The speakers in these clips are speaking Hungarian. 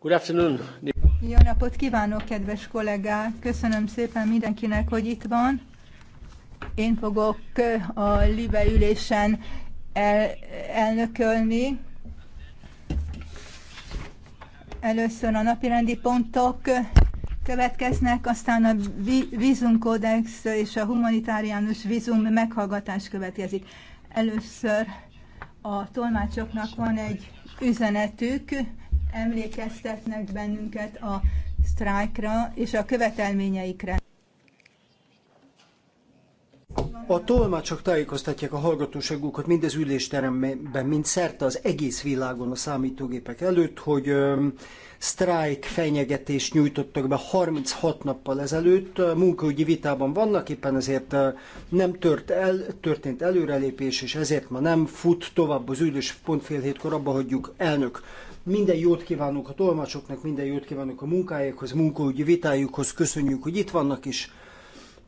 Good afternoon. Jó napot kívánok, kedves kollégák! Köszönöm szépen mindenkinek, hogy itt van. Én fogok eh, a Libe ülésen el, elnökölni. Először a napirendi pontok következnek, aztán a vízumkódex és a humanitáriánus vízum meghallgatás következik. Először a tolmácsoknak van egy üzenetük, emlékeztetnek bennünket a sztrájkra és a követelményeikre. A tolmácsok tájékoztatják a hallgatóságukat mind az ülésteremben, mind szerte az egész világon a számítógépek előtt, hogy sztrájk fenyegetést nyújtottak be 36 nappal ezelőtt. Munkaügyi vitában vannak, éppen ezért nem tört el, történt előrelépés, és ezért ma nem fut tovább az ülés, pont fél hétkor abba hagyjuk. Elnök, minden jót kívánunk a tolmácsoknak, minden jót kívánunk a munkájukhoz, munkaügyi vitájukhoz. Köszönjük, hogy itt vannak és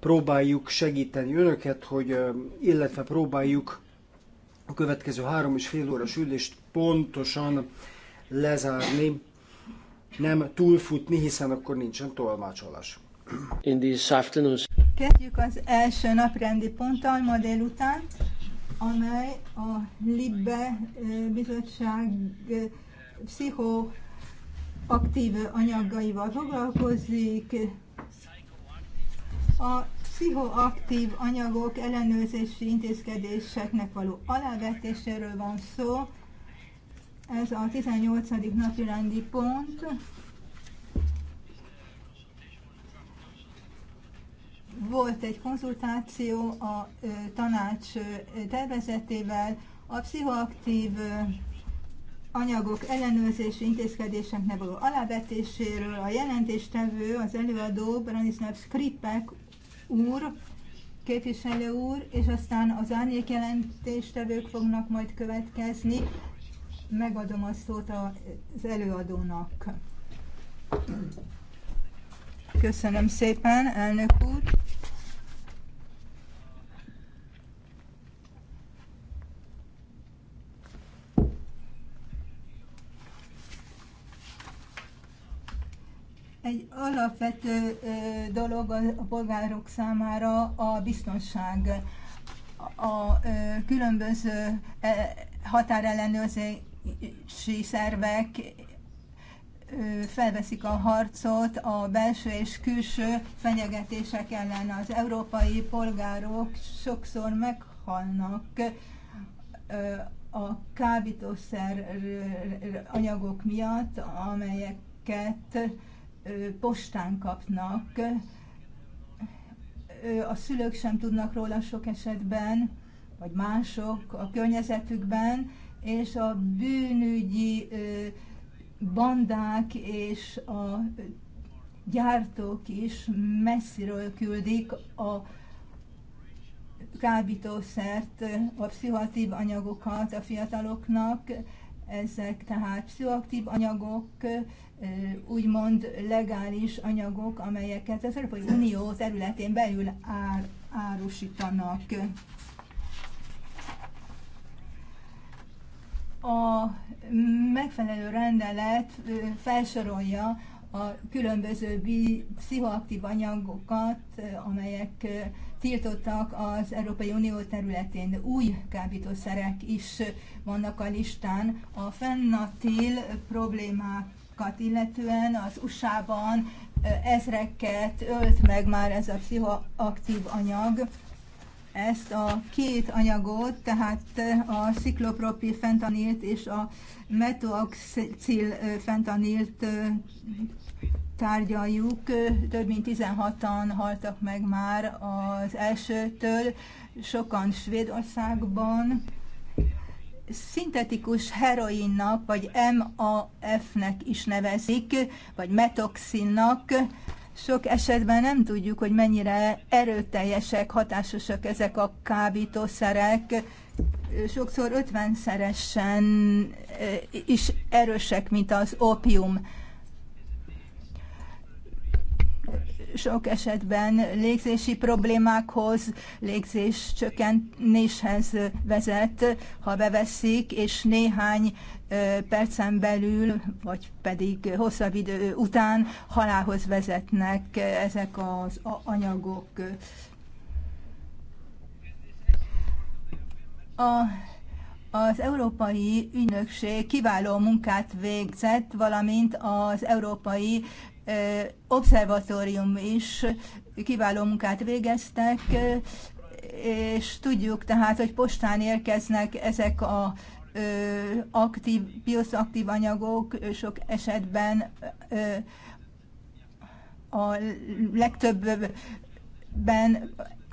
Próbáljuk segíteni önöket, hogy, illetve próbáljuk a következő három és fél óra ülést pontosan lezárni, nem túlfutni, hiszen akkor nincsen tolmácsolás. In this afternoon. Kezdjük az első naprendi ponttal ma délután, amely a libbe bizottság pszichoaktív anyagaival foglalkozik. A pszichoaktív anyagok ellenőrzési intézkedéseknek való alávetéséről van szó. Ez a 18. napirendi pont. Volt egy konzultáció a tanács tervezetével, a pszichoaktív anyagok ellenőrzési intézkedéseknek való alávetéséről a jelentéstevő, az előadó Branislav Skripek úr, képviselő úr, és aztán az árnyék jelentéstevők fognak majd következni. Megadom a szót az előadónak. Köszönöm szépen, elnök úr! Egy alapvető dolog a polgárok számára a biztonság. A különböző e, határellenőrzési szervek felveszik a harcot a belső és külső fenyegetések ellen. Az európai polgárok sokszor meghalnak a kábítószer anyagok miatt, amelyeket postán kapnak, a szülők sem tudnak róla sok esetben, vagy mások a környezetükben, és a bűnügyi bandák és a gyártók is messziről küldik a kábítószert, a pszichoaktív anyagokat a fiataloknak, ezek tehát pszichoaktív anyagok, úgymond legális anyagok, amelyeket az Európai Unió területén belül ár, árusítanak. A megfelelő rendelet felsorolja a különböző pszichoaktív anyagokat, amelyek tiltottak az Európai Unió területén. Új kábítószerek is vannak a listán. A fennatil problémák jogokat illetően az USA-ban ezreket ölt meg már ez a pszichoaktív anyag. Ezt a két anyagot, tehát a sziklopropi fentanilt és a metoxil fentanilt tárgyaljuk. Több mint 16-an haltak meg már az elsőtől, sokan Svédországban, szintetikus heroinnak, vagy MAF-nek is nevezik, vagy metoxinnak. Sok esetben nem tudjuk, hogy mennyire erőteljesek, hatásosak ezek a kábítószerek. Sokszor 50-szeresen eh, is erősek, mint az opium. sok esetben légzési problémákhoz, légzés csökkenéshez vezet, ha beveszik, és néhány percen belül, vagy pedig hosszabb idő után halához vezetnek ezek az anyagok. A az Európai Ügynökség kiváló munkát végzett, valamint az Európai obszervatórium is kiváló munkát végeztek, és tudjuk tehát, hogy postán érkeznek ezek a aktív, bioszaktív anyagok sok esetben a legtöbbben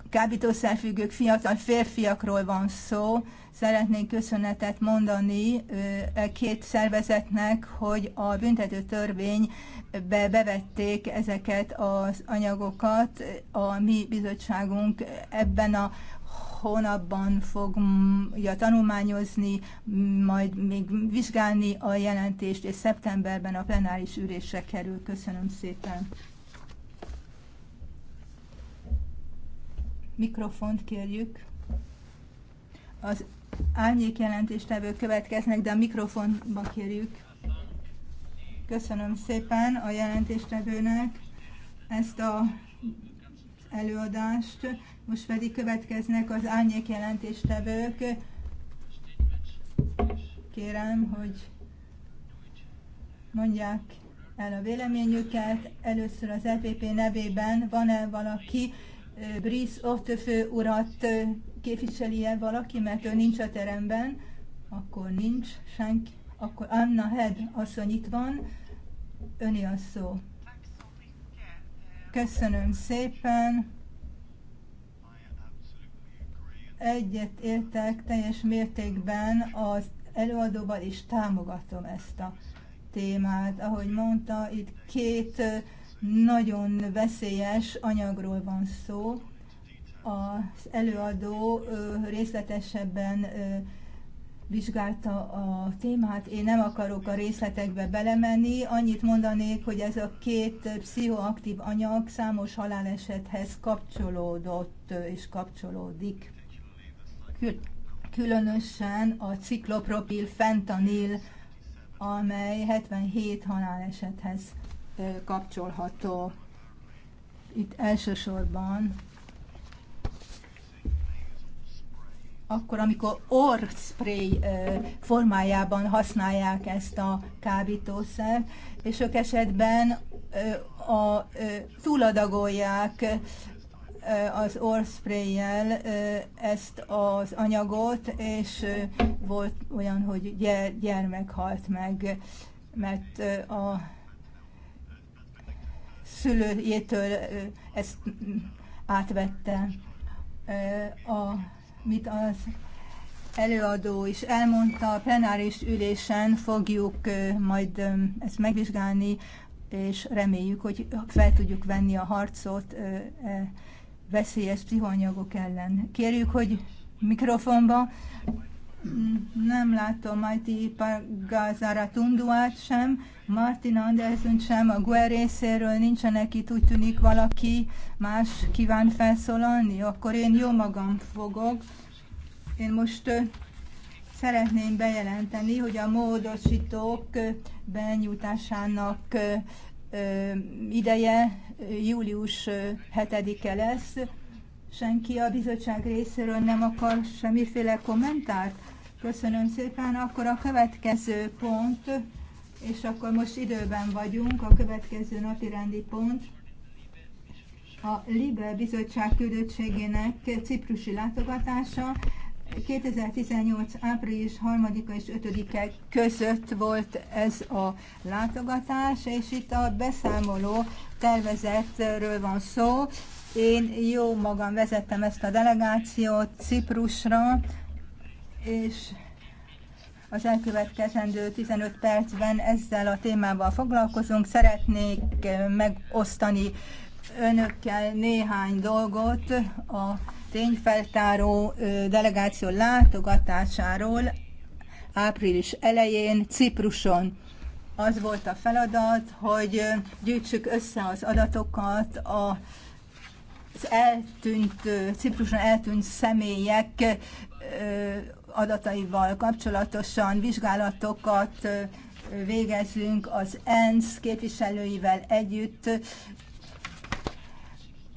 kábítószerfüggők fiatal férfiakról van szó, Szeretnék köszönetet mondani e két szervezetnek, hogy a büntető törvénybe bevették ezeket az anyagokat. A mi bizottságunk ebben a hónapban fogja tanulmányozni, majd még vizsgálni a jelentést, és szeptemberben a plenáris ülésre kerül. Köszönöm szépen. Mikrofont kérjük. Az árnyék jelentéstevők következnek, de a mikrofonba kérjük. Köszönöm szépen a jelentéstevőnek ezt a előadást. Most pedig következnek az árnyék jelentéstevők. Kérem, hogy mondják el a véleményüket. Először az EPP nevében van-e valaki Brice Ortefő urat képviseli-e valaki, mert ő nincs a teremben, akkor nincs senki. Akkor Anna Head asszony itt van, öni a szó. Köszönöm szépen. Egyet értek teljes mértékben az előadóval, és támogatom ezt a témát. Ahogy mondta, itt két nagyon veszélyes anyagról van szó, az előadó részletesebben vizsgálta a témát. Én nem akarok a részletekbe belemenni, annyit mondanék, hogy ez a két pszichoaktív anyag számos halálesethez kapcsolódott és kapcsolódik. Különösen a ciklopropil fentanil, amely 77 halálesethez kapcsolható. Itt elsősorban akkor, amikor orrspray formájában használják ezt a kábítószer, és sok esetben a, túladagolják az orrspray ezt az anyagot, és volt olyan, hogy gyermek halt meg, mert a szülőjétől ezt átvette a amit az előadó is elmondta, a plenáris ülésen fogjuk majd ezt megvizsgálni, és reméljük, hogy fel tudjuk venni a harcot e veszélyes pszichoanyagok ellen. Kérjük, hogy mikrofonba nem látom Majti Pagazara Tunduát sem, Martin Anderson sem, a GUE részéről nincsenek itt, úgy tűnik valaki más kíván felszólalni, akkor én jó magam fogok. Én most szeretném bejelenteni, hogy a módosítók benyújtásának ideje július 7-e lesz. Senki a bizottság részéről nem akar semmiféle kommentárt? Köszönöm szépen. Akkor a következő pont és akkor most időben vagyunk, a következő napi rendi pont a LIBE bizottság küldöttségének ciprusi látogatása 2018. április 3 és 5-e között volt ez a látogatás, és itt a beszámoló tervezetről van szó. Én jó magam vezettem ezt a delegációt Ciprusra, és az elkövetkezendő 15 percben ezzel a témával foglalkozunk. Szeretnék eh, megosztani önökkel néhány dolgot a tényfeltáró eh, delegáció látogatásáról április elején Cipruson. Az volt a feladat, hogy eh, gyűjtsük össze az adatokat a az eltűnt, Cipruson eltűnt személyek adataival kapcsolatosan vizsgálatokat végezünk az ENSZ képviselőivel együtt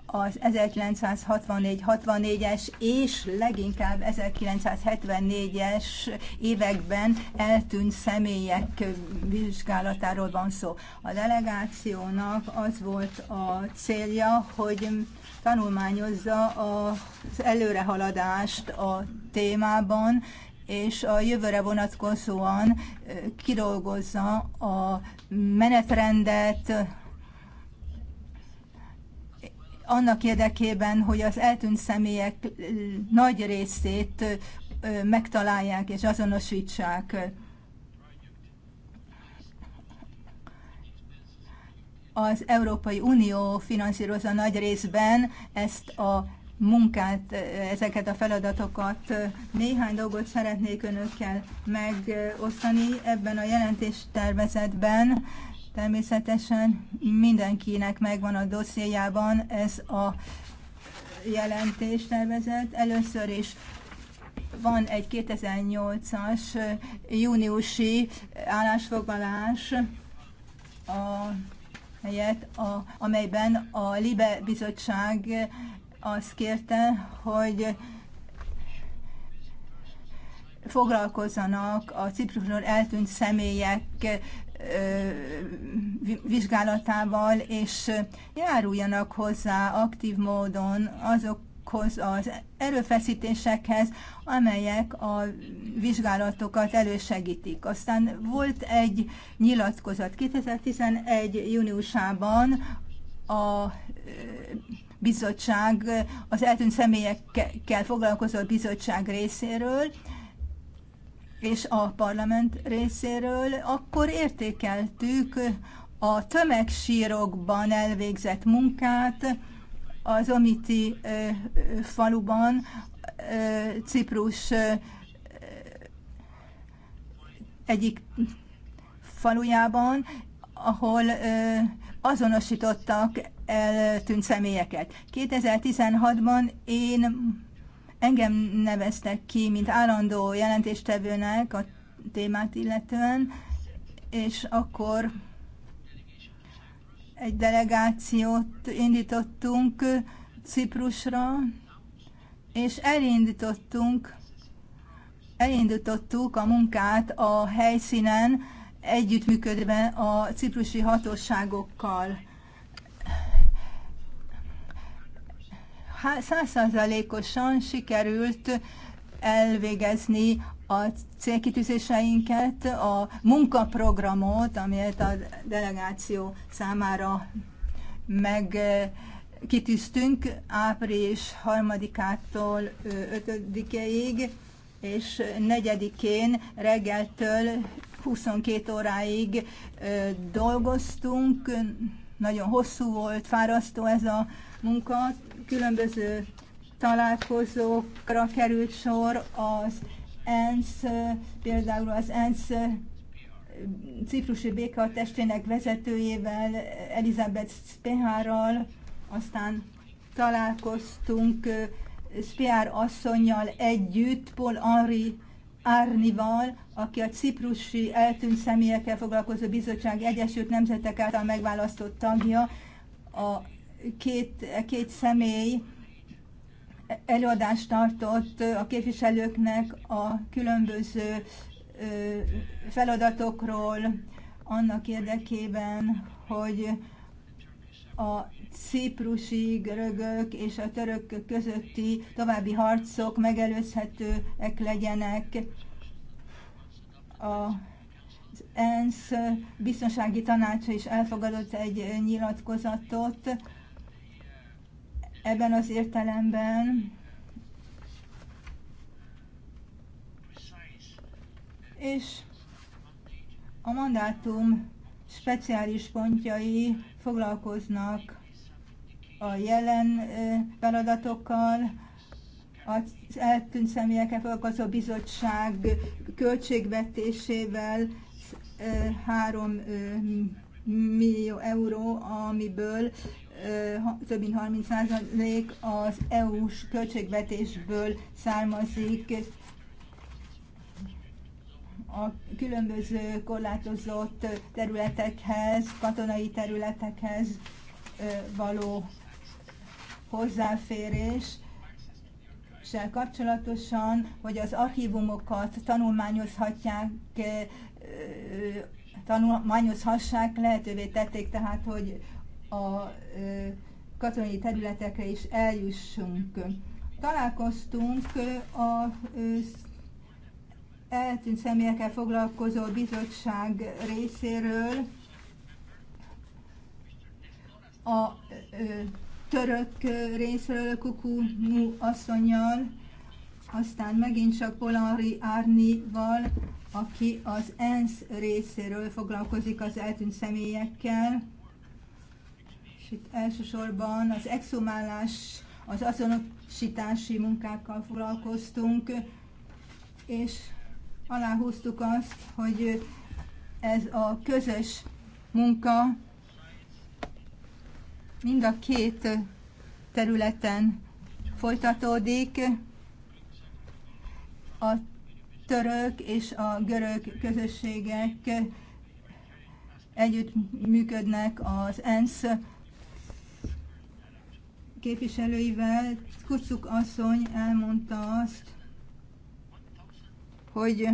az 1964-64-es és leginkább 1974-es években eltűnt személyek vizsgálatáról van szó. A delegációnak az volt a célja, hogy tanulmányozza az előrehaladást a témában, és a jövőre vonatkozóan kidolgozza a menetrendet, annak érdekében, hogy az eltűnt személyek nagy részét megtalálják és azonosítsák. az Európai Unió finanszírozza nagy részben ezt a munkát, ezeket a feladatokat. Néhány dolgot szeretnék önökkel megosztani ebben a jelentéstervezetben. Természetesen mindenkinek megvan a dossziéjában ez a jelentéstervezet. Először is van egy 2008-as júniusi állásfoglalás a helyet, a, amelyben a Libe Bizottság azt kérte, hogy foglalkozzanak a Ciprusról eltűnt személyek vizsgálatával, és járuljanak hozzá aktív módon azok azokhoz az erőfeszítésekhez, amelyek a vizsgálatokat elősegítik. Aztán volt egy nyilatkozat 2011. júniusában a bizottság, az eltűnt személyekkel foglalkozó bizottság részéről, és a parlament részéről, akkor értékeltük a tömegsírokban elvégzett munkát, az Amiti faluban, Ciprus egyik falujában, ahol azonosítottak eltűnt személyeket. 2016-ban én engem neveztek ki, mint állandó jelentéstevőnek a témát illetően, és akkor egy delegációt indítottunk Ciprusra, és elindítottunk, elindítottuk a munkát a helyszínen, együttműködve a ciprusi hatóságokkal. Százszázalékosan sikerült elvégezni a célkitűzéseinket, a munkaprogramot, amelyet a delegáció számára meg kitűztünk április 3-ától 5-ig, és 4-én reggeltől 22 óráig dolgoztunk. Nagyon hosszú volt, fárasztó ez a munka. Különböző találkozókra került sor az ENSZ, például az ENSZ ciprusi béka testének vezetőjével, Elizabeth Spehárral, aztán találkoztunk Spehár asszonyjal együtt, Paul Henri Árnival, aki a ciprusi eltűnt személyekkel foglalkozó bizottság Egyesült Nemzetek által megválasztott tagja. A két, e két személy előadást tartott a képviselőknek a különböző feladatokról annak érdekében, hogy a ciprusi görögök és a törökök közötti további harcok megelőzhetőek legyenek. A ENSZ biztonsági tanácsa is elfogadott egy nyilatkozatot, Ebben az értelemben és a mandátum speciális pontjai foglalkoznak a jelen feladatokkal, az eltűnt személyekkel foglalkozó bizottság költségvetésével 3 millió euró, amiből több mint 30% az EU-s költségvetésből származik, a különböző korlátozott területekhez, katonai területekhez való hozzáférés kapcsolatosan, hogy az archívumokat tanulmányozhatják, tanulmányozhassák, lehetővé tették tehát, hogy a katonai területekre is eljussunk. Találkoztunk a eltűnt személyekkel foglalkozó bizottság részéről a török részről Kuku Mu asszonyjal, aztán megint csak Polari Árnival, aki az ENSZ részéről foglalkozik az eltűnt személyekkel itt elsősorban az exhumálás, az azonosítási munkákkal foglalkoztunk, és aláhúztuk azt, hogy ez a közös munka mind a két területen folytatódik. A török és a görög közösségek együtt működnek az ENSZ képviselőivel Kucuk asszony elmondta azt, hogy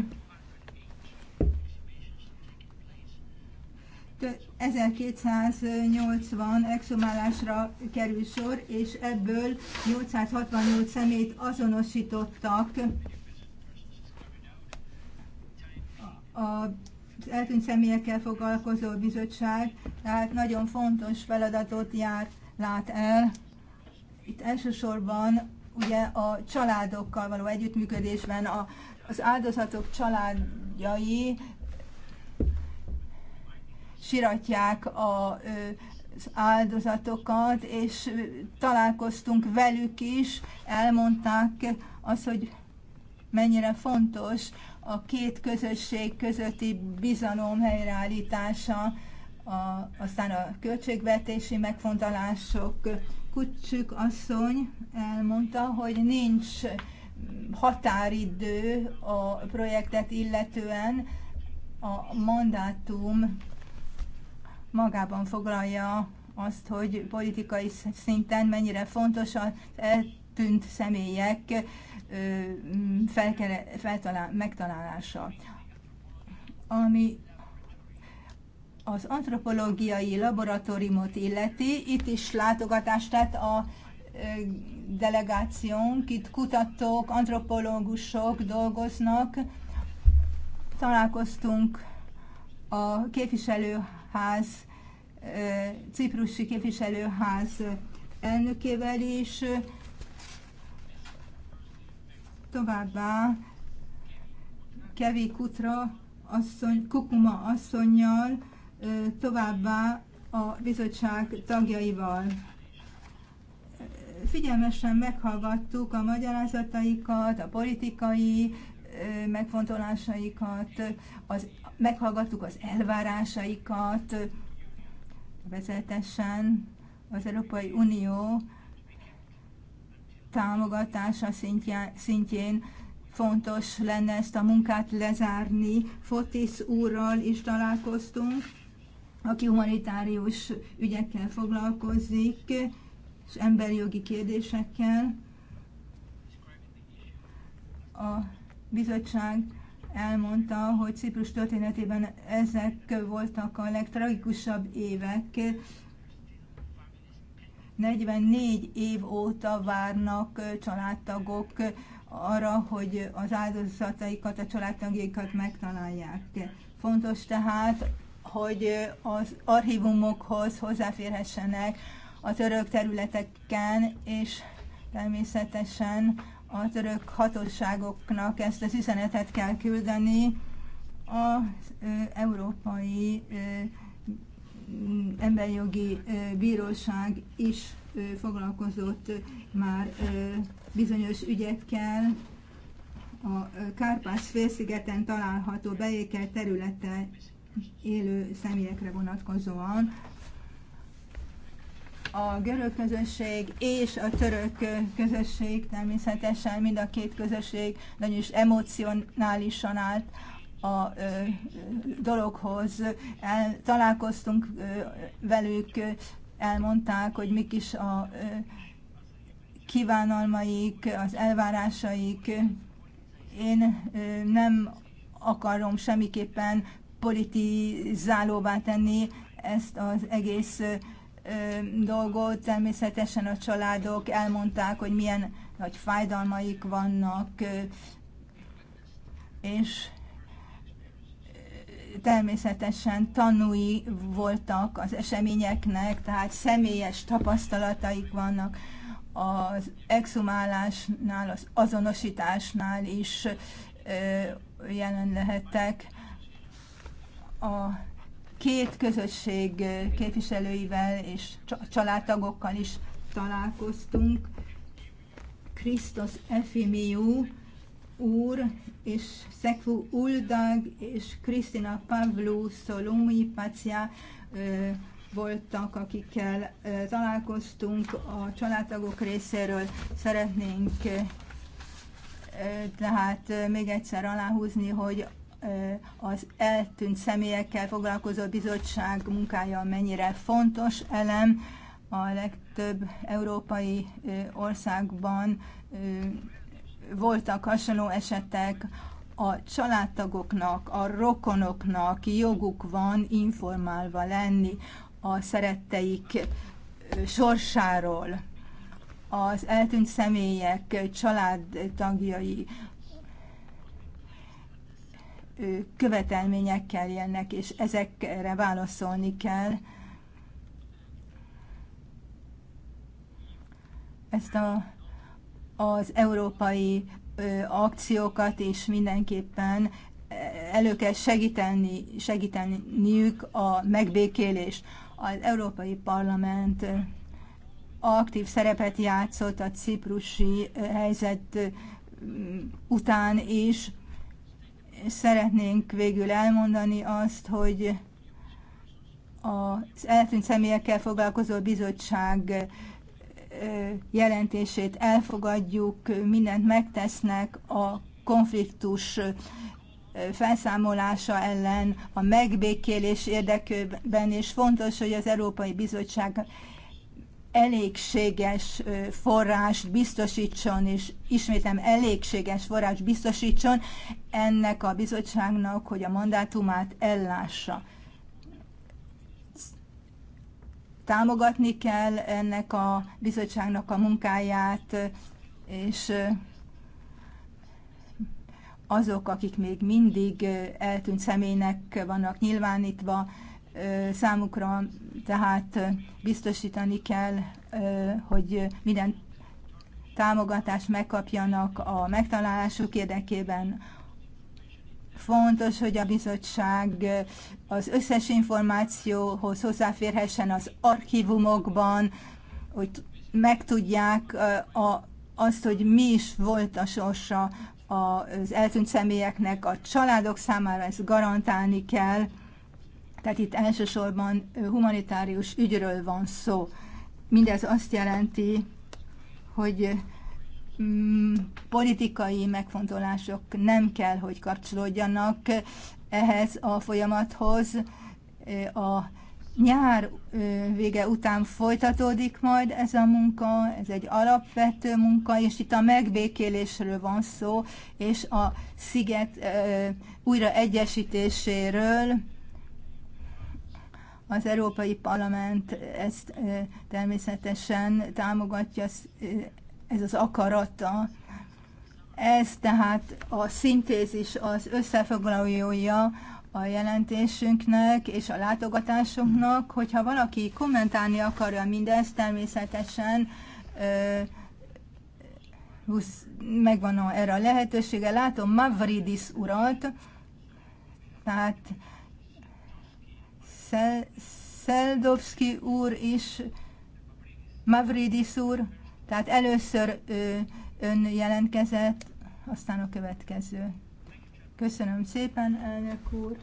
1280 exhumálásra kerül sor, és ebből 868 szemét azonosítottak az eltűnt személyekkel foglalkozó bizottság, tehát nagyon fontos feladatot jár, lát el. Itt elsősorban ugye a családokkal való együttműködésben a, az áldozatok családjai siratják a, az áldozatokat, és találkoztunk velük is, elmondták azt, hogy mennyire fontos a két közösség közötti bizalom helyreállítása, a, aztán a költségvetési megfontolások Kucsük asszony elmondta, hogy nincs határidő a projektet illetően, a mandátum magában foglalja azt, hogy politikai szinten mennyire fontos az eltűnt személyek felkere, feltalál, megtalálása. Ami az antropológiai laboratóriumot illeti, itt is látogatást tett a delegációnk, itt kutatók, antropológusok dolgoznak. Találkoztunk a képviselőház, ciprusi képviselőház elnökével is, továbbá Kevi Kutra asszony, Kukuma asszonynal, továbbá a bizottság tagjaival. Figyelmesen meghallgattuk a magyarázataikat, a politikai megfontolásaikat, az, meghallgattuk az elvárásaikat vezetesen az Európai Unió támogatása szintjá, szintjén fontos lenne ezt a munkát lezárni. Fotis úrral is találkoztunk, aki humanitárius ügyekkel foglalkozik, és emberi jogi kérdésekkel. A bizottság elmondta, hogy Ciprus történetében ezek voltak a legtragikusabb évek. 44 év óta várnak családtagok arra, hogy az áldozataikat, a családtagjaikat megtalálják. Fontos tehát hogy az archívumokhoz hozzáférhessenek az örök területeken, és természetesen az örök hatóságoknak ezt az üzenetet kell küldeni az Európai Emberjogi Bíróság is foglalkozott már bizonyos ügyekkel, a Kárpás félszigeten található beékel területe élő személyekre vonatkozóan. A görög közösség és a török közösség természetesen mind a két közösség nagyon is emocionálisan állt a ö, dologhoz. El, találkoztunk ö, velük, elmondták, hogy mik is a ö, kívánalmaik, az elvárásaik. Én ö, nem akarom semmiképpen politizálóvá tenni ezt az egész dolgot. Természetesen a családok elmondták, hogy milyen nagy fájdalmaik vannak, és természetesen tanúi voltak az eseményeknek, tehát személyes tapasztalataik vannak az exhumálásnál, az azonosításnál is jelen lehettek a két közösség képviselőivel és családtagokkal is találkoztunk. Krisztus Efimiu úr és Szekfu Uldag és Krisztina Pavlu Szolumi Pácia voltak, akikkel találkoztunk a családtagok részéről. Szeretnénk tehát még egyszer aláhúzni, hogy az eltűnt személyekkel foglalkozó bizottság munkája mennyire fontos elem. A legtöbb európai országban voltak hasonló esetek, a családtagoknak, a rokonoknak joguk van informálva lenni a szeretteik sorsáról. Az eltűnt személyek családtagjai, követelményekkel jönnek, és ezekre válaszolni kell. Ezt a, az európai ö, akciókat is mindenképpen elő kell segíteni, segíteniük a megbékélést. Az Európai Parlament aktív szerepet játszott a ciprusi helyzet után is, szeretnénk végül elmondani azt, hogy az eltűnt személyekkel foglalkozó bizottság jelentését elfogadjuk, mindent megtesznek a konfliktus felszámolása ellen, a megbékélés érdekében, és fontos, hogy az Európai Bizottság elégséges forrást biztosítson, és ismétem elégséges forrást biztosítson ennek a bizottságnak, hogy a mandátumát ellássa. Támogatni kell ennek a bizottságnak a munkáját, és azok, akik még mindig eltűnt személynek vannak nyilvánítva, számukra tehát biztosítani kell, hogy minden támogatást megkapjanak a megtalálásuk érdekében. Fontos, hogy a bizottság az összes információhoz hozzáférhessen az archívumokban, hogy megtudják a, azt, hogy mi is volt a sorsa az eltűnt személyeknek, a családok számára ezt garantálni kell. Tehát itt elsősorban humanitárius ügyről van szó. Mindez azt jelenti, hogy mm, politikai megfontolások nem kell, hogy kapcsolódjanak ehhez a folyamathoz. A nyár vége után folytatódik majd ez a munka, ez egy alapvető munka, és itt a megbékélésről van szó, és a sziget újra egyesítéséről, az Európai Parlament ezt természetesen támogatja, ez az akarata. Ez tehát a szintézis, az összefoglalója a jelentésünknek és a látogatásunknak, hogyha valaki kommentálni akarja mindezt, természetesen megvan a, erre a lehetősége. Látom Mavridis urat, tehát Szeldovszki úr is, Mavridis úr, tehát először ő, ön jelentkezett, aztán a következő. Köszönöm szépen, elnök úr.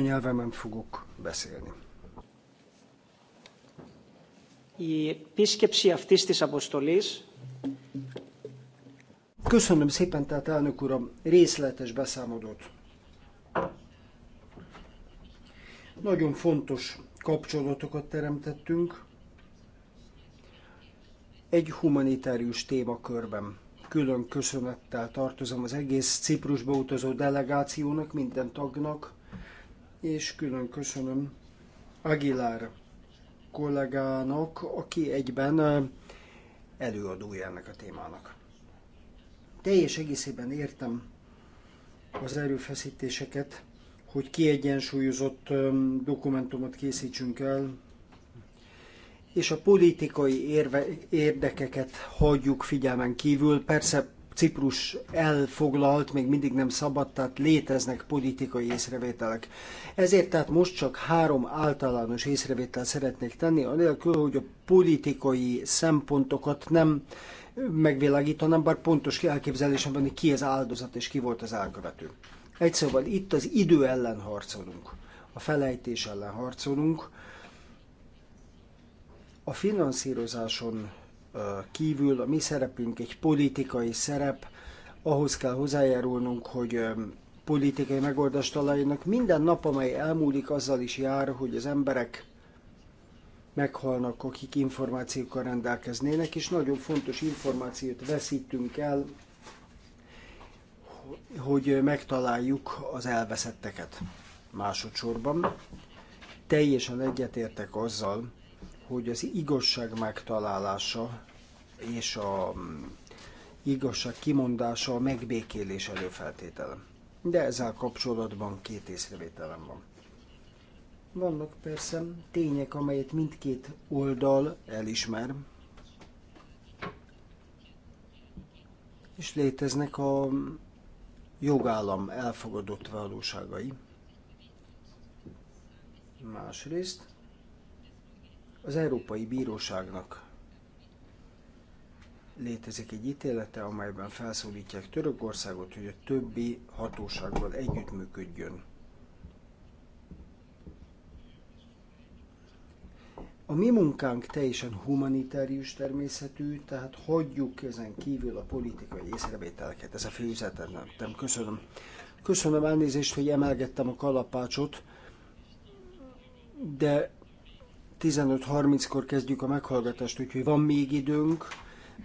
nyelvemen fogok beszélni. Köszönöm szépen, tehát elnök a részletes beszámolót Nagyon fontos kapcsolatokat teremtettünk egy humanitárius témakörben. Külön köszönettel tartozom az egész Ciprusba utazó delegációnak, minden tagnak, és külön köszönöm Aguilar kollégának, aki egyben előadója ennek a témának. Teljes egészében értem az erőfeszítéseket, hogy kiegyensúlyozott dokumentumot készítsünk el, és a politikai érve, érdekeket hagyjuk figyelmen kívül. Persze Ciprus elfoglalt, még mindig nem szabad, tehát léteznek politikai észrevételek. Ezért tehát most csak három általános észrevételt szeretnék tenni, anélkül, hogy a politikai szempontokat nem megvilágítanám, bár pontos elképzelésem van, hogy ki az áldozat és ki volt az elkövető. Egy szóval itt az idő ellen harcolunk, a felejtés ellen harcolunk, a finanszírozáson kívül a mi szerepünk egy politikai szerep, ahhoz kell hozzájárulnunk, hogy politikai megoldást találjanak. Minden nap, amely elmúlik, azzal is jár, hogy az emberek meghalnak, akik információkkal rendelkeznének, és nagyon fontos információt veszítünk el, hogy megtaláljuk az elveszetteket. Másodszorban teljesen egyetértek azzal, hogy az igazság megtalálása és a mm, igazság kimondása a megbékélés előfeltétele. De ezzel kapcsolatban két észrevételem van. Vannak persze tények, amelyet mindkét oldal elismer, és léteznek a mm, jogállam elfogadott valóságai. Másrészt az Európai Bíróságnak létezik egy ítélete, amelyben felszólítják Törökországot, hogy a többi hatósággal együttműködjön A mi munkánk teljesen humanitárius természetű, tehát hagyjuk ezen kívül a politikai észrevételeket. Ez a fő nem Köszönöm. Köszönöm elnézést, hogy emelgettem a kalapácsot, de 15.30-kor kezdjük a meghallgatást, úgyhogy van még időnk,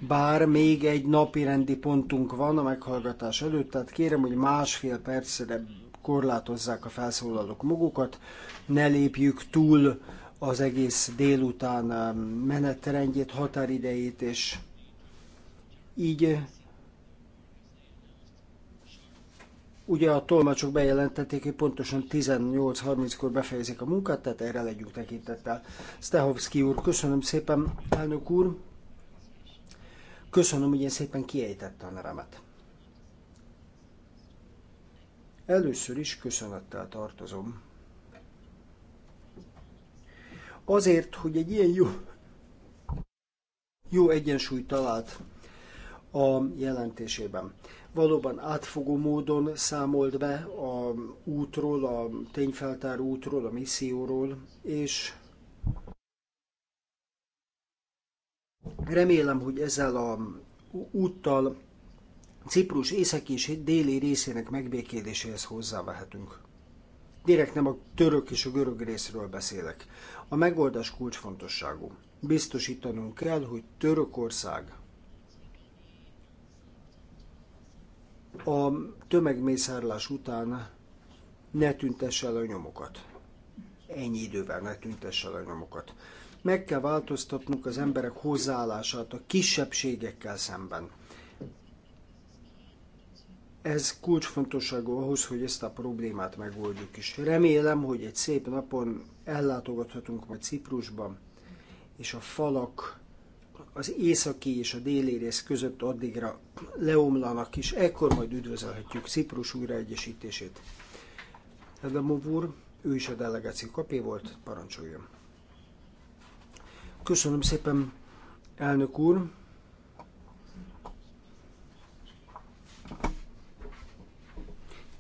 bár még egy napi rendi pontunk van a meghallgatás előtt, tehát kérem, hogy másfél percre korlátozzák a felszólalók magukat, ne lépjük túl az egész délután um, menetrendjét, határidejét, és így uh, Ugye a tolmácsok bejelentették, hogy pontosan 18.30-kor befejezik a munkát, tehát erre legyünk tekintettel. Stehovski úr, köszönöm szépen, elnök úr. Köszönöm, hogy ilyen szépen kiejtette a nevemet. Először is köszönettel tartozom azért, hogy egy ilyen jó, jó egyensúlyt talált a jelentésében. Valóban átfogó módon számolt be a útról, a tényfeltár útról, a misszióról, és remélem, hogy ezzel a úttal Ciprus északi és déli részének megbékéléséhez hozzávehetünk. Direkt nem a török és a görög részről beszélek. A megoldás kulcsfontosságú. Biztosítanunk kell, hogy Törökország a tömegmészárlás után ne tüntesse el a nyomokat. Ennyi idővel ne tüntesse el a nyomokat. Meg kell változtatnunk az emberek hozzáállását a kisebbségekkel szemben. Ez kulcsfontosságú ahhoz, hogy ezt a problémát megoldjuk is. Remélem, hogy egy szép napon ellátogathatunk majd Ciprusban, és a falak az északi és a déli rész között addigra leomlanak is, ekkor majd üdvözölhetjük Ciprus újraegyesítését. Adamov úr, ő is a delegáció kapé volt, parancsoljon. Köszönöm szépen, elnök úr.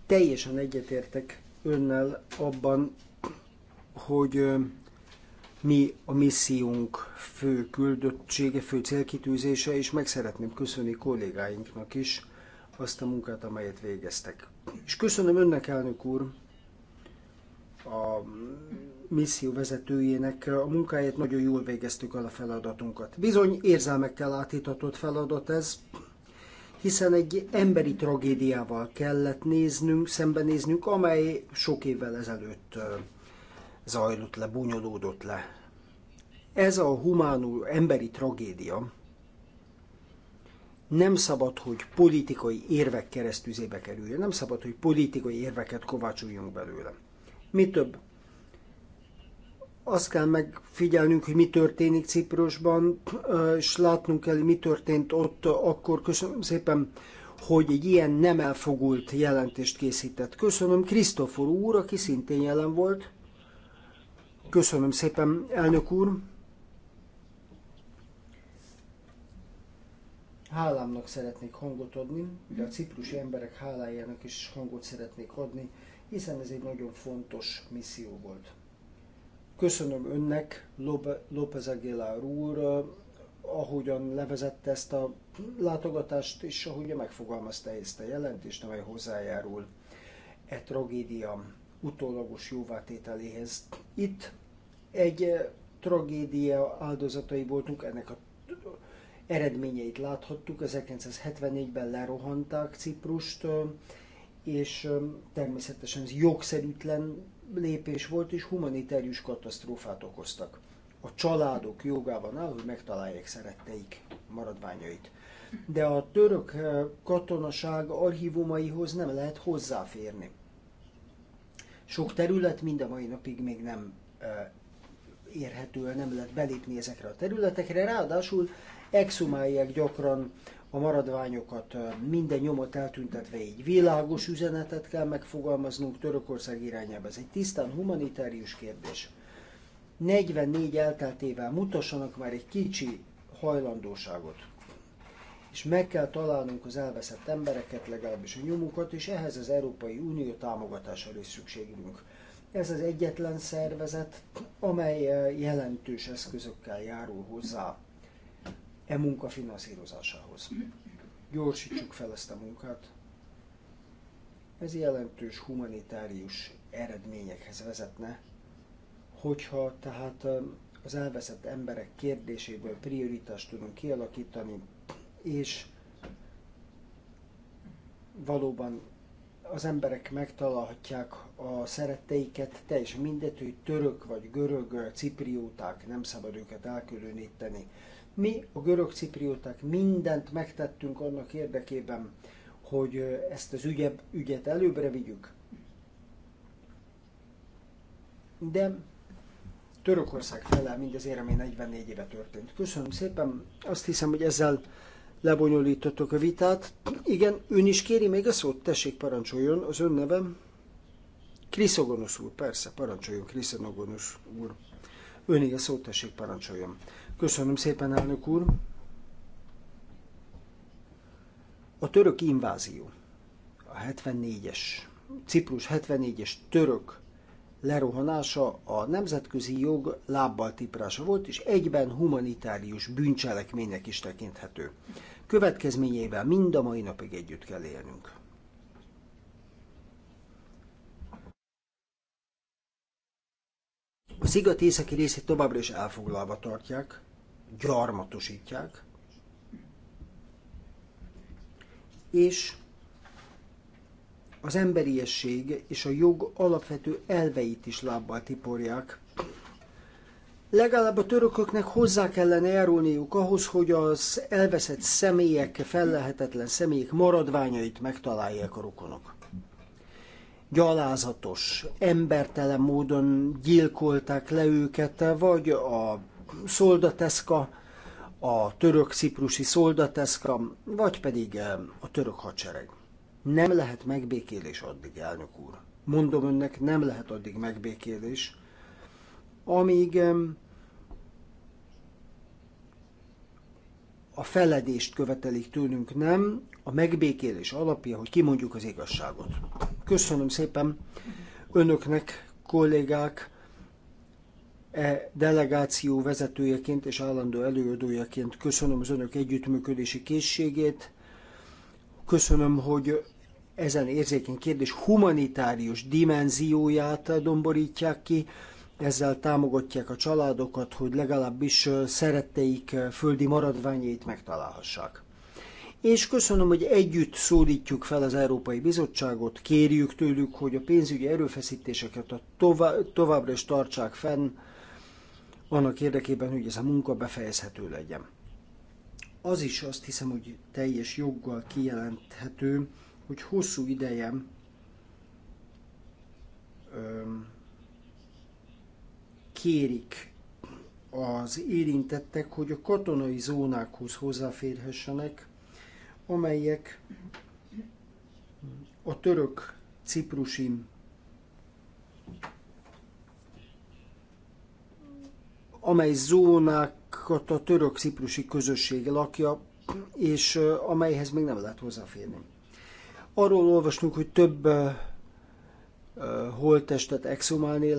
Teljesen egyetértek önnel abban, hogy mi a missziunk fő küldöttsége, fő célkitűzése, és meg szeretném köszönni kollégáinknak is azt a munkát, amelyet végeztek. És köszönöm önnek, elnök úr, a misszió vezetőjének a munkáját, nagyon jól végeztük el a feladatunkat. Bizony érzelmekkel átítatott feladat ez, hiszen egy emberi tragédiával kellett néznünk, szembenéznünk, amely sok évvel ezelőtt zajlott le, bonyolódott le. Ez a humánul emberi tragédia nem szabad, hogy politikai érvek keresztüzébe kerüljön, nem szabad, hogy politikai érveket kovácsoljunk belőle. Mi több, azt kell megfigyelnünk, hogy mi történik Ciprusban, és látnunk kell, mi történt ott akkor. Köszönöm szépen, hogy egy ilyen nem elfogult jelentést készített. Köszönöm Krisztofor úr, aki szintén jelen volt. Köszönöm szépen, elnök úr. Hálámnak szeretnék hangot adni, de a ciprusi emberek hálájának is hangot szeretnék adni, hiszen ez egy nagyon fontos misszió volt. Köszönöm önnek, López Aguilar úr, ahogyan levezette ezt a látogatást, és ahogy megfogalmazta ezt a jelentést, amely hozzájárul e tragédia utólagos jóvátételéhez. Itt egy eh, tragédia áldozatai voltunk, ennek a eredményeit láthattuk. 1974-ben lerohanták Ciprust, eh, és eh, természetesen ez jogszerűtlen lépés volt, és humanitárius katasztrófát okoztak. A családok jogában áll, hogy megtalálják szeretteik maradványait. De a török katonaság archívumaihoz nem lehet hozzáférni. Sok terület mind a mai napig még nem érhető nem lehet belépni ezekre a területekre, ráadásul exhumálják gyakran a maradványokat, minden nyomot eltüntetve így világos üzenetet kell megfogalmaznunk Törökország irányába. Ez egy tisztán humanitárius kérdés. 44 elteltével mutassanak már egy kicsi hajlandóságot és meg kell találnunk az elveszett embereket, legalábbis a nyomukat, és ehhez az Európai Unió támogatása is szükségünk. Ez az egyetlen szervezet, amely eh, jelentős eszközökkel járul hozzá e munka finanszírozásához. Gyorsítsuk fel ezt a munkát. Ez jelentős humanitárius eredményekhez vezetne, hogyha tehát eh, az elveszett emberek kérdéséből prioritást tudunk kialakítani, és valóban az emberek megtalálhatják a szeretteiket, teljesen mindegy, hogy török vagy görög ciprióták, nem szabad őket elkülöníteni. Mi, a görög ciprióták mindent megtettünk annak érdekében, hogy ezt az ügyeb, ügyet előbbre vigyük. De Törökország felel mindezért, ami 44 éve történt. Köszönöm szépen, azt hiszem, hogy ezzel lebonyolítottok a vitát. Igen, ön is kéri még a szót? Tessék, parancsoljon, az ön nevem. Kriszogonosz úr, persze, parancsoljon, Kriszogonosz úr. Önig a szót tessék, parancsoljon. Köszönöm szépen, elnök úr. A török invázió, a 74-es, Ciprus 74-es török lerohanása a nemzetközi jog lábbal tiprása volt, és egyben humanitárius bűncselekménynek is tekinthető. Következményeivel mind a mai napig együtt kell élnünk. A sziget északi részét továbbra is elfoglalva tartják, gyarmatosítják, és az emberiesség és a jog alapvető elveit is lábbal tiporják. Legalább a törököknek hozzá kellene járulniuk ahhoz, hogy az elveszett személyek, fellehetetlen személyek maradványait megtalálják a rokonok. Gyalázatos, embertelen módon gyilkolták le őket, vagy a szoldateszka, a török-ciprusi szoldateszka, vagy pedig eh, a török hadsereg. Nem lehet megbékélés addig, elnök úr. Mondom önnek, nem lehet addig megbékélés, amíg a feledést követelik tőlünk, nem a megbékélés alapja, hogy kimondjuk az igazságot. Köszönöm szépen önöknek, kollégák, e delegáció vezetőjeként és állandó előadójaként köszönöm az önök együttműködési készségét, köszönöm, hogy ezen érzékeny kérdés humanitárius dimenzióját domborítják ki, ezzel támogatják a családokat, hogy legalábbis szeretteik földi maradványait megtalálhassák. És köszönöm, hogy együtt szólítjuk fel az Európai Bizottságot, kérjük tőlük, hogy a pénzügyi erőfeszítéseket a tovább, továbbra is tartsák fenn, annak érdekében, hogy ez a munka befejezhető legyen. Az is azt hiszem, hogy teljes joggal kijelenthető, hogy hosszú idejem kérik az érintettek, hogy a katonai zónákhoz hozzáférhessenek, amelyek a török ciprusi amely zónákat a török ciprusi közösség lakja, és amelyhez még nem lehet hozzáférni. Arról olvasnunk, hogy több holttestet exhumálni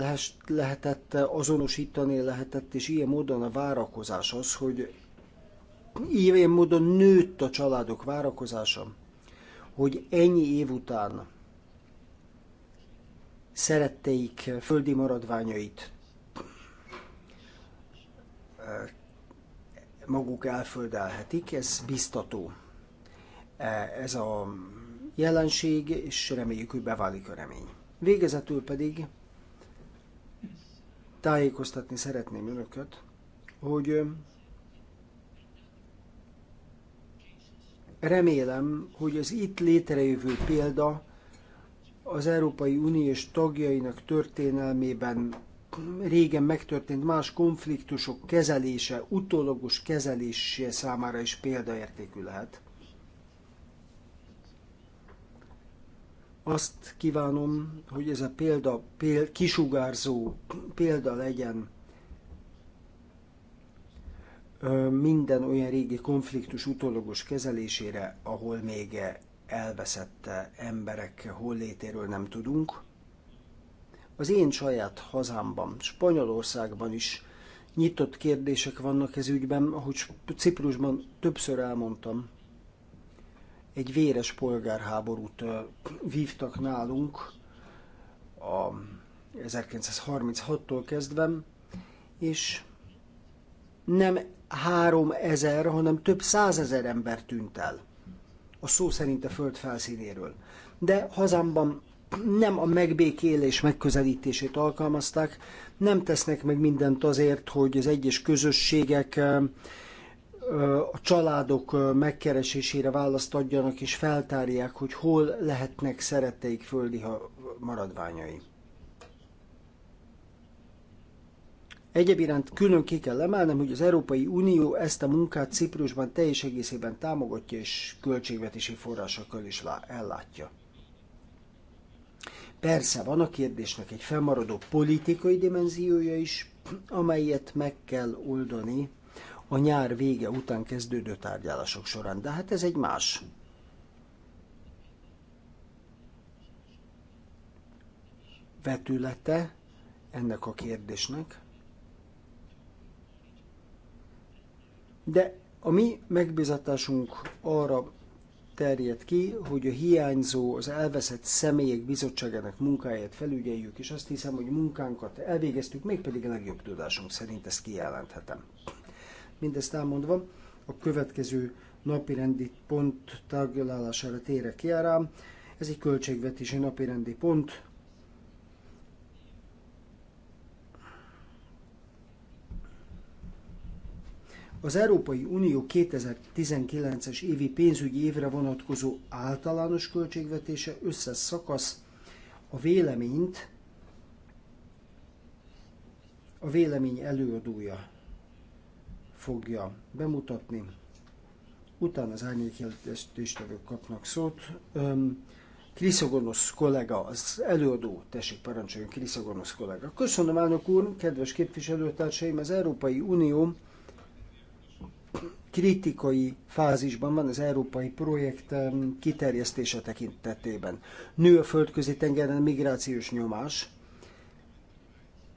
lehetett, azonosítani lehetett, és ilyen módon a várakozás az, hogy ilyen módon nőtt a családok várakozása, hogy ennyi év után szeretteik földi maradványait maguk elföldelhetik, ez biztató. E, ez a jelenség, és reméljük, hogy beválik a remény. Végezetül pedig tájékoztatni szeretném önöket, hogy remélem, hogy az itt létrejövő példa az Európai Uniós tagjainak történelmében régen megtörtént más konfliktusok kezelése, utólagos kezelése számára is példaértékű lehet. Azt kívánom, hogy ez a példa, péld, kisugárzó példa legyen minden olyan régi konfliktus utólagos kezelésére, ahol még elveszette emberek hollétéről nem tudunk. Az én saját hazámban, Spanyolországban is nyitott kérdések vannak ez ügyben, ahogy Ciprusban többször elmondtam egy véres polgárháborút vívtak nálunk a 1936-tól kezdve, és nem három ezer, hanem több százezer ember tűnt el. A szó szerint a föld felszínéről. De hazámban nem a megbékélés megközelítését alkalmazták, nem tesznek meg mindent azért, hogy az egyes közösségek a családok megkeresésére választ adjanak és feltárják, hogy hol lehetnek szeretteik földi maradványai. Egyéb iránt külön ki kell emelnem, hogy az Európai Unió ezt a munkát Ciprusban teljes egészében támogatja és költségvetési forrásokkal is ellátja. Persze van a kérdésnek egy felmaradó politikai dimenziója is, amelyet meg kell oldani, a nyár vége után kezdődő tárgyalások során. De hát ez egy más vetülete ennek a kérdésnek. De a mi megbizatásunk arra terjed ki, hogy a hiányzó, az elveszett személyek bizottságának munkáját felügyeljük, és azt hiszem, hogy munkánkat elvégeztük, mégpedig a legjobb tudásunk szerint ezt kijelenthetem. Mindezt elmondva, a következő napirendi pont taglalására térek ki rám. Ez egy költségvetési napirendi pont. Az Európai Unió 2019-es évi pénzügyi évre vonatkozó általános költségvetése összes szakasz a véleményt a vélemény előadója fogja bemutatni. Utána az árnyékjelentéstevők kapnak szót. Kriszogonosz kollega, az előadó, tessék parancsoljon, Kriszogonosz kollega. Köszönöm, elnök úr, kedves képviselőtársaim, az Európai Unió kritikai fázisban van az európai projekt kiterjesztése tekintetében. Nő a földközi tengeren migrációs nyomás,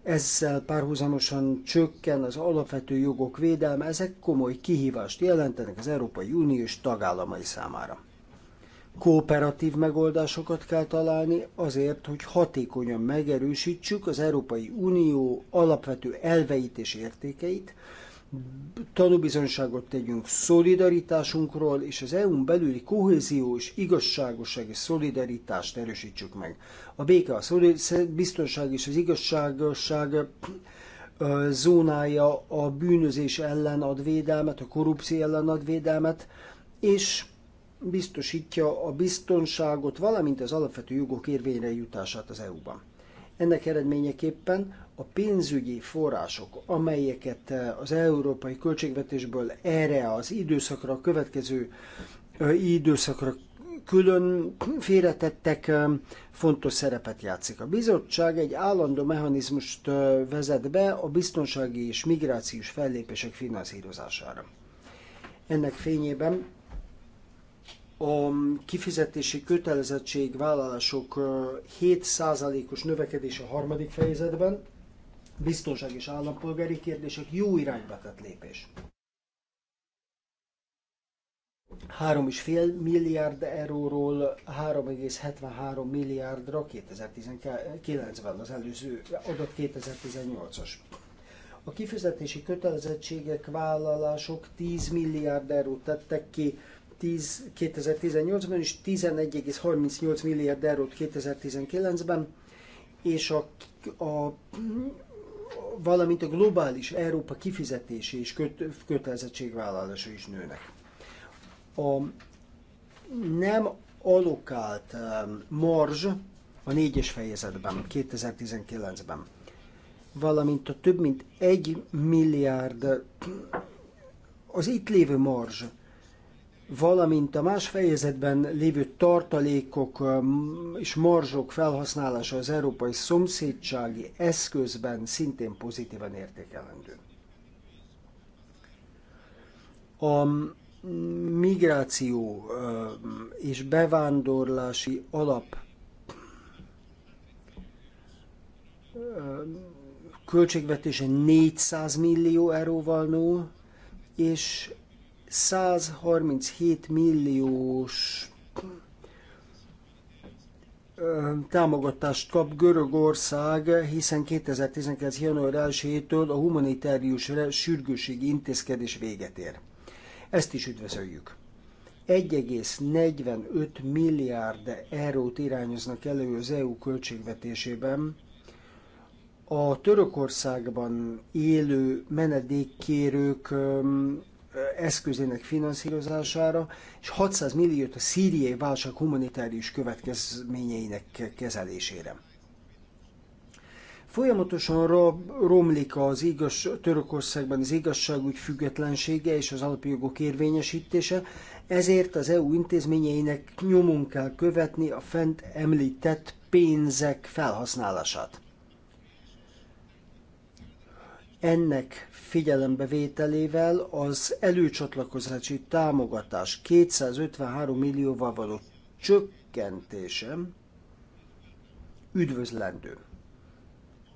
ezzel párhuzamosan csökken az alapvető jogok védelme, ezek komoly kihívást jelentenek az Európai Uniós tagállamai számára. Kooperatív megoldásokat kell találni azért, hogy hatékonyan megerősítsük az Európai Unió alapvető elveit és értékeit, tanúbizonyságot tegyünk szolidaritásunkról, és az EU-n belüli kohézió és igazságosság és szolidaritást erősítsük meg. A béke, a biztonság és az igazságosság zónája a bűnözés ellen ad védelmet, a korrupció ellen ad védelmet, és biztosítja a biztonságot, valamint az alapvető jogok érvényre jutását az EU-ban. Ennek eredményeképpen a pénzügyi források, amelyeket eh, az európai költségvetésből erre az időszakra, a következő eh, időszakra külön félretettek, eh, fontos szerepet játszik. A bizottság egy állandó mechanizmust vezet be a biztonsági és migrációs fellépések finanszírozására. Ennek fényében a kifizetési kötelezettségvállalások 7%-os növekedés a harmadik fejezetben, biztonság és állampolgári kérdések jó irányba tett lépés. 3,5 milliárd euróról 3,73 milliárdra 2019-ben az előző adat 2018-as. A kifizetési kötelezettségek, vállalások 10 milliárd eurót tettek ki 10, 2018-ban, és 11,38 milliárd eurót 2019-ben, és a, a valamint a globális Európa kifizetési és köt, kötelezettségvállalása is nőnek. A nem alokált marzs um, a négyes fejezetben, 2019-ben, valamint a több mint egy milliárd az itt lévő marzs valamint a más fejezetben lévő tartalékok és marzsok felhasználása az európai szomszédsági eszközben szintén pozitívan értékelendő. A migráció és bevándorlási alap költségvetése 400 millió euróval nő, és 137 milliós támogatást kap Görögország, hiszen 2019. január 1-től a humanitárius sürgőségi intézkedés véget ér. Ezt is üdvözöljük. 1,45 milliárd eurót irányoznak elő az EU költségvetésében. A Törökországban élő menedékkérők eszközének finanszírozására, és 600 milliót a szíriai válság humanitárius következményeinek kezelésére. Folyamatosan romlik az igaz, Törökországban az igazságügy függetlensége és az alapjogok érvényesítése, ezért az EU intézményeinek nyomon kell követni a fent említett pénzek felhasználását. Ennek figyelembevételével az előcsatlakozási támogatás 253 millióval való csökkentésem üdvözlendő,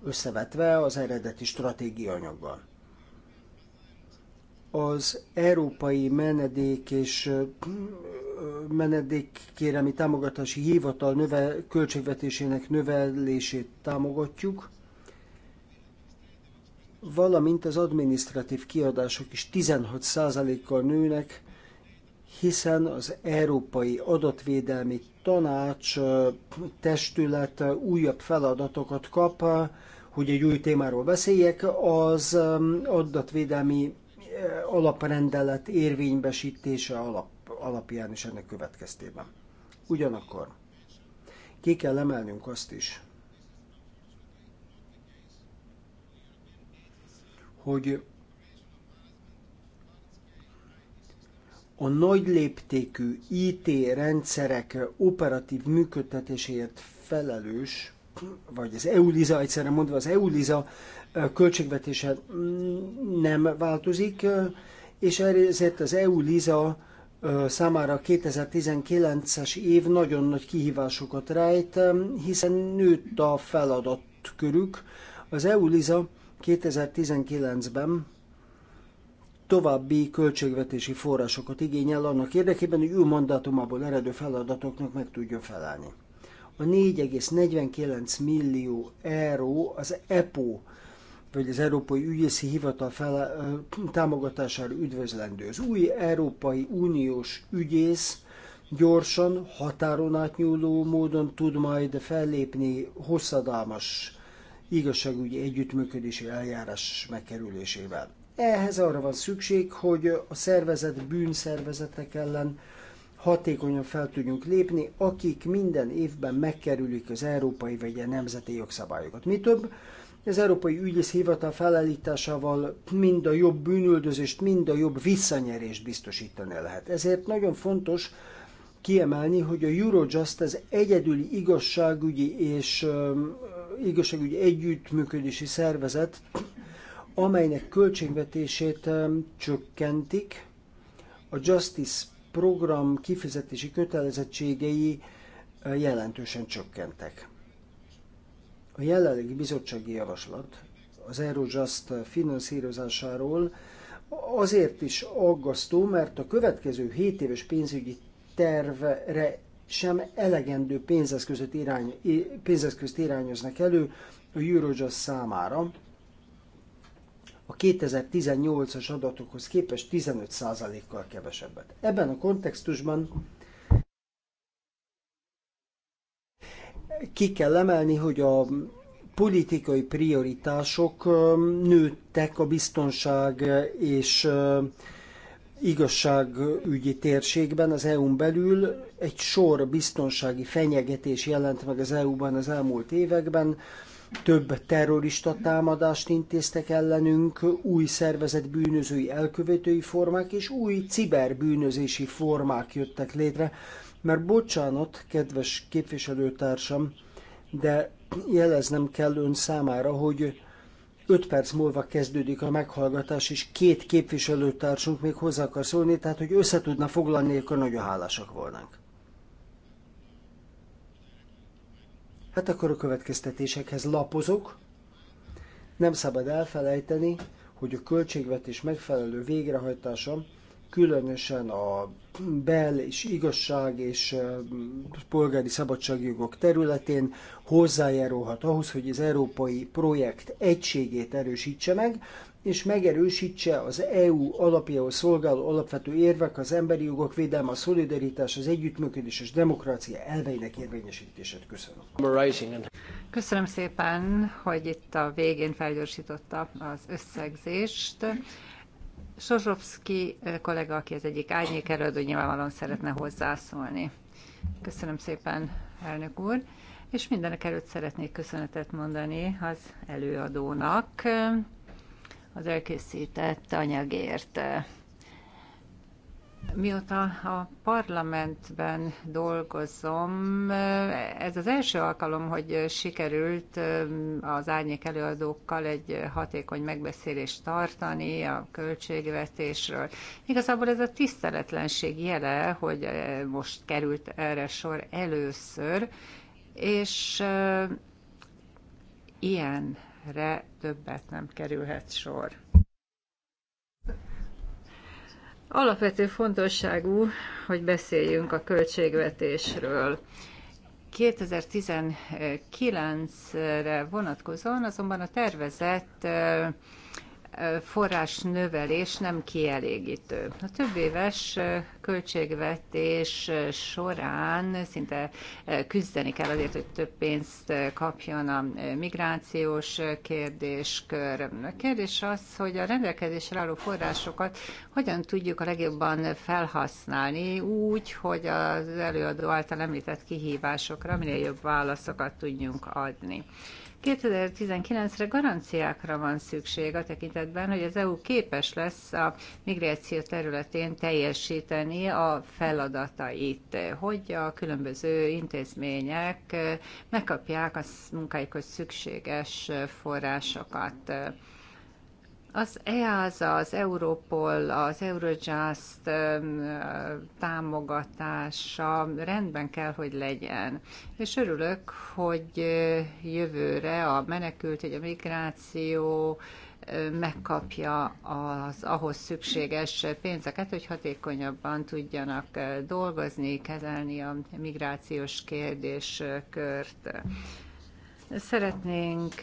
összevetve az eredeti stratégiaanyaggal. Az Európai Menedék és menedékkéremi támogatási hivatal növe, költségvetésének növelését támogatjuk – valamint az adminisztratív kiadások is 16%-kal nőnek, hiszen az Európai Adatvédelmi Tanács testület újabb feladatokat kap, hogy egy új témáról beszéljek, az adatvédelmi alaprendelet érvénybesítése alap, alapján és ennek következtében. Ugyanakkor ki kell emelnünk azt is, hogy a nagy léptékű IT rendszerek operatív működtetéséért felelős, vagy az EULISA, egyszerre mondva az EULISA költségvetése nem változik, és ezért az EULISA számára 2019-es év nagyon nagy kihívásokat rejt, hiszen nőtt a feladatkörük. Az EULISA 2019-ben további költségvetési forrásokat igényel annak érdekében, hogy ő mandátumából eredő feladatoknak meg tudjon felelni. A 4,49 millió euró az EPO, vagy az Európai Ügyészi Hivatal fele, támogatására üdvözlendő. Az új Európai Uniós ügyész gyorsan, határon átnyúló módon tud majd fellépni hosszadalmas igazságügyi együttműködési eljárás megkerülésével. Ehhez arra van szükség, hogy a szervezet bűnszervezetek ellen hatékonyan fel tudjunk lépni, akik minden évben megkerülik az európai vagy a nemzeti jogszabályokat. Mi több, az Európai Ügyész Hivatal felállításával mind a jobb bűnüldözést, mind a jobb visszanyerést biztosítani lehet. Ezért nagyon fontos kiemelni, hogy a Eurojust az egyedüli igazságügyi és igazságügyi együttműködési szervezet, amelynek költségvetését csökkentik, a Justice program kifizetési kötelezettségei jelentősen csökkentek. A jelenlegi bizottsági javaslat az Eurojust finanszírozásáról azért is aggasztó, mert a következő 7 éves pénzügyi tervre sem elegendő pénzeszközöt irány, pénzeszközt irányoznak elő a Eurojust számára. A 2018-as adatokhoz képest 15%-kal kevesebbet. Ebben a kontextusban ki kell emelni, hogy a politikai prioritások nőttek a biztonság és igazságügyi térségben, az EU-n belül egy sor biztonsági fenyegetés jelent meg az EU-ban az elmúlt években. Több terrorista támadást intéztek ellenünk, új szervezet bűnözői elkövetői formák és új ciberbűnözési formák jöttek létre. Mert bocsánat, kedves képviselőtársam, de jeleznem kell ön számára, hogy 5 perc múlva kezdődik a meghallgatás, és két képviselőtársunk még hozzá akar szólni, tehát hogy össze tudna foglalni, akkor nagyon hálásak volnánk. Hát akkor a következtetésekhez lapozok. Nem szabad elfelejteni, hogy a költségvetés megfelelő végrehajtása különösen a bel és igazság és polgári szabadságjogok területén hozzájárulhat ahhoz, hogy az európai projekt egységét erősítse meg, és megerősítse az EU alapjául szolgáló alapvető érvek, az emberi jogok védelme, a szolidaritás, az együttműködés és demokrácia elveinek érvényesítését. Köszönöm. Köszönöm szépen, hogy itt a végén felgyorsította az összegzést. Sozsovszki kollega, aki az egyik árnyék előadó, nyilvánvalóan szeretne hozzászólni. Köszönöm szépen, elnök úr. És mindenek előtt szeretnék köszönetet mondani az előadónak az elkészített anyagért. Mióta a parlamentben dolgozom, ez az első alkalom, hogy sikerült az árnyék előadókkal egy hatékony megbeszélést tartani a költségvetésről. Igazából ez a tiszteletlenség jele, hogy most került erre sor először, és ilyenre többet nem kerülhet sor. Alapvető fontosságú, hogy beszéljünk a költségvetésről. 2019-re vonatkozóan azonban a tervezett forrás növelés nem kielégítő. A több éves költségvetés során szinte küzdeni kell azért, hogy több pénzt kapjon a migrációs kérdéskör. A kérdés az, hogy a rendelkezésre álló forrásokat hogyan tudjuk a legjobban felhasználni úgy, hogy az előadó által említett kihívásokra minél jobb válaszokat tudjunk adni. 2019-re garanciákra van szükség a tekintetben, hogy az EU képes lesz a migráció területén teljesíteni a feladatait, hogy a különböző intézmények megkapják a munkáikhoz szükséges forrásokat. Az EASA, az Europol, az Eurojust támogatása rendben kell, hogy legyen. És örülök, hogy jövőre a menekült, egy a migráció, megkapja az ahhoz szükséges pénzeket, hogy hatékonyabban tudjanak dolgozni, kezelni a migrációs kérdéskört. Szeretnénk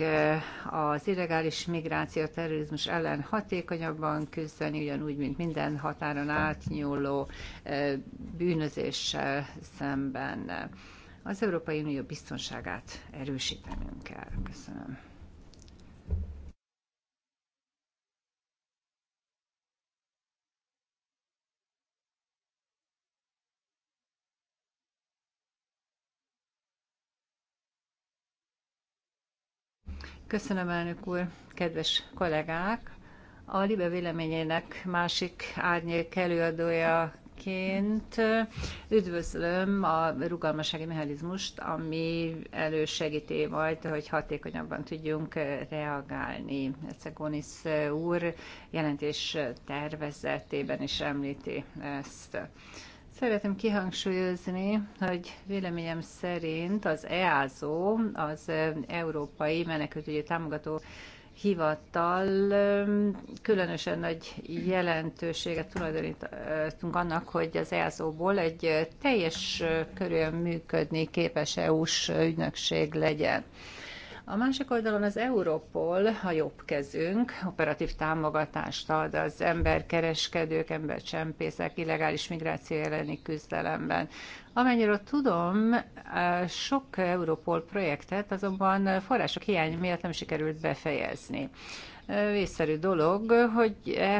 az illegális migráció terrorizmus ellen hatékonyabban küzdeni, ugyanúgy, mint minden határon átnyúló bűnözéssel szemben. Az Európai Unió biztonságát erősítenünk kell. Köszönöm. Köszönöm, elnök úr, kedves kollégák! A Libe véleményének másik árnyék előadója Ként üdvözlöm a rugalmasági mechanizmust, ami elősegíti majd, hogy hatékonyabban tudjunk reagálni. Ezt a Gonis úr jelentés tervezetében is említi ezt. Szeretném kihangsúlyozni, hogy véleményem szerint az EASO, az Európai Menekültügyi Támogató hivatal különösen nagy jelentőséget tulajdonítunk annak, hogy az EASO-ból egy teljes körülön működni képes EU-s ügynökség legyen. A másik oldalon az Európol, a jobb kezünk, operatív támogatást ad az emberkereskedők, embercsempészek, illegális migráció elleni küzdelemben. Amennyire tudom, sok Európol projektet azonban források hiány miatt nem sikerült befejezni vészszerű dolog, hogy,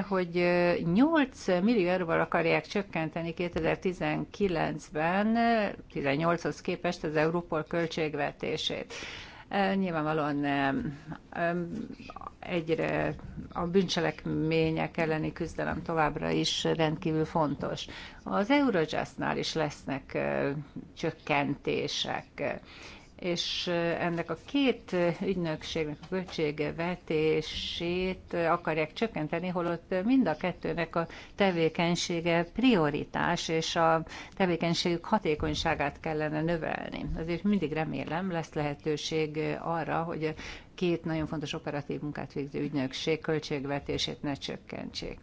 hogy 8 millió euróval akarják csökkenteni 2019-ben, 18-hoz képest az Európol költségvetését. Nyilvánvalóan egyre a bűncselekmények elleni küzdelem továbbra is rendkívül fontos. Az Eurojustnál is lesznek csökkentések és ennek a két ügynökségnek a vetését akarják csökkenteni, holott mind a kettőnek a tevékenysége prioritás, és a tevékenységük hatékonyságát kellene növelni. Azért mindig remélem lesz lehetőség arra, hogy két nagyon fontos operatív munkát végző ügynökség költségvetését ne csökkentsék.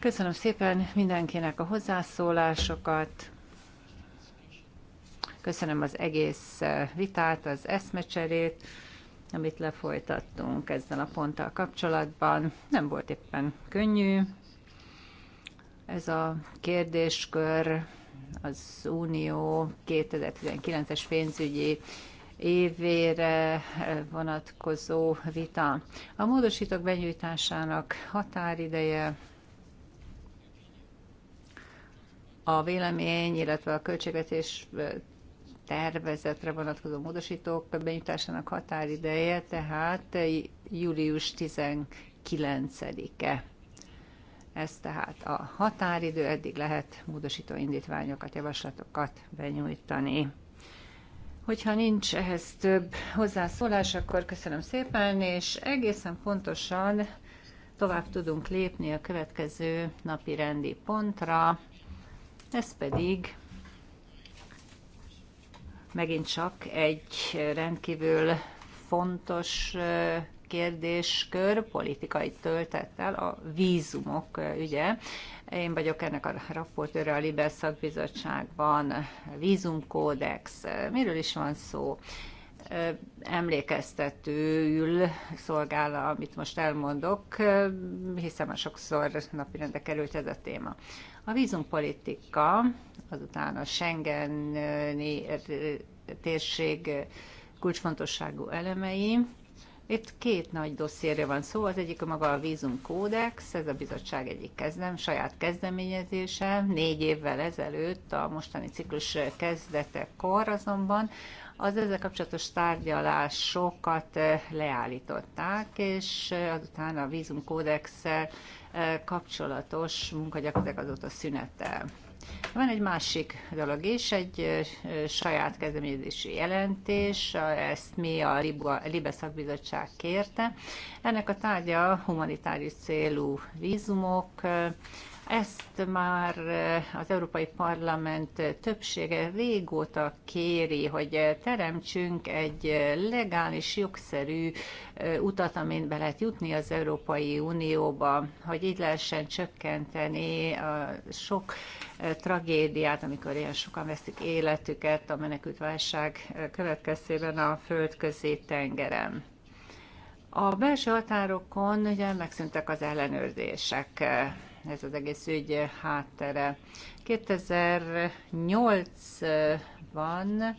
Köszönöm szépen mindenkinek a hozzászólásokat. Köszönöm az egész vitát, az eszmecserét, amit lefolytattunk ezzel a ponttal kapcsolatban. Nem volt éppen könnyű ez a kérdéskör, az Unió 2019-es pénzügyi évére vonatkozó vita. A módosítók benyújtásának határideje a vélemény, illetve a költségvetés tervezetre vonatkozó módosítók benyújtásának határideje, tehát július 19-e. Ez tehát a határidő, eddig lehet módosító indítványokat, javaslatokat benyújtani. Hogyha nincs ehhez több hozzászólás, akkor köszönöm szépen, és egészen pontosan tovább tudunk lépni a következő napi rendi pontra, ez pedig megint csak egy rendkívül fontos kérdéskör politikai töltettel a vízumok ügye. Én vagyok ennek a raportőre a Libel szakbizottságban, vízumkódex, miről is van szó? emlékeztetőül szolgál, amit most elmondok, hiszen már sokszor napirendre került ez a téma. A vízumpolitika, azután a Schengeni eh, térség eh, kulcsfontosságú elemei. Itt két nagy dossziéről van szó, az egyik a maga a vízumkódex, ez a bizottság egyik kezdem, saját kezdeményezése, négy évvel ezelőtt, a mostani ciklus kezdetekor azonban az ezzel kapcsolatos tárgyalásokat eh, leállították, és azután a vízumkódexsel kapcsolatos munkagyakorlatilag azóta szünettel. Van egy másik dolog is, egy saját kezdeményezési jelentés, ezt mi a Libe szakbizottság kérte. Ennek a tárgya humanitárius célú vízumok, ezt már eh, az Európai Parlament többsége régóta kéri, hogy teremtsünk egy eh, legális, jogszerű eh, utat, amin be lehet jutni az Európai Unióba, hogy így lehessen csökkenteni a sok tragédiát, amikor ilyen sokan veszik életüket a menekültválság következtében a földközi tengeren. A belső határokon ugye megszűntek az ellenőrzések ez az egész ügy háttere. 2008-ban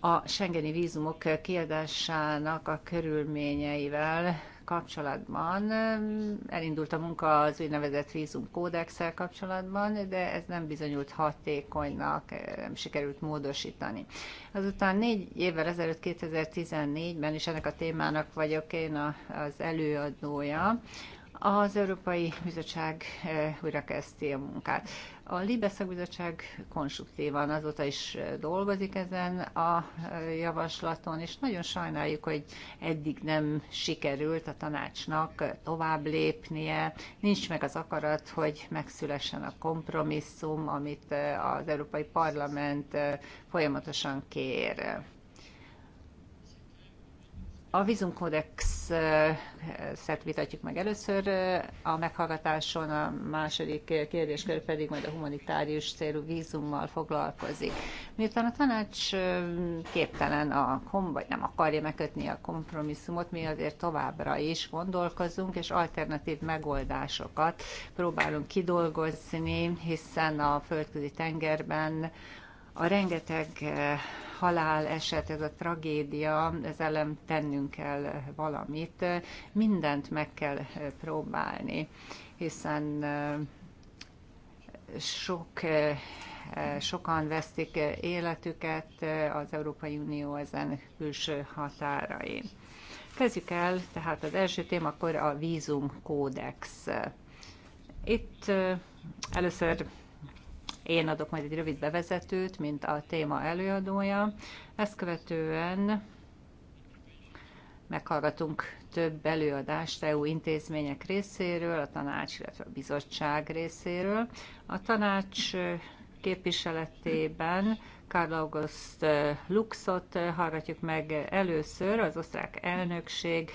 a Schengeni vízumok kiadásának a körülményeivel kapcsolatban. Elindult a munka az úgynevezett vízumkódexsel kapcsolatban, de ez nem bizonyult hatékonynak, nem sikerült módosítani. Azután négy évvel ezelőtt, 2014-ben is ennek a témának vagyok én az előadója. Az Európai Bizottság eh, újra kezdti a munkát. A Libeszak bizottság konstruktívan azóta is eh, dolgozik ezen a eh, javaslaton, és nagyon sajnáljuk, hogy eddig nem sikerült a tanácsnak tovább lépnie. Nincs meg az akarat, hogy megszülessen a kompromisszum, amit az Európai Parlament folyamatosan kér. A vízumkódexet vitatjuk meg először, a meghallgatáson a második kérdéskör pedig majd a humanitárius célú vízummal foglalkozik. Miután a tanács képtelen, a kom, vagy nem akarja megkötni a kompromisszumot, mi azért továbbra is gondolkozunk, és alternatív megoldásokat próbálunk kidolgozni, hiszen a földközi tengerben a rengeteg eh, halál eset, ez a tragédia, ez ellen tennünk kell valamit, mindent meg kell eh, próbálni, hiszen eh, sok sokan vesztik életüket az Európai Unió ezen külső határain. Kezdjük el, tehát az első téma akkor a vízumkódex. Itt először én adok majd egy rövid bevezetőt, mint a téma előadója. Ezt követően meghallgatunk több előadást EU intézmények részéről, a tanács, illetve a bizottság részéről. A tanács képviseletében Karl August Luxot hallgatjuk meg először, az osztrák elnökség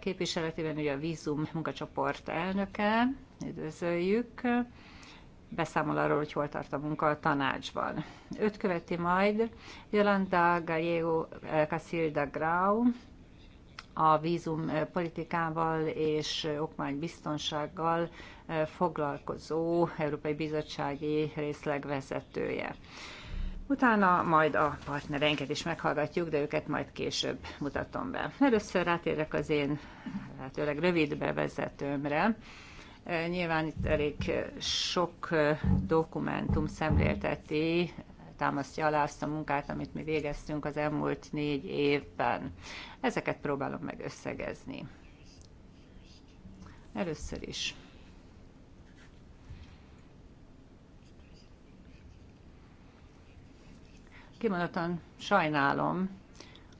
képviseletében, ugye a Vízum munkacsoport elnöke, üdvözöljük beszámol arról, hogy hol tart a munka a tanácsban. Őt követi majd Jolanda Gallego eh, Casilda Grau, a vízum eh, politikával és eh, okmánybiztonsággal foglalkozó Európai Bizottsági részleg vezetője. Utána majd a partnereinket is meghallgatjuk, de őket majd később mutatom be. Először rátérek az én lehetőleg rövid bevezetőmre. Nyilván itt elég sok dokumentum szemlélteti, támasztja alá azt a munkát, amit mi végeztünk az elmúlt négy évben. Ezeket próbálom meg összegezni. Először is. Kimondottan sajnálom,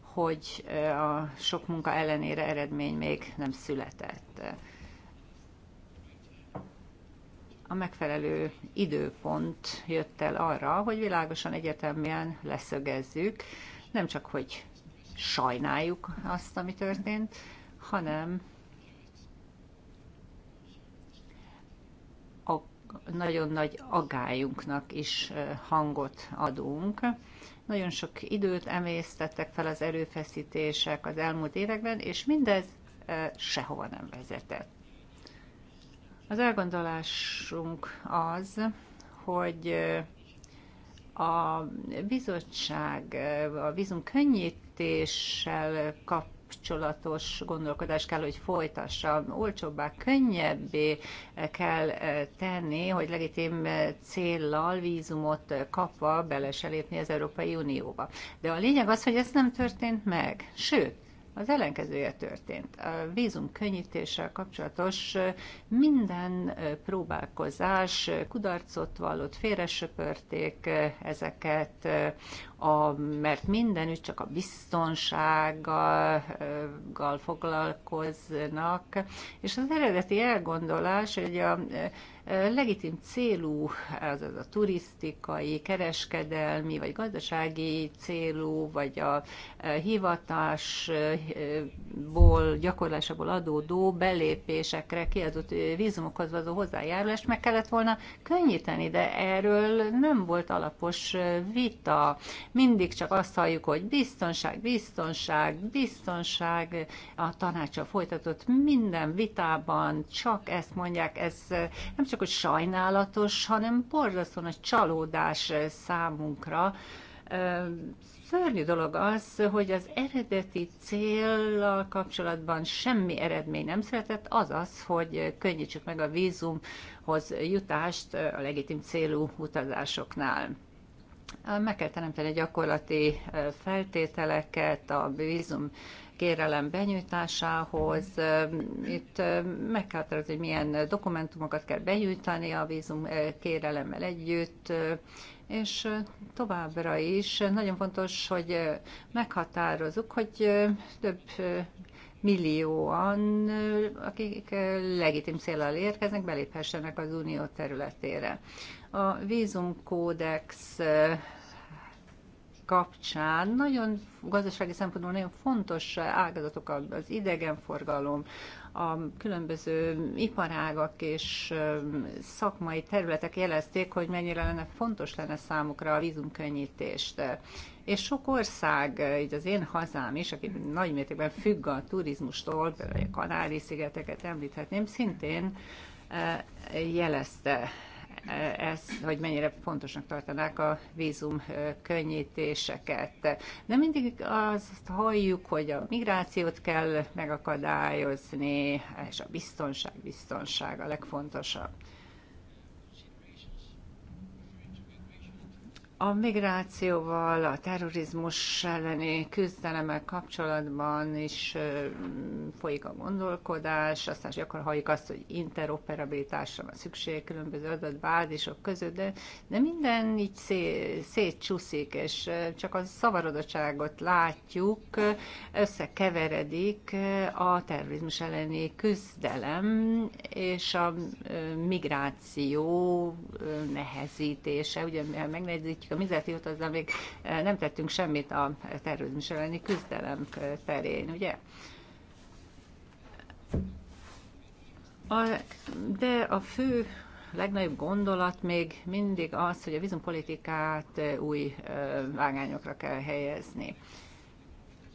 hogy a sok munka ellenére eredmény még nem született a megfelelő időpont jött el arra, hogy világosan egyetemben leszögezzük, nem csak, hogy sajnáljuk azt, ami történt, hanem a nagyon nagy agályunknak is hangot adunk. Nagyon sok időt emésztettek fel az erőfeszítések az elmúlt években, és mindez sehova nem vezetett. Az elgondolásunk az, hogy a bizottság a vízum könnyítéssel kapcsolatos gondolkodás kell, hogy folytassa, olcsóbbá, könnyebbé kell tenni, hogy legitim céllal vízumot kapva bele se lépni az Európai Unióba. De a lényeg az, hogy ez nem történt meg. Sőt, az ellenkezője történt. A vízum könnyítéssel kapcsolatos minden próbálkozás kudarcot vallott, félresöpörték ezeket, a, mert mindenütt csak a biztonsággal foglalkoznak, és az eredeti elgondolás, hogy a legitim célú, azaz a turisztikai, kereskedelmi, vagy gazdasági célú, vagy a e, hivatásból, gyakorlásából adódó belépésekre kiadott e, vízumokhoz való hozzájárulást meg kellett volna könnyíteni, de erről nem volt alapos e, vita. Mindig csak azt halljuk, hogy biztonság, biztonság, biztonság, a tanácsa folytatott minden vitában, csak ezt mondják, ez nem csak csak hogy sajnálatos, hanem borzasztó nagy csalódás számunkra. Szörnyű dolog az, hogy az eredeti céllal kapcsolatban semmi eredmény nem született, az az, hogy könnyítsük meg a vízumhoz jutást a legitim célú utazásoknál. Meg kell teremteni gyakorlati feltételeket a vízum kérelem benyújtásához. Itt meg kell hogy milyen dokumentumokat kell benyújtani a vízum kérelemmel együtt, és továbbra is nagyon fontos, hogy meghatározzuk, hogy több millióan, akik legitim célral érkeznek, beléphessenek az unió területére. A vízumkódex kapcsán. Nagyon gazdasági szempontból nagyon fontos ágazatok az idegenforgalom, a különböző iparágak és szakmai területek jelezték, hogy mennyire lenne fontos lenne számukra a vízumkönnyítést. És sok ország, így az én hazám is, aki nagy mértékben függ a turizmustól, például a Kanári-szigeteket említhetném, szintén jelezte ez, hogy mennyire fontosnak tartanák a vízum könnyítéseket. De mindig azt halljuk, hogy a migrációt kell megakadályozni, és a biztonság, biztonság a legfontosabb. A migrációval, a terrorizmus elleni küzdelemmel kapcsolatban is folyik a gondolkodás, aztán gyakran halljuk azt, hogy interoperabilitásra van szükség különböző adatbázisok között, de, de minden így szé, szétcsúszik, és csak a szavarodottságot látjuk, összekeveredik a terrorizmus elleni küzdelem és a migráció nehezítése, ugye megnézzük, a mizet jót azzal még e, nem tettünk semmit a terrorizmus elleni küzdelem e, terén, ugye? A, de a fő legnagyobb gondolat még mindig az, hogy a vízumpolitikát e, új vágányokra kell helyezni.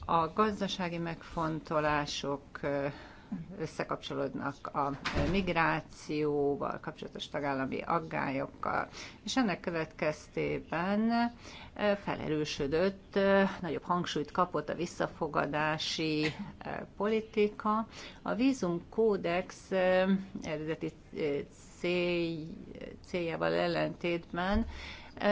A gazdasági megfontolások összekapcsolódnak a migrációval kapcsolatos tagállami aggályokkal, és ennek következtében e, felerősödött, e, nagyobb hangsúlyt kapott a visszafogadási e, politika. A vízumkódex eredeti cél, céljával ellentétben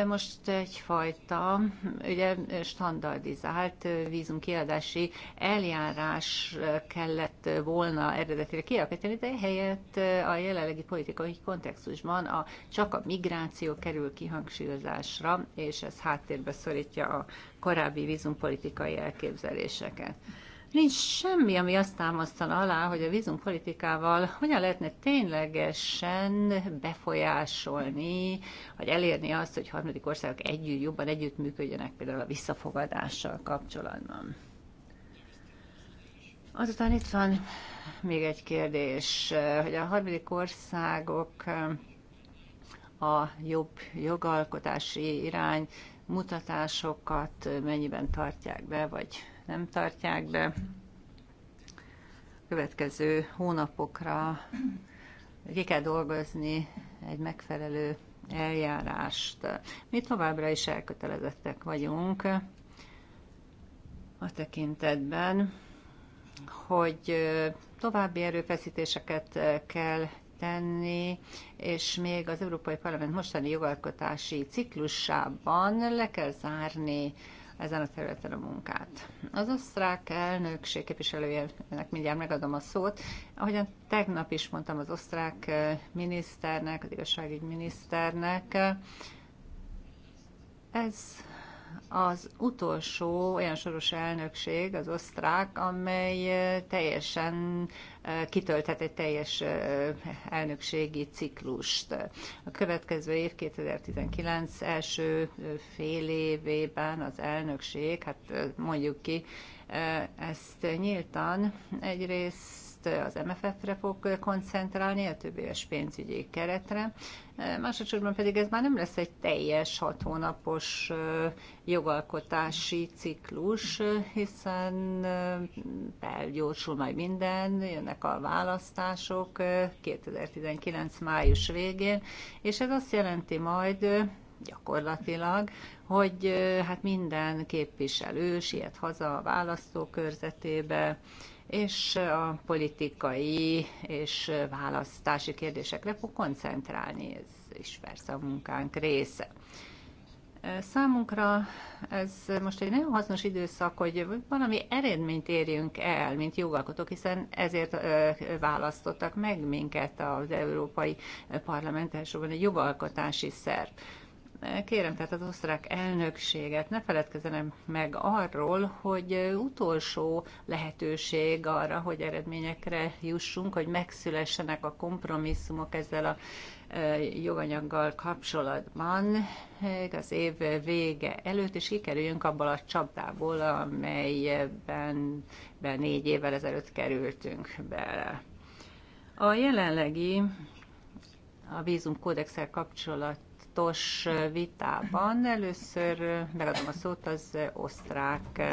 most egyfajta ugye, standardizált vízumkiadási eljárás kellett volna eredetileg kialakítani, de helyett a jelenlegi politikai kontextusban a, csak a migráció kerül kihangsúlyozásra, és ez háttérbe szorítja a korábbi vízumpolitikai elképzeléseket. Nincs semmi, ami azt támasztana alá, hogy a vízumpolitikával hogyan lehetne ténylegesen befolyásolni, vagy elérni azt, hogy harmadik országok együtt jobban együttműködjenek például a visszafogadással kapcsolatban. Azután itt van még egy kérdés, hogy a harmadik országok a jobb jogalkotási irány mutatásokat mennyiben tartják be, vagy nem tartják be. Következő hónapokra ki kell dolgozni egy megfelelő eljárást. Mi továbbra is elkötelezettek vagyunk a tekintetben, hogy további erőfeszítéseket kell tenni, és még az Európai Parlament mostani jogalkotási ciklusában le kell zárni ezen a területen a munkát. Az osztrák elnökség képviselőjének mindjárt megadom a szót. Ahogyan tegnap is mondtam az osztrák eh, miniszternek, az igazságügyminiszternek, eh, ez az utolsó olyan soros elnökség, az osztrák, amely teljesen kitölthet egy teljes elnökségi ciklust. A következő év 2019 első fél évében az elnökség, hát mondjuk ki ezt nyíltan, egyrészt Egyrészt az MFF-re fog koncentrálni, a több éves pénzügyi keretre, másodszorban pedig ez már nem lesz egy teljes hat hónapos jogalkotási ciklus, hiszen felgyorsul majd minden, jönnek a választások 2019 május végén, és ez azt jelenti majd, gyakorlatilag, hogy hát minden képviselős ilyet haza a választókörzetébe, és a politikai és választási kérdésekre fog koncentrálni. Ez is persze a munkánk része. Számunkra ez most egy nagyon hasznos időszak, hogy valami eredményt érjünk el, mint jogalkotók, hiszen ezért választottak meg minket az Európai Parlament, elsősorban egy jogalkotási szerv. Kérem tehát az osztrák elnökséget, ne feledkezzenek meg arról, hogy utolsó lehetőség arra, hogy eredményekre jussunk, hogy megszülessenek a kompromisszumok ezzel a e, joganyaggal kapcsolatban e, az év vége előtt, és kikerüljünk abból a csapdából, amelyben be négy évvel ezelőtt kerültünk bele. A jelenlegi a vízumkódexel kapcsolat kapcsolatos vitában. Először megadom a szót az osztrák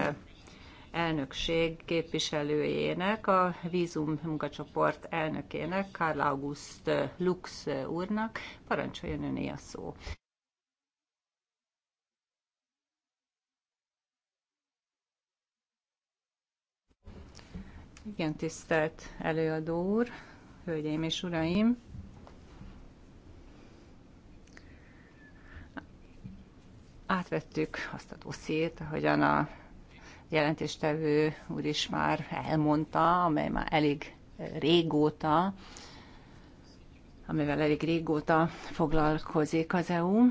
elnökség képviselőjének, a vízum munkacsoport elnökének, Karl August Lux úrnak. Parancsoljon öné a szó. Igen, tisztelt előadó úr, hölgyeim és uraim! Átvettük azt a dossziét, ahogyan a jelentéstevő úr is már elmondta, amely már elég régóta, amivel elég régóta foglalkozik az EU.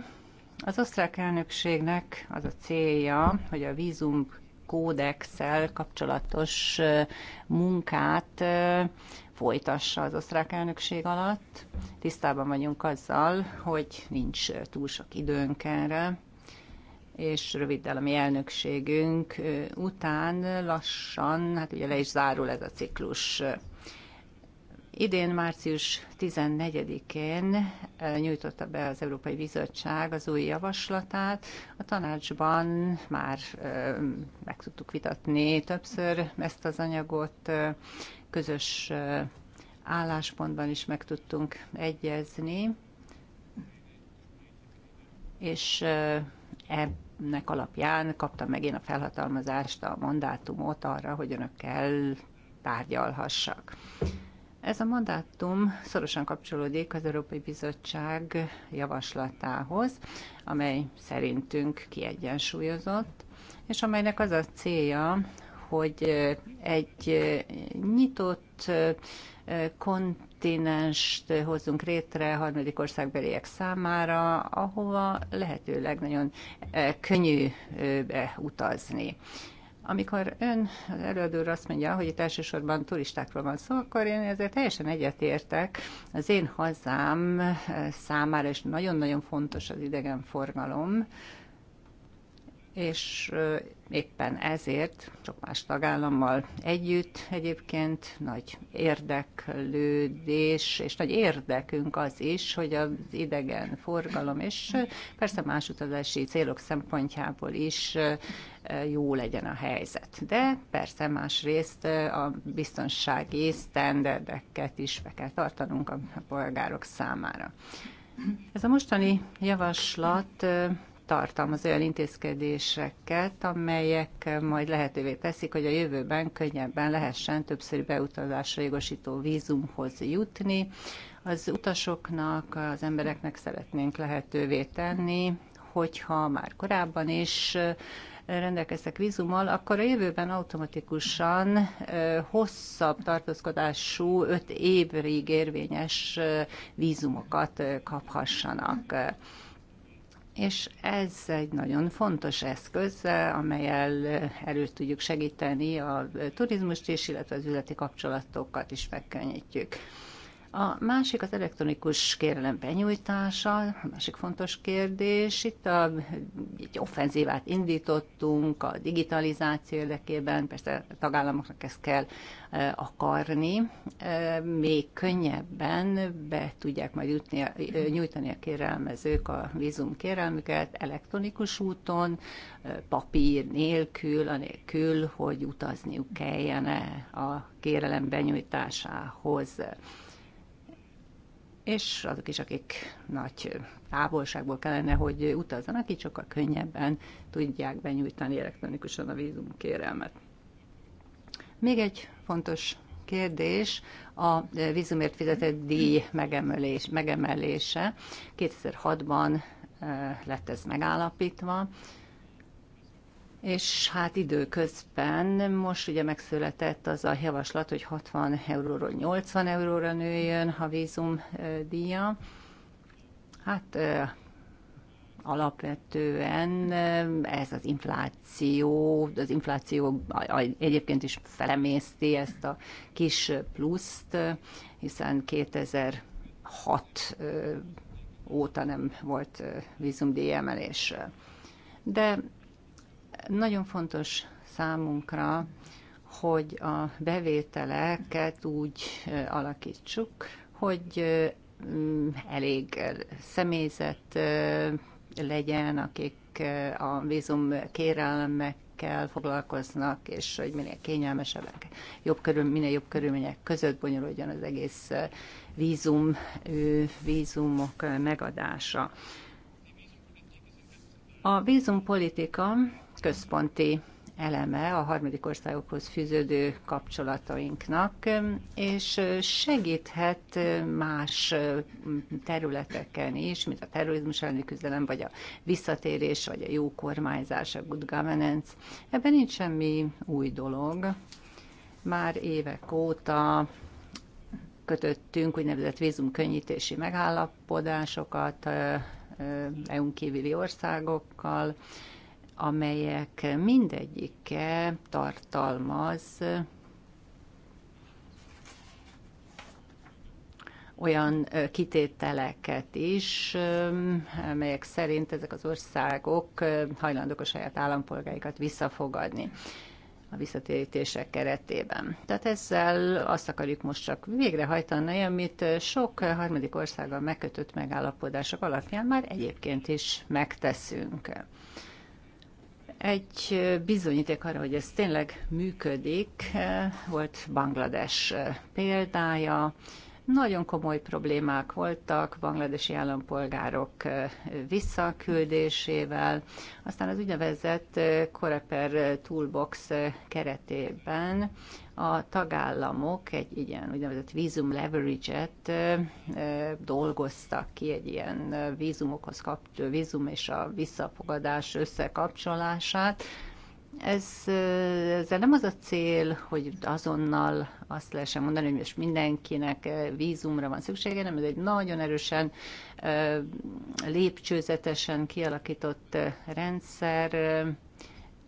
Az osztrák elnökségnek az a célja, hogy a vízum kódexel kapcsolatos munkát folytassa az osztrák elnökség alatt. Tisztában vagyunk azzal, hogy nincs túl sok időnk erre, és röviddel a mi elnökségünk után lassan, hát ugye le is zárul ez a ciklus. Idén március 14-én nyújtotta be az Európai Bizottság az új javaslatát. A tanácsban már meg tudtuk vitatni többször ezt az anyagot, közös álláspontban is meg tudtunk egyezni, és ebb nek alapján kaptam meg én a felhatalmazást, a mandátumot arra, hogy önökkel tárgyalhassak. Ez a mandátum szorosan kapcsolódik az Európai Bizottság javaslatához, amely szerintünk kiegyensúlyozott, és amelynek az a célja, hogy egy nyitott eh, kont kontinenst hozzunk létre harmadik országbeliek számára, ahova lehetőleg nagyon eh, könnyű utazni amikor ön az előadó azt mondja, hogy itt elsősorban turistákról van szó, akkor én ezzel teljesen egyetértek. Az én hazám eh, számára is nagyon-nagyon fontos az idegenforgalom, és éppen ezért sok más tagállammal együtt egyébként nagy érdeklődés, és nagy érdekünk az is, hogy az idegen forgalom, és persze más utazási célok szempontjából is jó legyen a helyzet. De persze másrészt a biztonsági sztenderdeket is be kell tartanunk a polgárok számára. Ez a mostani javaslat tartalmaz olyan intézkedéseket, amelyek majd lehetővé teszik, hogy a jövőben könnyebben lehessen többszörű beutazásra jogosító vízumhoz jutni. Az utasoknak, az embereknek szeretnénk lehetővé tenni, hogyha már korábban is rendelkeztek vízummal, akkor a jövőben automatikusan hosszabb tartózkodású, öt évig érvényes vízumokat kaphassanak és ez egy nagyon fontos eszköz, amelyel elő tudjuk segíteni a turizmust is, illetve az üzleti kapcsolatokat is megkönnyítjük. A másik az elektronikus kérelem benyújtása, a másik fontos kérdés. Itt a, egy offenzívát indítottunk a digitalizáció érdekében, persze a tagállamoknak ezt kell e, akarni, e, még könnyebben be tudják majd jutni, e, nyújtani a kérelmezők a vízum kérelmüket elektronikus úton, papír nélkül, anélkül, hogy utazniuk kelljen a kérelem benyújtásához és azok is, akik nagy távolságból kellene, hogy utazzanak, így sokkal könnyebben tudják benyújtani elektronikusan a vízumkérelmet. Még egy fontos kérdés a vízumért fizetett díj megemelés, megemelése. 2006-ban eh, lett ez megállapítva, és hát időközben most ugye megszületett az a javaslat, hogy 60 euróról 80 euróra nőjön a vízum díja. Hát alapvetően ez az infláció, az infláció egyébként is felemészti ezt a kis pluszt, hiszen 2006 óta nem volt vízumdíj emelés. De nagyon fontos számunkra, hogy a bevételeket úgy alakítsuk, hogy elég személyzet legyen, akik a vízum kérelmekkel foglalkoznak, és hogy minél kényelmesebbek, jobb körül, minél jobb körülmények között bonyolódjon az egész vízum, vízumok megadása. A vízumpolitika központi eleme a harmadik országokhoz fűződő kapcsolatainknak, és segíthet más területeken is, mint a terrorizmus elleni küzdelem, vagy a visszatérés, vagy a jó kormányzás, a good governance. Ebben nincs semmi új dolog. Már évek óta kötöttünk úgynevezett vízumkönnyítési megállapodásokat EU-n kívüli országokkal, amelyek mindegyike tartalmaz olyan kitételeket is, melyek szerint ezek az országok hajlandók a saját állampolgáikat visszafogadni a visszatérítések keretében. Tehát ezzel azt akarjuk most csak végrehajtani, amit sok harmadik országgal megkötött megállapodások alapján már egyébként is megteszünk. Egy bizonyíték arra, hogy ez tényleg működik, eh, volt Banglades eh, példája. Nagyon komoly problémák voltak bangladesi állampolgárok eh, visszaküldésével. Aztán az úgynevezett Koreper Toolbox keretében a tagállamok egy ilyen úgynevezett vízum leverage-et dolgoztak ki, egy ilyen vízumokhoz kapcsoló vízum és a visszafogadás összekapcsolását. Ez, ezzel nem az a cél, hogy azonnal azt lehessen mondani, hogy most mindenkinek vízumra van szüksége, nem ez egy nagyon erősen lépcsőzetesen kialakított rendszer.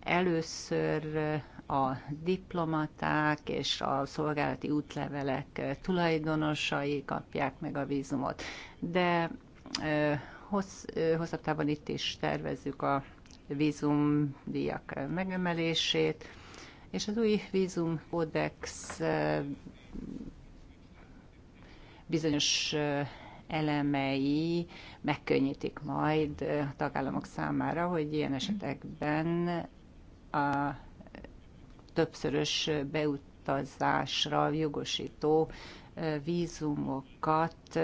Először a diplomaták és a szolgálati útlevelek tulajdonosai kapják meg a vízumot. De hossz, hosszabb távon itt is tervezzük a vízumdíjak megemelését, és az új vízumkódex bizonyos elemei megkönnyítik majd a tagállamok számára, hogy ilyen esetekben a többszörös beutazásra jogosító vízumokat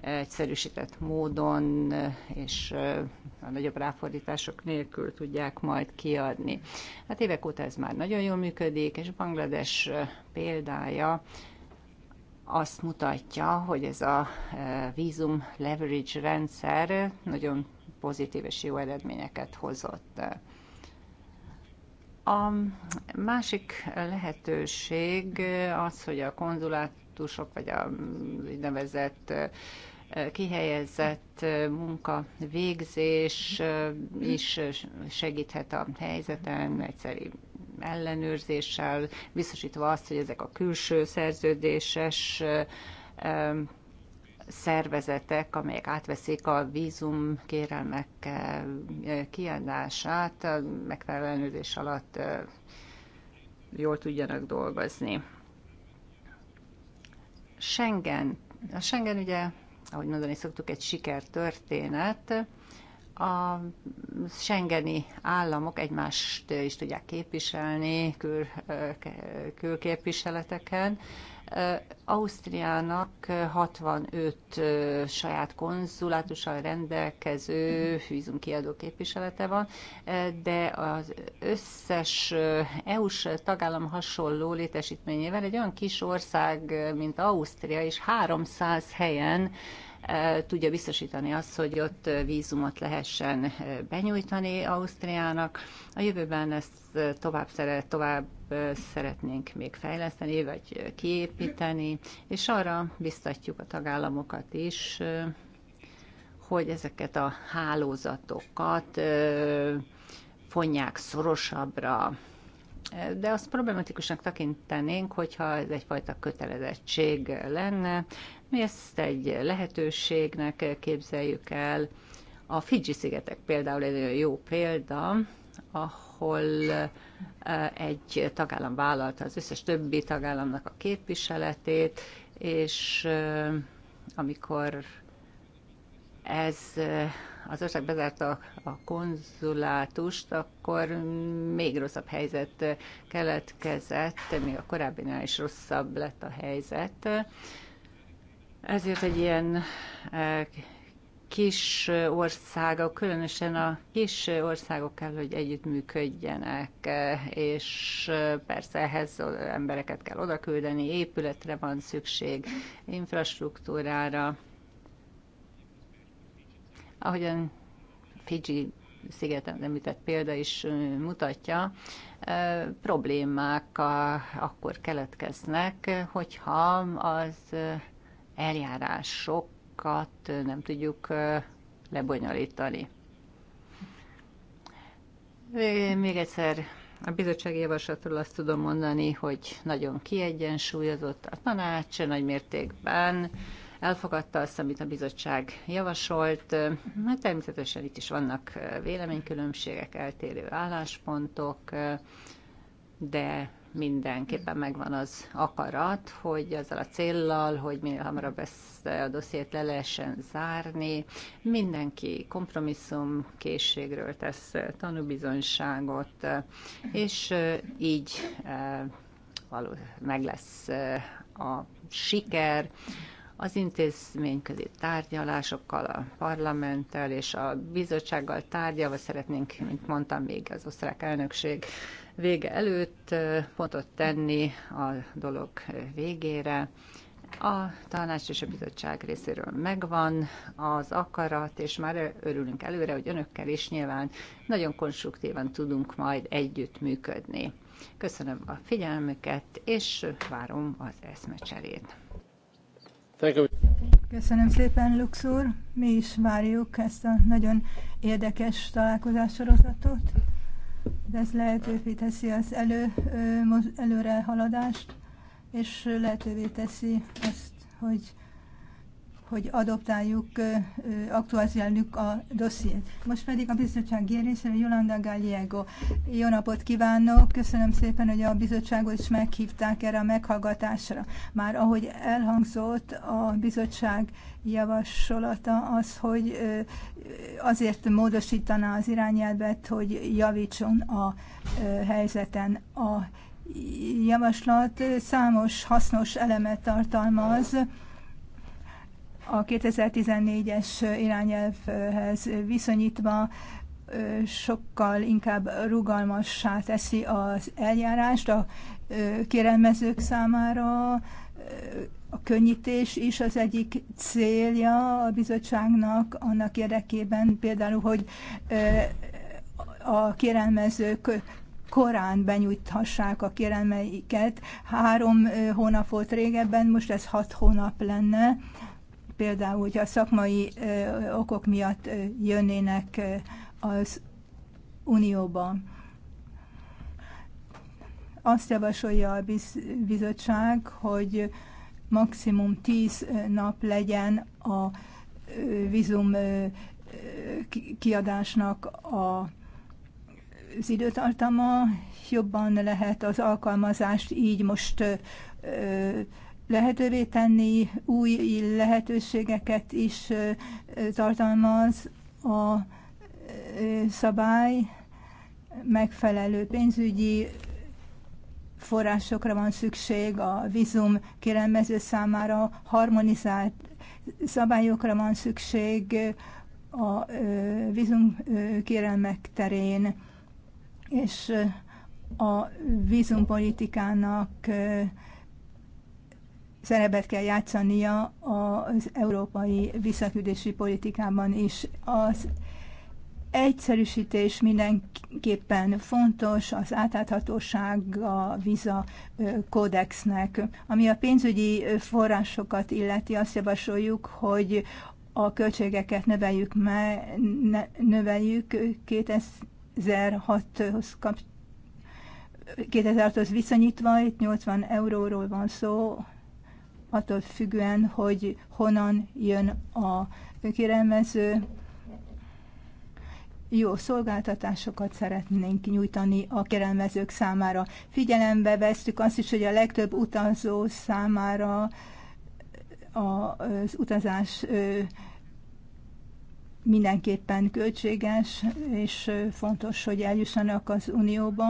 egyszerűsített módon és a nagyobb ráfordítások nélkül tudják majd kiadni. Hát évek óta ez már nagyon jól működik, és Banglades példája azt mutatja, hogy ez a vízum leverage rendszer nagyon pozitív és jó eredményeket hozott. A másik lehetőség az, hogy a konzulátusok vagy a nevezett kihelyezett munkavégzés is segíthet a helyzeten, egyszerű ellenőrzéssel, biztosítva azt, hogy ezek a külső szerződéses szervezetek, amelyek átveszik a vízum kérelmek kiadását, megfelelő ellenőrzés alatt jól tudjanak dolgozni. Schengen. A Schengen ugye, ahogy mondani szoktuk, egy sikertörténet. A Schengeni államok egymást is tudják képviselni kül, külképviseleteken, Ausztriának 65 saját konzulátussal rendelkező vízumkiadó képviselete van, de az összes EU-s tagállam hasonló létesítményével egy olyan kis ország, mint Ausztria, és 300 helyen E, tudja biztosítani azt, hogy ott vízumot lehessen e, benyújtani Ausztriának. A jövőben ezt e, tovább, szeret, tovább szeretnénk még fejleszteni, vagy kiépíteni, és arra biztatjuk a tagállamokat is, hogy ezeket a hálózatokat fonják szorosabbra, de azt problematikusnak tekintenénk, hogyha ez egyfajta kötelezettség lenne, mi ezt egy lehetőségnek képzeljük el. A Fidzsi-szigetek például egy nagyon jó példa, ahol e, egy tagállam vállalta az összes többi tagállamnak a képviseletét, és e, amikor ez e, az ország bezárta a konzulátust, akkor még rosszabb helyzet keletkezett, még a korábbinál is rosszabb lett a helyzet. Ezért egy ilyen e, kis országok, különösen a kis országok kell, hogy együttműködjenek, e, és e, persze ehhez embereket kell odaküldeni, épületre van szükség, infrastruktúrára. Ahogyan Fiji szigeten említett példa is mutatja, problémák akkor keletkeznek, hogyha az eljárásokat nem tudjuk lebonyolítani. Még egyszer a bizottsági javaslatról azt tudom mondani, hogy nagyon kiegyensúlyozott a tanács, nagy mértékben elfogadta azt, amit a bizottság javasolt. Hát természetesen itt is vannak véleménykülönbségek, eltérő álláspontok, de mindenképpen megvan az akarat, hogy azzal a céllal, hogy minél hamarabb ezt a dossziét le lehessen zárni. Mindenki kompromisszum készségről tesz tanúbizonyságot, és így való, meg lesz a siker az intézményközi tárgyalásokkal, a parlamenttel és a bizottsággal tárgyalva szeretnénk, mint mondtam, még az osztrák elnökség vége előtt pontot tenni a dolog végére. A tanács és a bizottság részéről megvan az akarat, és már örülünk előre, hogy önökkel is nyilván nagyon konstruktívan tudunk majd együtt működni. Köszönöm a figyelmüket, és várom az eszmecserét. Köszönöm szépen, Lux úr. Mi is várjuk ezt a nagyon érdekes találkozássorozatot de ez lehetővé teszi az elő, előre haladást, és lehetővé teszi azt, hogy hogy adoptáljuk, aktualizáljuk a dossziét. Most pedig a bizottság kérésére Jolanda Gallego. Jó napot kívánok! Köszönöm szépen, hogy a bizottságot is meghívták erre a meghallgatásra. Már ahogy elhangzott, a bizottság javasolata az, hogy azért módosítaná az irányelvet, hogy javítson a helyzeten a javaslat számos hasznos elemet tartalmaz, a 2014-es irányelvhez viszonyítva sokkal inkább rugalmassá teszi az eljárást a kérelmezők számára, a könnyítés is az egyik célja a bizottságnak annak érdekében, például, hogy a kérelmezők korán benyújthassák a kérelmeiket. Három hónap volt régebben, most ez hat hónap lenne például, hogyha szakmai okok miatt jönnének az Unióba. Azt javasolja a bizottság, hogy maximum 10 nap legyen a vízum kiadásnak a az időtartama, jobban lehet az alkalmazást így most ö, lehetővé tenni, új lehetőségeket is tartalmaz a szabály, megfelelő pénzügyi forrásokra van szükség a vízum kérelmező számára, harmonizált szabályokra van szükség a vízum kérelmek terén, és a vízumpolitikának szerepet kell játszania az európai visszaküldési politikában is. Az egyszerűsítés mindenképpen fontos, az átláthatóság a Visa kódexnek. Ami a pénzügyi forrásokat illeti, azt javasoljuk, hogy a költségeket növeljük, me, növeljük 2006-hoz kap, 2006-hoz viszonyítva, itt 80 euróról van szó, attól függően, hogy honnan jön a kérelmező. Jó szolgáltatásokat szeretnénk nyújtani a kérelmezők számára. Figyelembe vesztük azt is, hogy a legtöbb utazó számára az utazás mindenképpen költséges, és fontos, hogy eljussanak az Unióba.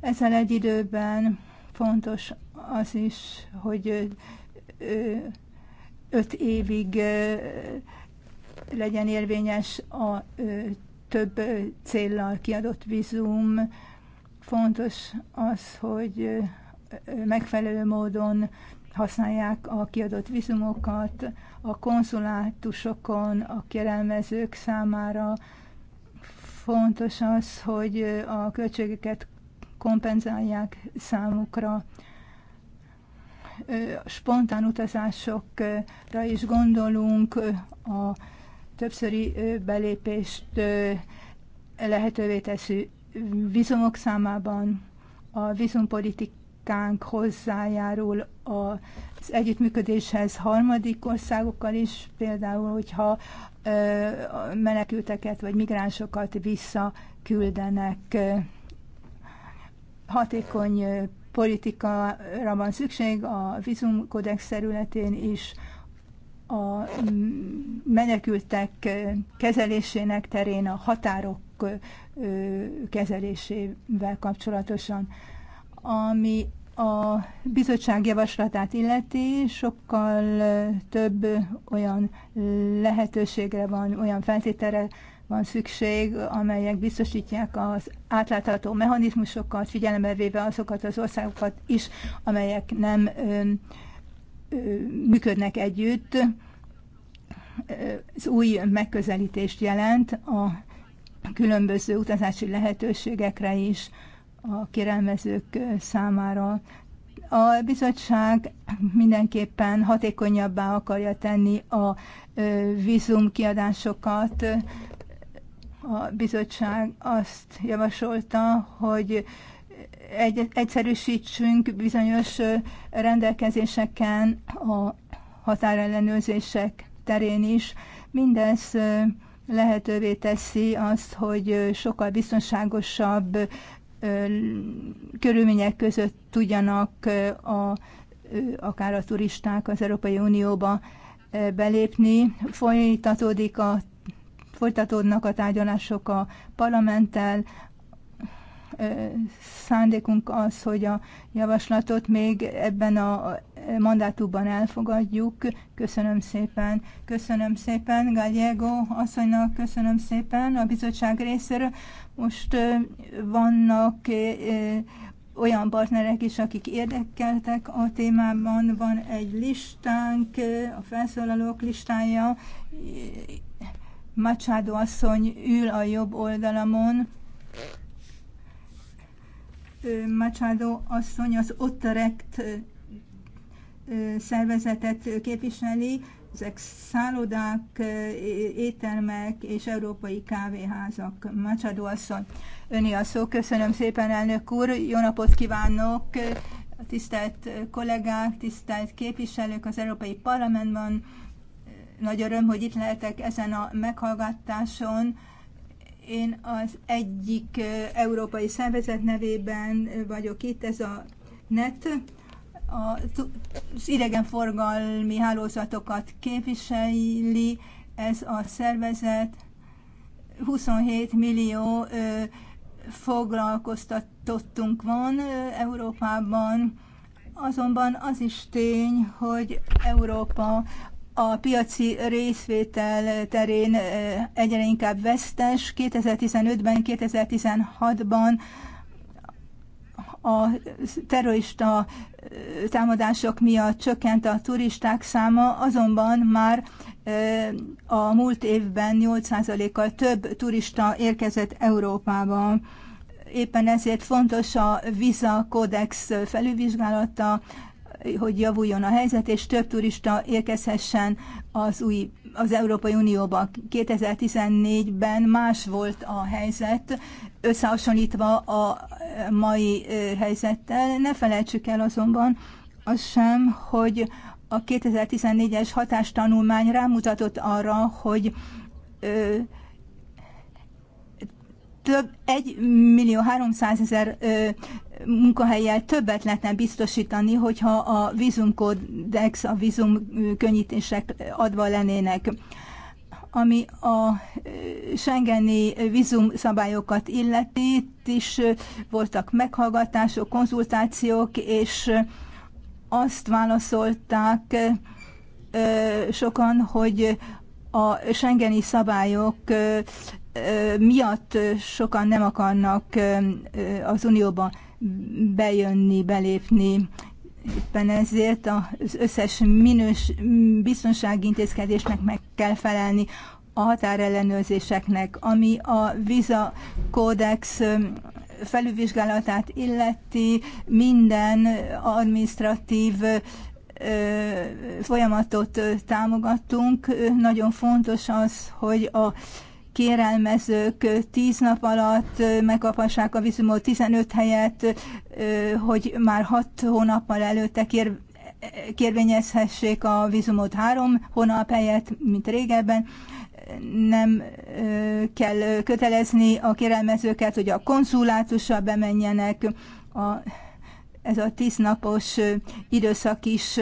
Ezzel egy időben fontos az is, hogy öt évig legyen érvényes a több céllal kiadott vízum. Fontos az, hogy megfelelő módon használják a kiadott vízumokat, a konzulátusokon a kérelmezők számára fontos az, hogy a költségeket kompenzálják számukra spontán utazásokra is gondolunk, a többszöri belépést lehetővé teszi vízumok számában, a vízumpolitikánk hozzájárul az együttműködéshez harmadik országokkal is, például, hogyha menekülteket vagy migránsokat visszaküldenek hatékony politikára van szükség a vízumkódex területén is, a menekültek kezelésének terén, a határok kezelésével kapcsolatosan. Ami a bizottság javaslatát illeti, sokkal több olyan lehetőségre van, olyan feltételre van szükség, amelyek biztosítják az átlátható mechanizmusokat, figyelembe véve azokat az országokat is, amelyek nem ö, ö, működnek együtt. Ez új megközelítést jelent a különböző utazási lehetőségekre is a kérelmezők számára. A bizottság mindenképpen hatékonyabbá akarja tenni a vízum kiadásokat a bizottság azt javasolta, hogy egy, egyszerűsítsünk bizonyos rendelkezéseken a határellenőrzések terén is. Mindez lehetővé teszi azt, hogy sokkal biztonságosabb körülmények között tudjanak a, akár a turisták az Európai Unióba belépni. Folytatódik a folytatódnak a tárgyalások a parlamenttel. Szándékunk az, hogy a javaslatot még ebben a mandátumban elfogadjuk. Köszönöm szépen. Köszönöm szépen Gallego asszonynak, köszönöm szépen a bizottság részéről. Most vannak olyan partnerek is, akik érdekeltek a témában. Van egy listánk, a felszólalók listája. Macsádó asszony ül a jobb oldalamon. Macsádó asszony az Otterekt szervezetet képviseli, ezek szállodák, éttermek és európai kávéházak. Macsádó asszony, öné a szó. Köszönöm szépen, elnök úr. Jó napot kívánok! Tisztelt kollégák, tisztelt képviselők az Európai Parlamentben, nagy öröm, hogy itt lehetek ezen a meghallgatáson. Én az egyik európai szervezet nevében vagyok itt, ez a NET, az idegenforgalmi hálózatokat képviseli ez a szervezet. 27 millió foglalkoztatottunk van Európában, azonban az is tény, hogy Európa a piaci részvétel terén eh, egyre inkább vesztes. 2015-ben, 2016-ban a terrorista eh, támadások miatt csökkent a turisták száma, azonban már eh, a múlt évben 8%-kal több turista érkezett Európába. Éppen ezért fontos a Visa Codex felülvizsgálata, hogy javuljon a helyzet, és több turista érkezhessen az, új, az Európai Unióban 2014-ben más volt a helyzet, összehasonlítva a mai helyzettel. Ne felejtsük el azonban az sem, hogy a 2014-es hatástanulmány rámutatott arra, hogy ö, több 1 millió 300 ezer munkahelyjel többet lehetne biztosítani, hogyha a vízumkódex, a vízumkönnyítések adva lennének. Ami a Schengeni vízumszabályokat illeti, itt is voltak meghallgatások, konzultációk, és azt válaszolták sokan, hogy a Schengeni szabályok miatt sokan nem akarnak az Unióba bejönni, belépni. Éppen ezért az összes minős biztonsági intézkedésnek meg kell felelni, a határellenőrzéseknek, ami a Visa Kódex felülvizsgálatát illeti, minden administratív folyamatot támogattunk. Nagyon fontos az, hogy a kérelmezők 10 nap alatt megkaphassák a vízumot 15 helyet, hogy már 6 hónappal előtte kér, kérvényezhessék a vízumot 3 hónap helyett, mint régebben nem kell kötelezni a kérelmezőket, hogy a konzulátussal bemenjenek. A, ez a tíznapos időszak is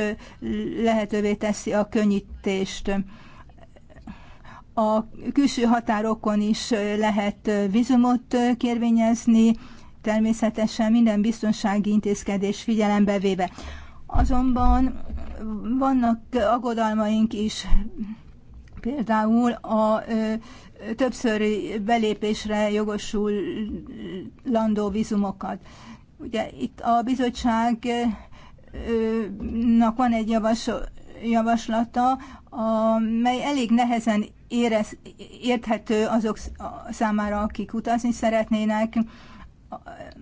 lehetővé teszi a könnyítést a külső határokon is lehet vízumot kérvényezni, természetesen minden biztonsági intézkedés figyelembe véve. Azonban vannak aggodalmaink is, például a többször belépésre jogosulandó vízumokat. Ugye itt a bizottságnak van egy javaslata amely elég nehezen érez, érthető azok számára, akik utazni szeretnének,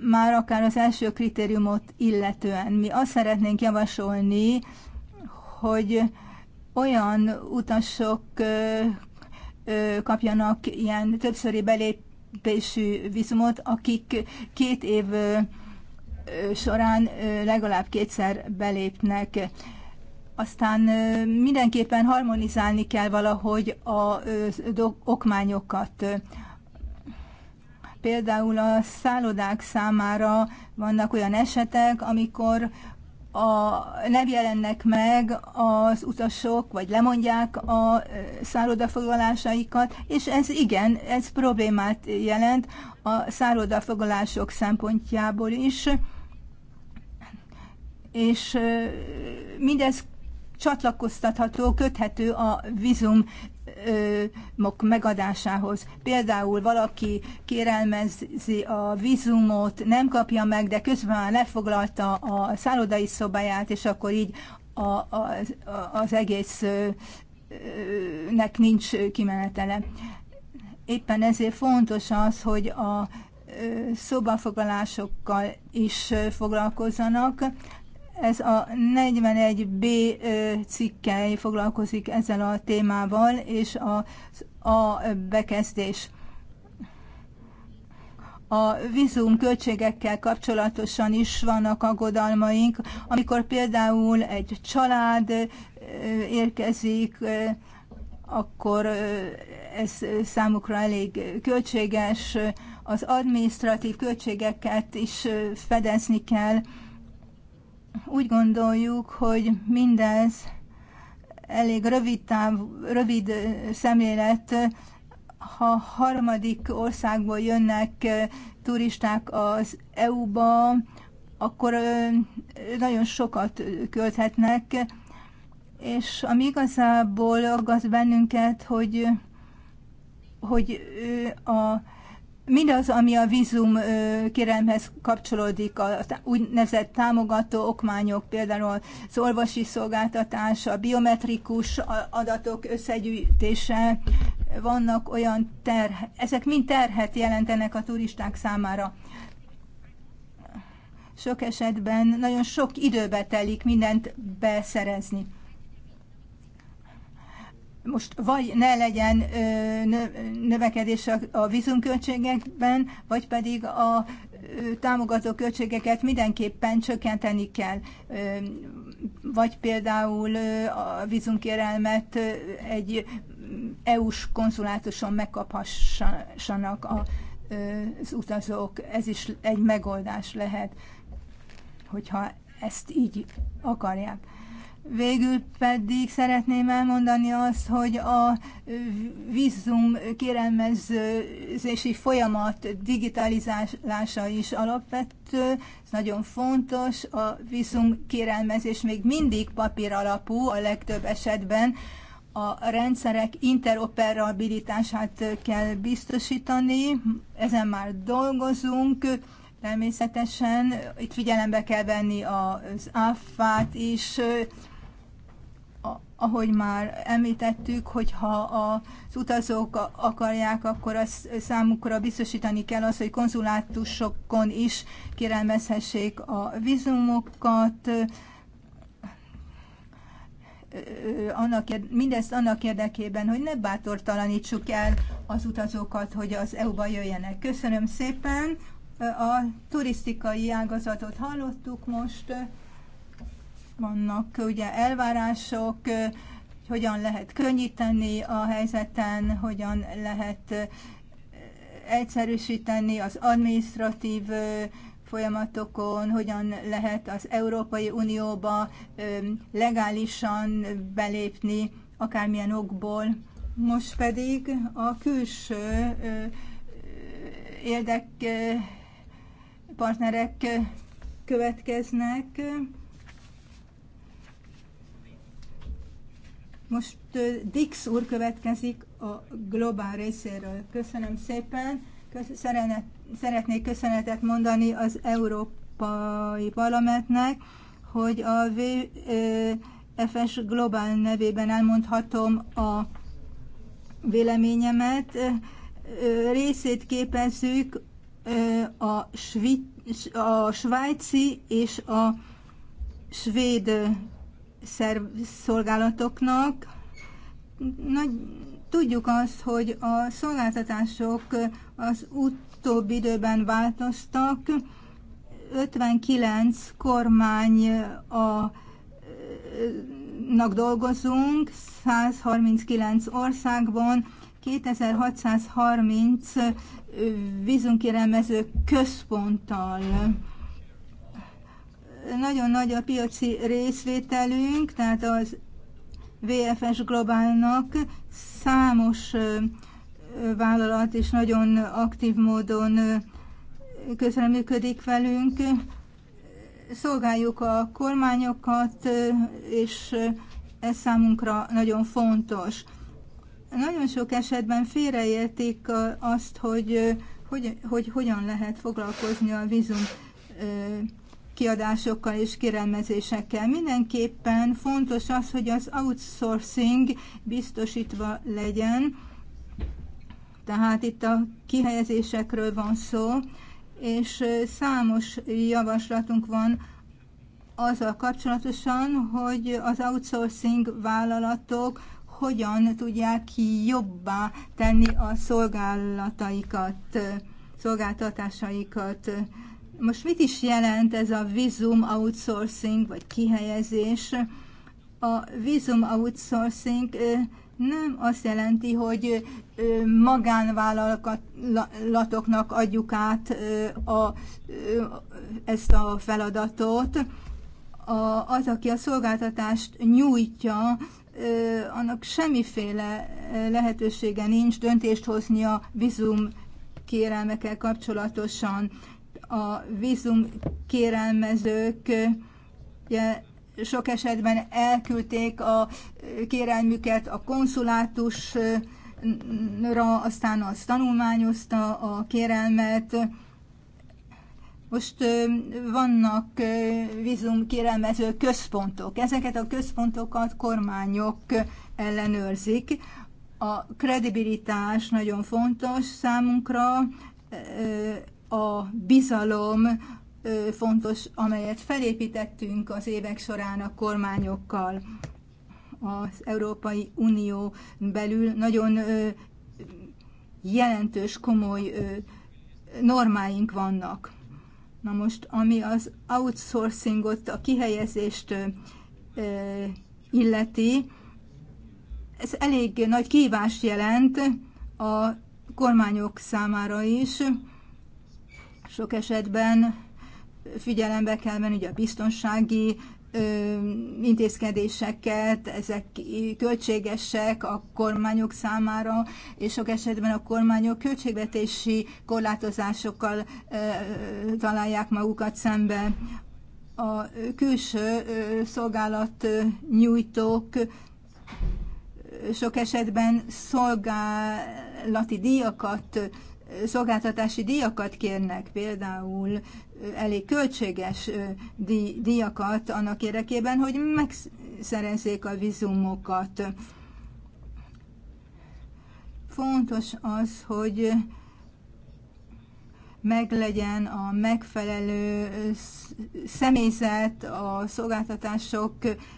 már akár az első kritériumot illetően. Mi azt szeretnénk javasolni, hogy olyan utasok kapjanak ilyen többszöri belépésű vízumot, akik két év során legalább kétszer belépnek. Aztán mindenképpen harmonizálni kell valahogy a okmányokat. Például a szállodák számára vannak olyan esetek, amikor a, nem jelennek meg az utasok, vagy lemondják a szállodafoglalásaikat, és ez igen, ez problémát jelent a szállodafoglalások szempontjából is, és mindez csatlakoztatható, köthető a vízum megadásához. Például valaki kérelmezi a vízumot, nem kapja meg, de közben már lefoglalta a szállodai szobáját, és akkor így a, a, az egésznek nincs kimenetele. Éppen ezért fontos az, hogy a szobafoglalásokkal is foglalkozzanak. Ez a 41B cikkely foglalkozik ezzel a témával, és a, a bekezdés. A vízum költségekkel kapcsolatosan is vannak aggodalmaink, amikor például egy család érkezik, akkor ez számukra elég költséges, az administratív költségeket is fedezni kell, úgy gondoljuk, hogy mindez elég rövid, táv, rövid szemlélet, ha harmadik országból jönnek turisták az EU-ba, akkor nagyon sokat költhetnek, és ami igazából aggaszt bennünket, hogy, hogy a Mindaz, ami a vízum kérelmhez kapcsolódik, a úgynevezett támogató okmányok, például az orvosi szolgáltatás, a biometrikus adatok összegyűjtése, vannak olyan terh, ezek mind terhet jelentenek a turisták számára. Sok esetben nagyon sok időbe telik mindent beszerezni most vagy ne legyen növekedés a vízumköltségekben, vagy pedig a támogató költségeket mindenképpen csökkenteni kell. Vagy például a vízumkérelmet egy EU-s konzulátuson megkaphassanak az utazók. Ez is egy megoldás lehet, hogyha ezt így akarják. Végül pedig szeretném elmondani azt, hogy a vízum kérelmezési folyamat digitalizálása is alapvető, ez nagyon fontos. A vízum kérelmezés még mindig papír alapú a legtöbb esetben, a rendszerek interoperabilitását kell biztosítani, ezen már dolgozunk, természetesen itt figyelembe kell venni az áfát is, ahogy már említettük, hogyha az utazók akarják, akkor az számukra biztosítani kell az, hogy konzulátusokon is kérelmezhessék a vízumokat, annak, mindezt annak érdekében, hogy ne bátortalanítsuk el az utazókat, hogy az EU-ba jöjjenek. Köszönöm szépen! A turisztikai ágazatot hallottuk most vannak ugye elvárások, hogyan lehet könnyíteni a helyzeten, hogyan lehet egyszerűsíteni az administratív folyamatokon, hogyan lehet az Európai Unióba legálisan belépni, akármilyen okból. Most pedig a külső érdekpartnerek következnek. Most Dix úr következik a Globál részéről. Köszönöm szépen. szeretnék köszönetet mondani az Európai Parlamentnek, hogy a VFS Globál nevében elmondhatom a véleményemet. Részét képezzük a, svi, a svájci és a svéd szolgálatoknak. Nagy, tudjuk azt, hogy a szolgáltatások az utóbbi időben változtak. 59 kormány a nak dolgozunk, 139 országban, 2630 vízunkérelmező központtal nagyon nagy a piaci részvételünk, tehát az VFS Globálnak számos vállalat is nagyon aktív módon közreműködik velünk. Szolgáljuk a kormányokat, és ez számunkra nagyon fontos. Nagyon sok esetben félreértik azt, hogy, hogy, hogy hogyan lehet foglalkozni a vízum kiadásokkal és kérelmezésekkel. Mindenképpen fontos az, hogy az outsourcing biztosítva legyen, tehát itt a kihelyezésekről van szó, és számos javaslatunk van azzal kapcsolatosan, hogy az outsourcing vállalatok hogyan tudják jobbá tenni a szolgálataikat, szolgáltatásaikat. Most mit is jelent ez a vízum outsourcing, vagy kihelyezés? A vízum outsourcing nem azt jelenti, hogy magánvállalatoknak adjuk át a, ezt a feladatot. A, az, aki a szolgáltatást nyújtja, annak semmiféle lehetősége nincs döntést hozni a vízum kérelmekkel kapcsolatosan a vízum kérelmezők sok esetben elküldték a kérelmüket a konszulátusra, aztán az tanulmányozta a kérelmet. Most vannak vízumkérelmező központok. Ezeket a központokat kormányok ellenőrzik. A kredibilitás nagyon fontos számunkra, a bizalom fontos, amelyet felépítettünk az évek során a kormányokkal. Az Európai Unió belül nagyon jelentős, komoly normáink vannak. Na most, ami az outsourcingot, a kihelyezést illeti, ez elég nagy kívást jelent a kormányok számára is, sok esetben figyelembe kell venni ugye a biztonsági intézkedéseket, ezek költségesek a kormányok számára, és sok esetben a kormányok költségvetési korlátozásokkal találják magukat szembe. A külső szolgálat nyújtók sok esetben szolgálati díjakat szolgáltatási díjakat kérnek, például elég költséges díjakat annak érdekében, hogy megszerezzék a vizumokat. Fontos az, hogy meglegyen a megfelelő személyzet a szolgáltatások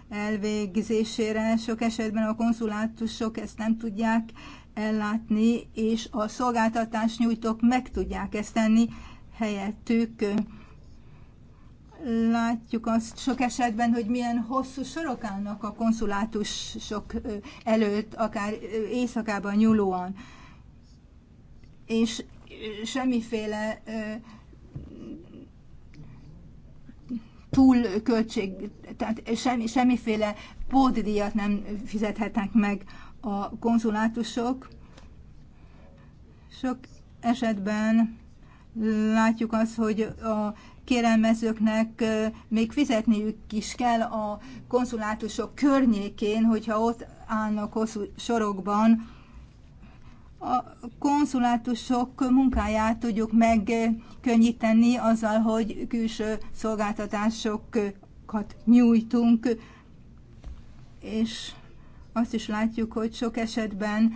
elvégzésére. Sok esetben a konzulátusok ezt nem tudják ellátni, és a szolgáltatás nyújtók meg tudják ezt tenni helyettük. Látjuk azt sok esetben, hogy milyen hosszú sorok állnak a konszulátusok előtt, akár éjszakában nyúlóan. És semmiféle túlköltség, tehát semmi, semmiféle pótdíjat nem fizethetnek meg a konzulátusok sok esetben látjuk azt, hogy a kérelmezőknek még fizetniük is kell a konzulátusok környékén, hogyha ott állnak hosszú sorokban. A konzulátusok munkáját tudjuk megkönnyíteni azzal, hogy külső szolgáltatásokat nyújtunk, és azt is látjuk, hogy sok esetben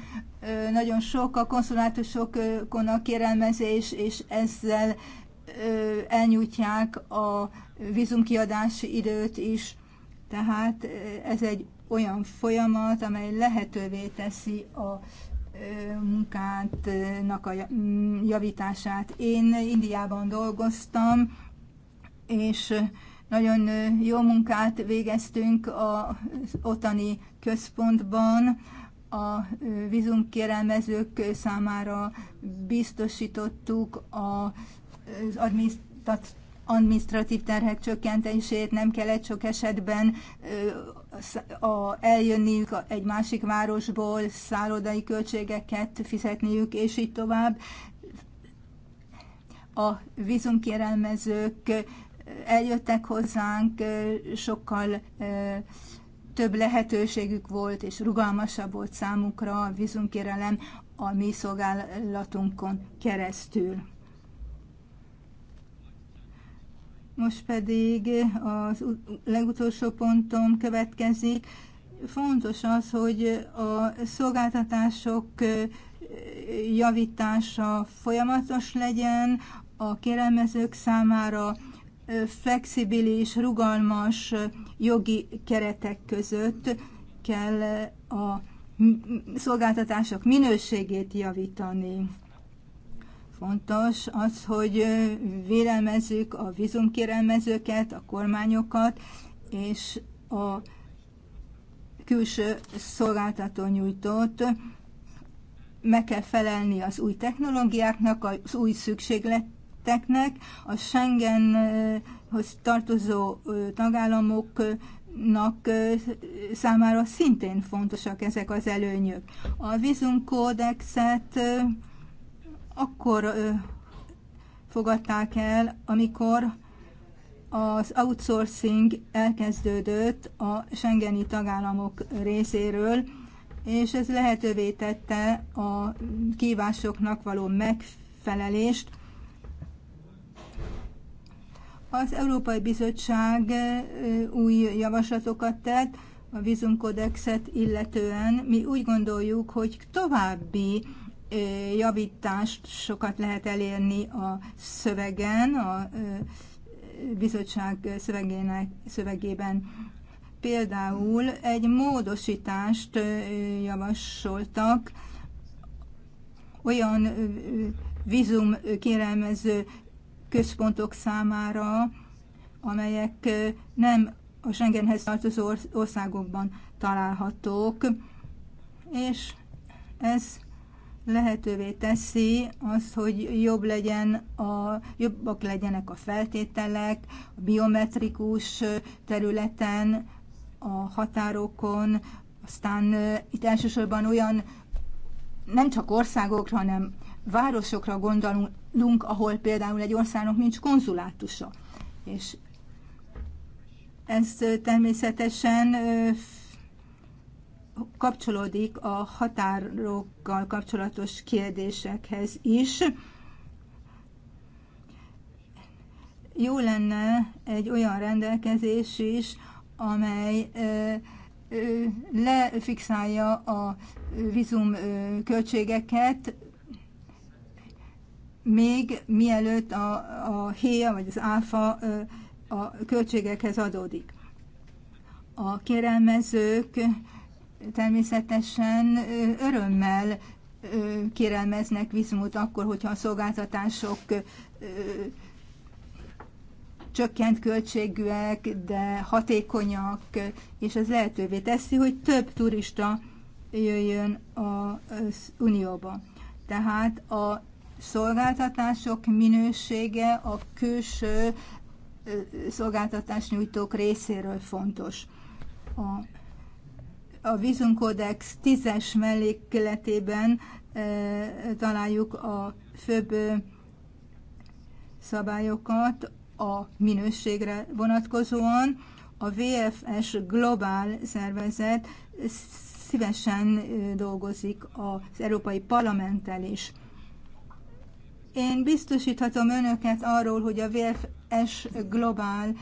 nagyon sok a konszulátusokon a kérelmezés, és ezzel elnyújtják a vízumkiadási időt is. Tehát ez egy olyan folyamat, amely lehetővé teszi a munkátnak a javítását. Én Indiában dolgoztam, és nagyon jó munkát végeztünk az otani központban, a vízumkérelmezők számára biztosítottuk az administratív terhek csökkentését, nem kellett sok esetben eljönniük egy másik városból, szállodai költségeket fizetniük, és így tovább. A vízumkérelmezők eljöttek hozzánk, sokkal több lehetőségük volt, és rugalmasabb volt számukra a vízumkérelem a mi szolgálatunkon keresztül. Most pedig az legutolsó pontom következik. Fontos az, hogy a szolgáltatások javítása folyamatos legyen a kérelmezők számára, flexibilis, rugalmas jogi keretek között kell a szolgáltatások minőségét javítani. Fontos az, hogy vélemezzük a vízumkérelmezőket, a kormányokat, és a külső szolgáltató nyújtót meg kell felelni az új technológiáknak, az új szükséglet érintetteknek, a Schengenhoz tartozó tagállamoknak számára szintén fontosak ezek az előnyök. A vízumkódexet akkor fogadták el, amikor az outsourcing elkezdődött a Schengeni tagállamok részéről, és ez lehetővé tette a kívásoknak való megfelelést az Európai Bizottság új javaslatokat tett a vízumkodexet illetően. Mi úgy gondoljuk, hogy további javítást sokat lehet elérni a szövegen, a bizottság szövegének, szövegében. Például egy módosítást javasoltak olyan vízum kérelmező központok számára, amelyek nem a Schengenhez tartozó országokban találhatók, és ez lehetővé teszi azt, hogy jobb legyen a, jobbak legyenek a feltételek, a biometrikus területen, a határokon, aztán itt elsősorban olyan nem csak országokra, hanem városokra gondolunk, ahol például egy országnak nincs konzulátusa. És ez természetesen kapcsolódik a határokkal kapcsolatos kérdésekhez is. Jó lenne egy olyan rendelkezés is, amely lefixálja a vízum költségeket még mielőtt a, a héja vagy az áfa a költségekhez adódik. A kérelmezők természetesen örömmel kérelmeznek viszont akkor, hogyha a szolgáltatások csökkent költségűek, de hatékonyak, és ez lehetővé teszi, hogy több turista jöjjön az Unióba. Tehát a szolgáltatások minősége a külső szolgáltatásnyújtók részéről fontos. A, a vízunkódex tízes mellékletében e, találjuk a főbb szabályokat a minőségre vonatkozóan. A VFS Globál szervezet szívesen dolgozik az Európai Parlamenttel is én biztosíthatom önöket arról, hogy a VFS Globál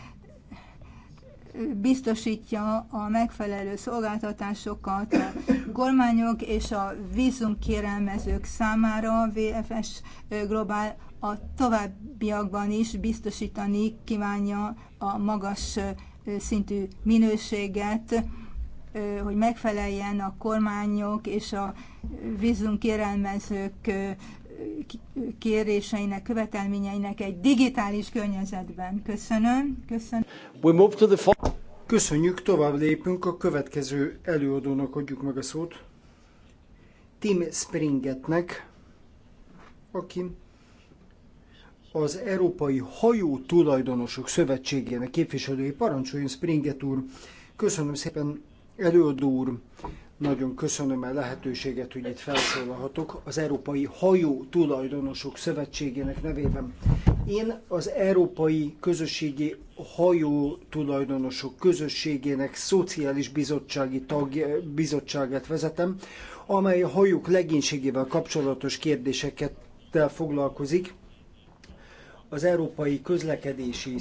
biztosítja a megfelelő szolgáltatásokat a kormányok és a vízumkérelmezők számára a VFS Globál a továbbiakban is biztosítani kívánja a magas szintű minőséget, hogy megfeleljen a kormányok és a vízumkérelmezők kéréseinek, követelményeinek egy digitális környezetben. Köszönöm. Köszönöm. Köszönjük, tovább lépünk, a következő előadónak adjuk meg a szót. Tim Springetnek, aki az Európai Hajó Tulajdonosok Szövetségének képviselői parancsoljon, Springet úr. Köszönöm szépen, előadó úr. Nagyon köszönöm a lehetőséget, hogy itt felszólalhatok az Európai Hajó Tulajdonosok Szövetségének nevében. Én az Európai Közösségi Hajó Tulajdonosok Közösségének Szociális Bizottsági tag, Bizottságát vezetem, amely a hajók legénységével kapcsolatos kérdéseket foglalkozik az Európai Közlekedési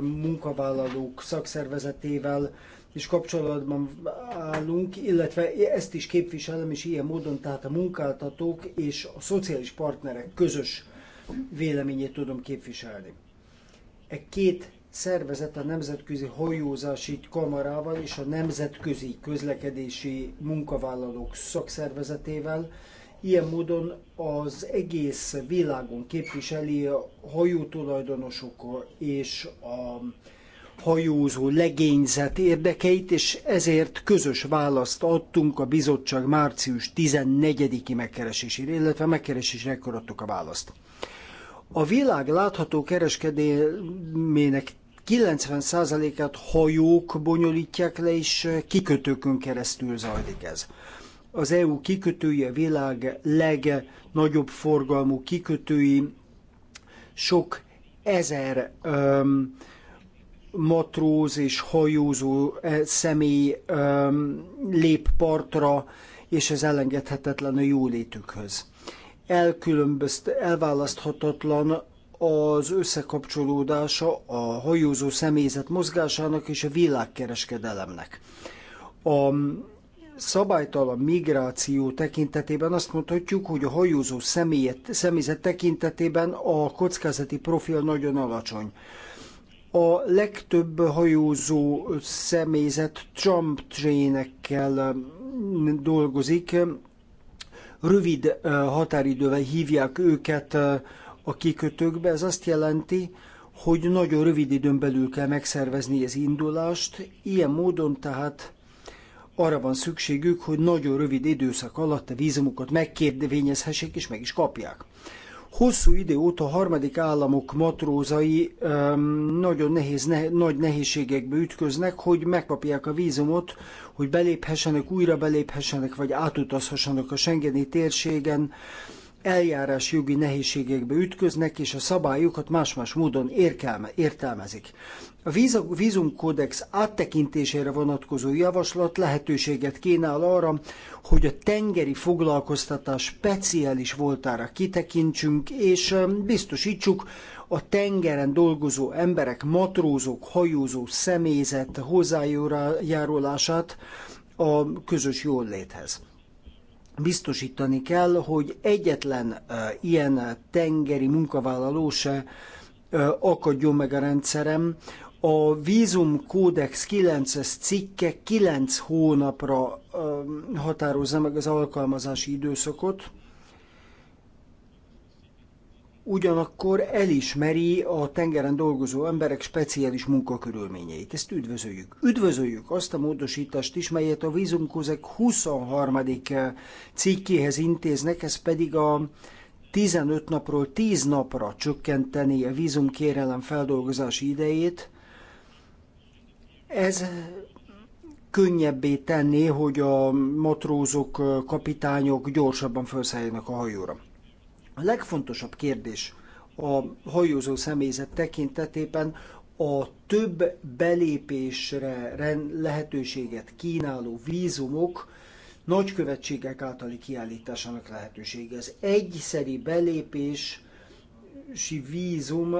Munkavállalók Szakszervezetével, is kapcsolatban állunk, illetve ezt is képviselem, és ilyen módon tehát a munkáltatók és a szociális partnerek közös véleményét tudom képviselni. E két szervezet a Nemzetközi Hajózási Kamarával és a Nemzetközi Közlekedési Munkavállalók Szakszervezetével ilyen módon az egész világon képviseli a hajótulajdonosok és a hajózó legényzet érdekeit, és ezért közös választ adtunk a bizottság március 14-i megkeresésére, illetve megkeresésre adtuk a választ. A világ látható kereskedelmének 90%-át hajók bonyolítják le, és kikötőkön keresztül zajlik ez. Az EU kikötői a világ legnagyobb forgalmú kikötői, sok ezer um, matróz és hajózó e, személy lép partra, és ez elengedhetetlen a jólétükhöz. Elkülönbözt, elválaszthatatlan az összekapcsolódása a hajózó személyzet mozgásának és a világkereskedelemnek. A szabálytalan migráció tekintetében azt mondhatjuk, hogy a hajózó személyzet tekintetében a kockázati profil nagyon alacsony a legtöbb hajózó személyzet Trump trénekkel um, dolgozik, rövid uh, határidővel hívják őket uh, a kikötőkbe. Ez azt jelenti, hogy nagyon rövid időn belül kell megszervezni az indulást. Ilyen módon tehát arra van szükségük, hogy nagyon rövid időszak alatt a vízumokat megkérdevényezhessék és meg is kapják. Hosszú idő óta harmadik államok matrózai nagyon nehéz, ne, nagy nehézségekbe ütköznek, hogy megkapják a vízumot, hogy beléphessenek, újra beléphessenek, vagy átutazhassanak a Schengeni térségen eljárás jogi nehézségekbe ütköznek, és a szabályokat más-más módon értelmezik. A vízumkódex áttekintésére vonatkozó javaslat lehetőséget kínál arra, hogy a tengeri foglalkoztatás speciális voltára kitekintsünk, és biztosítsuk a tengeren dolgozó emberek, matrózok, hajózó személyzet hozzájárulását a közös jóléthez biztosítani kell, hogy egyetlen e, ilyen tengeri munkavállaló se e, akadjon meg a rendszerem a vízum kódex 9-es cikke 9 hónapra határozza meg az alkalmazási időszakot, ugyanakkor elismeri a tengeren dolgozó emberek speciális munkakörülményeit. Ezt üdvözöljük. Üdvözöljük azt a módosítást is, melyet a vízumkózek 23. cikkéhez intéznek, ez pedig a 15 napról 10 napra csökkenteni a vízumkérelem feldolgozási idejét, ez könnyebbé tenné, hogy a matrózok, kapitányok gyorsabban felszálljanak a hajóra. A legfontosabb kérdés a hajózó személyzet tekintetében a több belépésre lehetőséget kínáló vízumok nagykövetségek általi kiállításának lehetősége. Az egyszeri belépés utazási vízum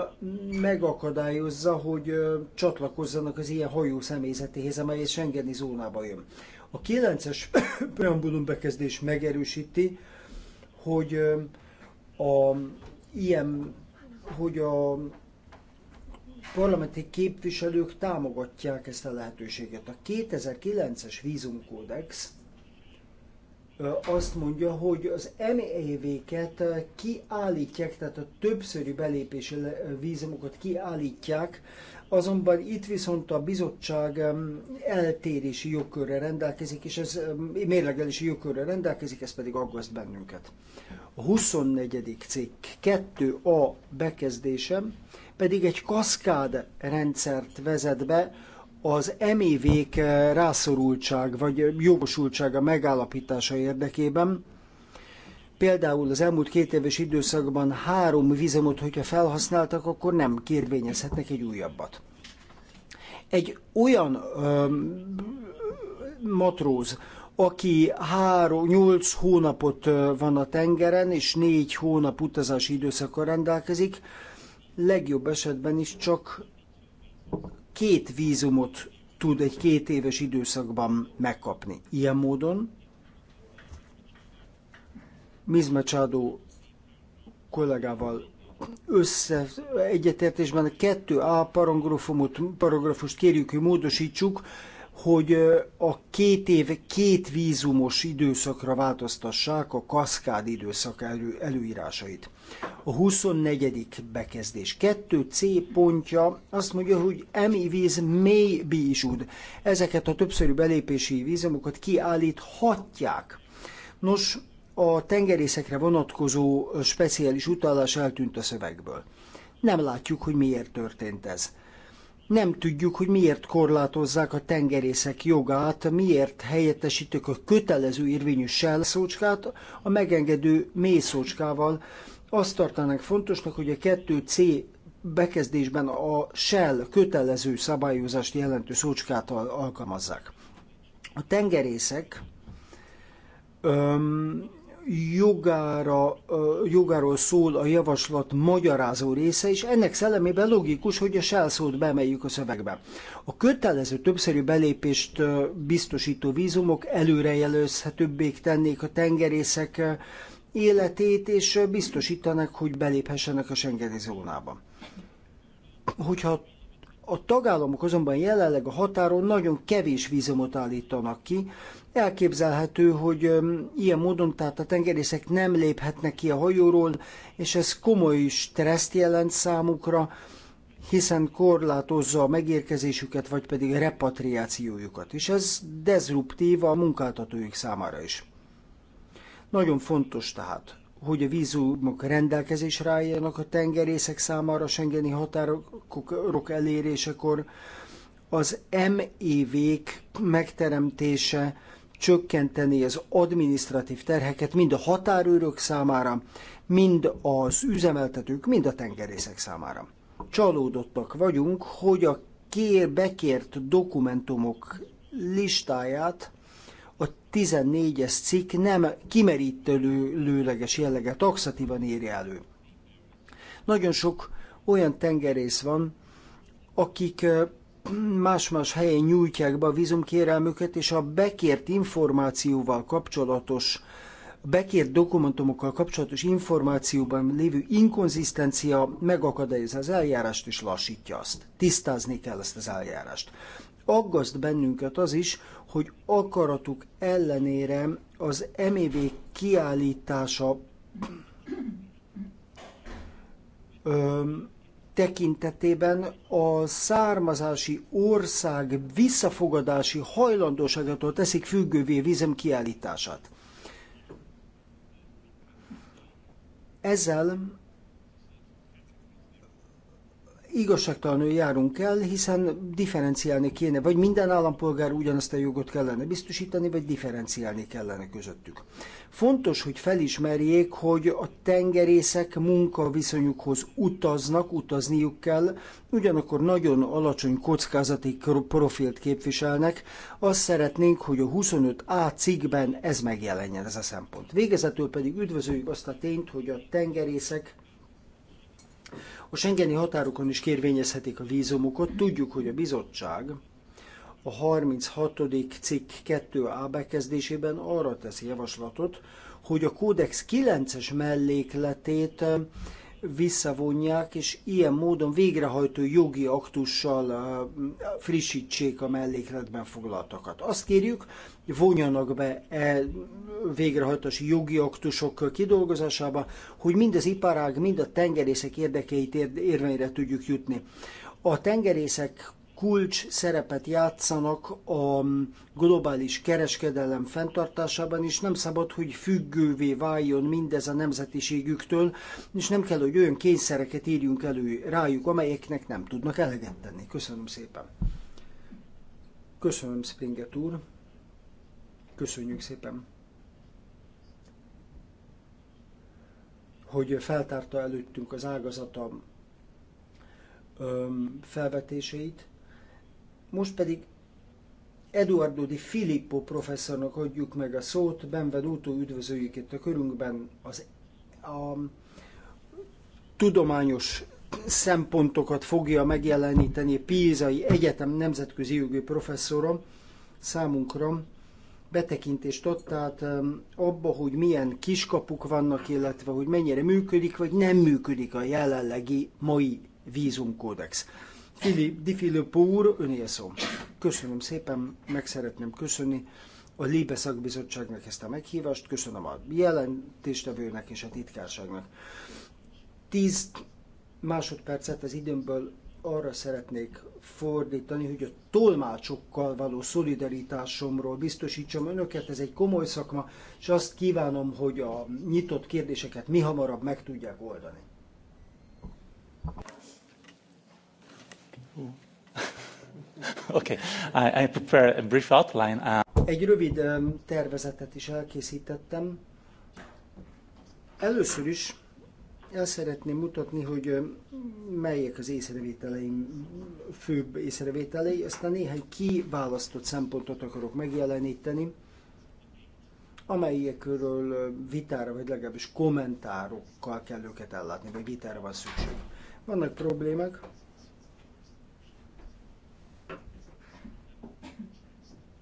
megakadályozza, hogy csatlakozzanak az ilyen hajó személyzetéhez, amely a Schengeni zónába jön. A 9-es preambulum bekezdés megerősíti, hogy a, ilyen, hogy a parlamenti képviselők támogatják ezt a lehetőséget. A 2009-es vízumkódex azt mondja, hogy az MEV-ket kiállítják, tehát a többszörű belépési vízumokat kiállítják, azonban itt viszont a bizottság eltérési jogkörre rendelkezik, és ez mérlegelési jogkörre rendelkezik, ez pedig aggaszt bennünket. A 24. cikk 2a bekezdésem pedig egy kaszkád rendszert vezet be, az emévék eh, rászorultság vagy eh, jogosultsága megállapítása érdekében. Például az elmúlt két éves időszakban három vizemot, hogyha felhasználtak, akkor nem kérvényezhetnek egy újabbat. Egy olyan öm, ehm, matróz, aki három, nyolc hónapot eh, van a tengeren, és négy hónap utazási időszakkal rendelkezik, legjobb esetben is csak két vízumot tud egy két éves időszakban megkapni. Ilyen módon Mizmecsádó kollégával össze egyetértésben a 2A paragrafust kérjük, hogy módosítsuk, hogy a két év két vízumos időszakra változtassák a kaszkád időszak elő, előírásait. A 24. bekezdés 2C pontja azt mondja, hogy emi víz may be Ezeket a többszörű belépési vízumokat kiállíthatják. Nos, a tengerészekre vonatkozó speciális utalás eltűnt a szövegből. Nem látjuk, hogy miért történt ez. Nem tudjuk, hogy miért korlátozzák a tengerészek jogát, miért helyettesítik a kötelező érvényű shell szócskát a megengedő mély szócskával, azt tartanánk fontosnak, hogy a 2C bekezdésben a Shell kötelező szabályozást jelentő szócskát alkalmazzák. A tengerészek öm, jogára, jogáról szól a javaslat magyarázó része, és ennek szellemében logikus, hogy a shell szót bemeljük a szövegbe. A kötelező többszörű belépést biztosító vízumok előrejelözhetőbbé tennék a tengerészek életét, és biztosítanak, hogy beléphessenek a Schengeni zónába. Hogyha a tagállamok azonban jelenleg a határon nagyon kevés vízumot állítanak ki. Elképzelhető, hogy ilyen módon tehát a tengerészek nem léphetnek ki a hajóról, és ez komoly stresszt jelent számukra, hiszen korlátozza a megérkezésüket, vagy pedig a repatriációjukat. És ez dezruptív a munkáltatóik számára is. Nagyon fontos tehát, hogy a vízumok rendelkezésre álljanak a tengerészek számára a Schengeni határok elérésekor, az MEV-k megteremtése csökkenteni az adminisztratív terheket mind a határőrök számára, mind az üzemeltetők, mind a tengerészek számára. Csalódottak vagyunk, hogy a kér bekért dokumentumok listáját a 14-es cikk nem kimerítőlőleges jellege taxatívan írja elő. Nagyon sok olyan tengerész van, akik más-más helyen nyújtják be a vízumkérelmüket, és a bekért információval kapcsolatos, bekért dokumentumokkal kapcsolatos információban lévő inkonzisztencia megakadályozza az eljárást és lassítja azt. Tisztázni kell ezt az eljárást. Aggaszt bennünket az is, hogy akaratuk ellenére az M.E.V. kiállítása ö, tekintetében a származási ország visszafogadási hajlandóságától teszik függővé vízem kiállítását. Ezzel igazságtalanul járunk el, hiszen differenciálni kéne, vagy minden állampolgár ugyanazt a jogot kellene biztosítani, vagy differenciálni kellene közöttük. Fontos, hogy felismerjék, hogy a tengerészek munkaviszonyukhoz utaznak, utazniuk kell, ugyanakkor nagyon alacsony kockázati profilt képviselnek. Azt szeretnénk, hogy a 25A cikkben ez megjelenjen, ez a szempont. Végezetül pedig üdvözöljük azt a tényt, hogy a tengerészek a Schengeni határokon is kérvényezhetik a vízumokat. Tudjuk, hogy a bizottság a 36. cikk 2A bekezdésében arra teszi javaslatot, hogy a kódex 9-es mellékletét visszavonják, és ilyen módon végrehajtó jogi aktussal frissítsék a mellékletben foglaltakat. Azt kérjük, vonjanak be e végrehajtási jogi aktusok kidolgozásába, hogy mind az iparág, mind a tengerészek érdekeit érvényre tudjuk jutni. A tengerészek kulcs szerepet játszanak a globális kereskedelem fenntartásában, és nem szabad, hogy függővé váljon mindez a nemzetiségüktől, és nem kell, hogy olyan kényszereket írjunk elő rájuk, amelyeknek nem tudnak eleget tenni. Köszönöm szépen. Köszönöm, Springet úr. Köszönjük szépen. hogy feltárta előttünk az ágazata felvetéseit. Most pedig Eduardo Di Filippo professzornak adjuk meg a szót. Benvenuto, üdvözöljük itt a körünkben az a tudományos szempontokat fogja megjeleníteni Pízai Egyetem nemzetközi jogi professzora számunkra betekintést ad, tehát abba, hogy milyen kiskapuk vannak, illetve hogy mennyire működik, vagy nem működik a jelenlegi mai vízumkódex. Di Filippo úr, önél szó. Köszönöm szépen, meg szeretném köszönni a Lébe Szakbizottságnak ezt a meghívást, köszönöm a jelentéstevőnek és a titkárságnak. Tíz másodpercet az időmből arra szeretnék fordítani, hogy a tolmácsokkal való szolidaritásomról biztosítsam önöket, ez egy komoly szakma, és azt kívánom, hogy a nyitott kérdéseket mi hamarabb meg tudják oldani. okay, I, I prepare a brief outline. Uh... Egy rövid um, tervezetet is elkészítettem. Először is el szeretném mutatni, hogy um, melyek az észrevételeim, főbb észrevételei, aztán néhány kiválasztott szempontot akarok megjeleníteni, amelyekről um, vitára, vagy legalábbis kommentárokkal kell őket ellátni, vagy vitára van szükség. Vannak problémák,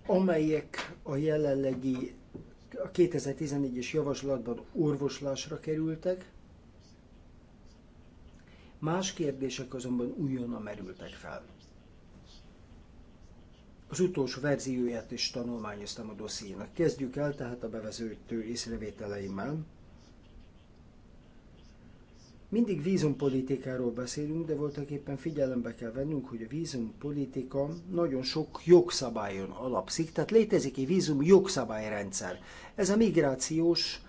amelyek a jelenlegi a 2014-es javaslatban orvoslásra kerültek, más kérdések azonban újonnan merültek fel. Az utolsó verzióját is tanulmányoztam a dossziénak. Kezdjük el tehát a bevezető észrevételeimmel. Mindig vízumpolitikáról beszélünk, de voltak éppen figyelembe kell vennünk, hogy a vízumpolitika nagyon sok jogszabályon alapszik, tehát létezik egy vízum jogszabályrendszer. Ez a migrációs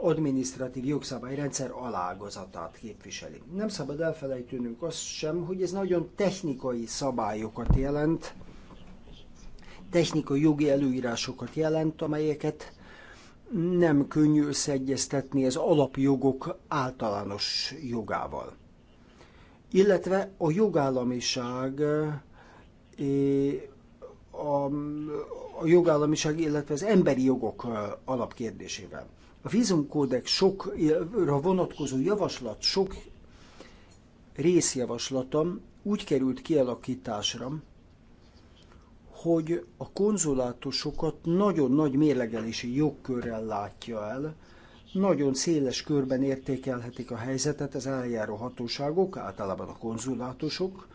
adminisztratív jogszabályrendszer alágazatát képviseli. Nem szabad elfelejtőnünk azt sem, hogy ez nagyon technikai szabályokat jelent, technikai jogi előírásokat jelent, amelyeket nem könnyű összeegyeztetni az alapjogok általános jogával. Illetve a jogállamiság eh, a, jogállamiság, illetve az emberi jogok eh, alapkérdésével. A vízumkódex sokra eh, vonatkozó javaslat, sok részjavaslatom úgy került kialakításra, hogy a konzulátusokat nagyon nagy mérlegelési jogkörrel látja el, nagyon széles körben értékelhetik a helyzetet az eljáró hatóságok, általában a konzulátusok.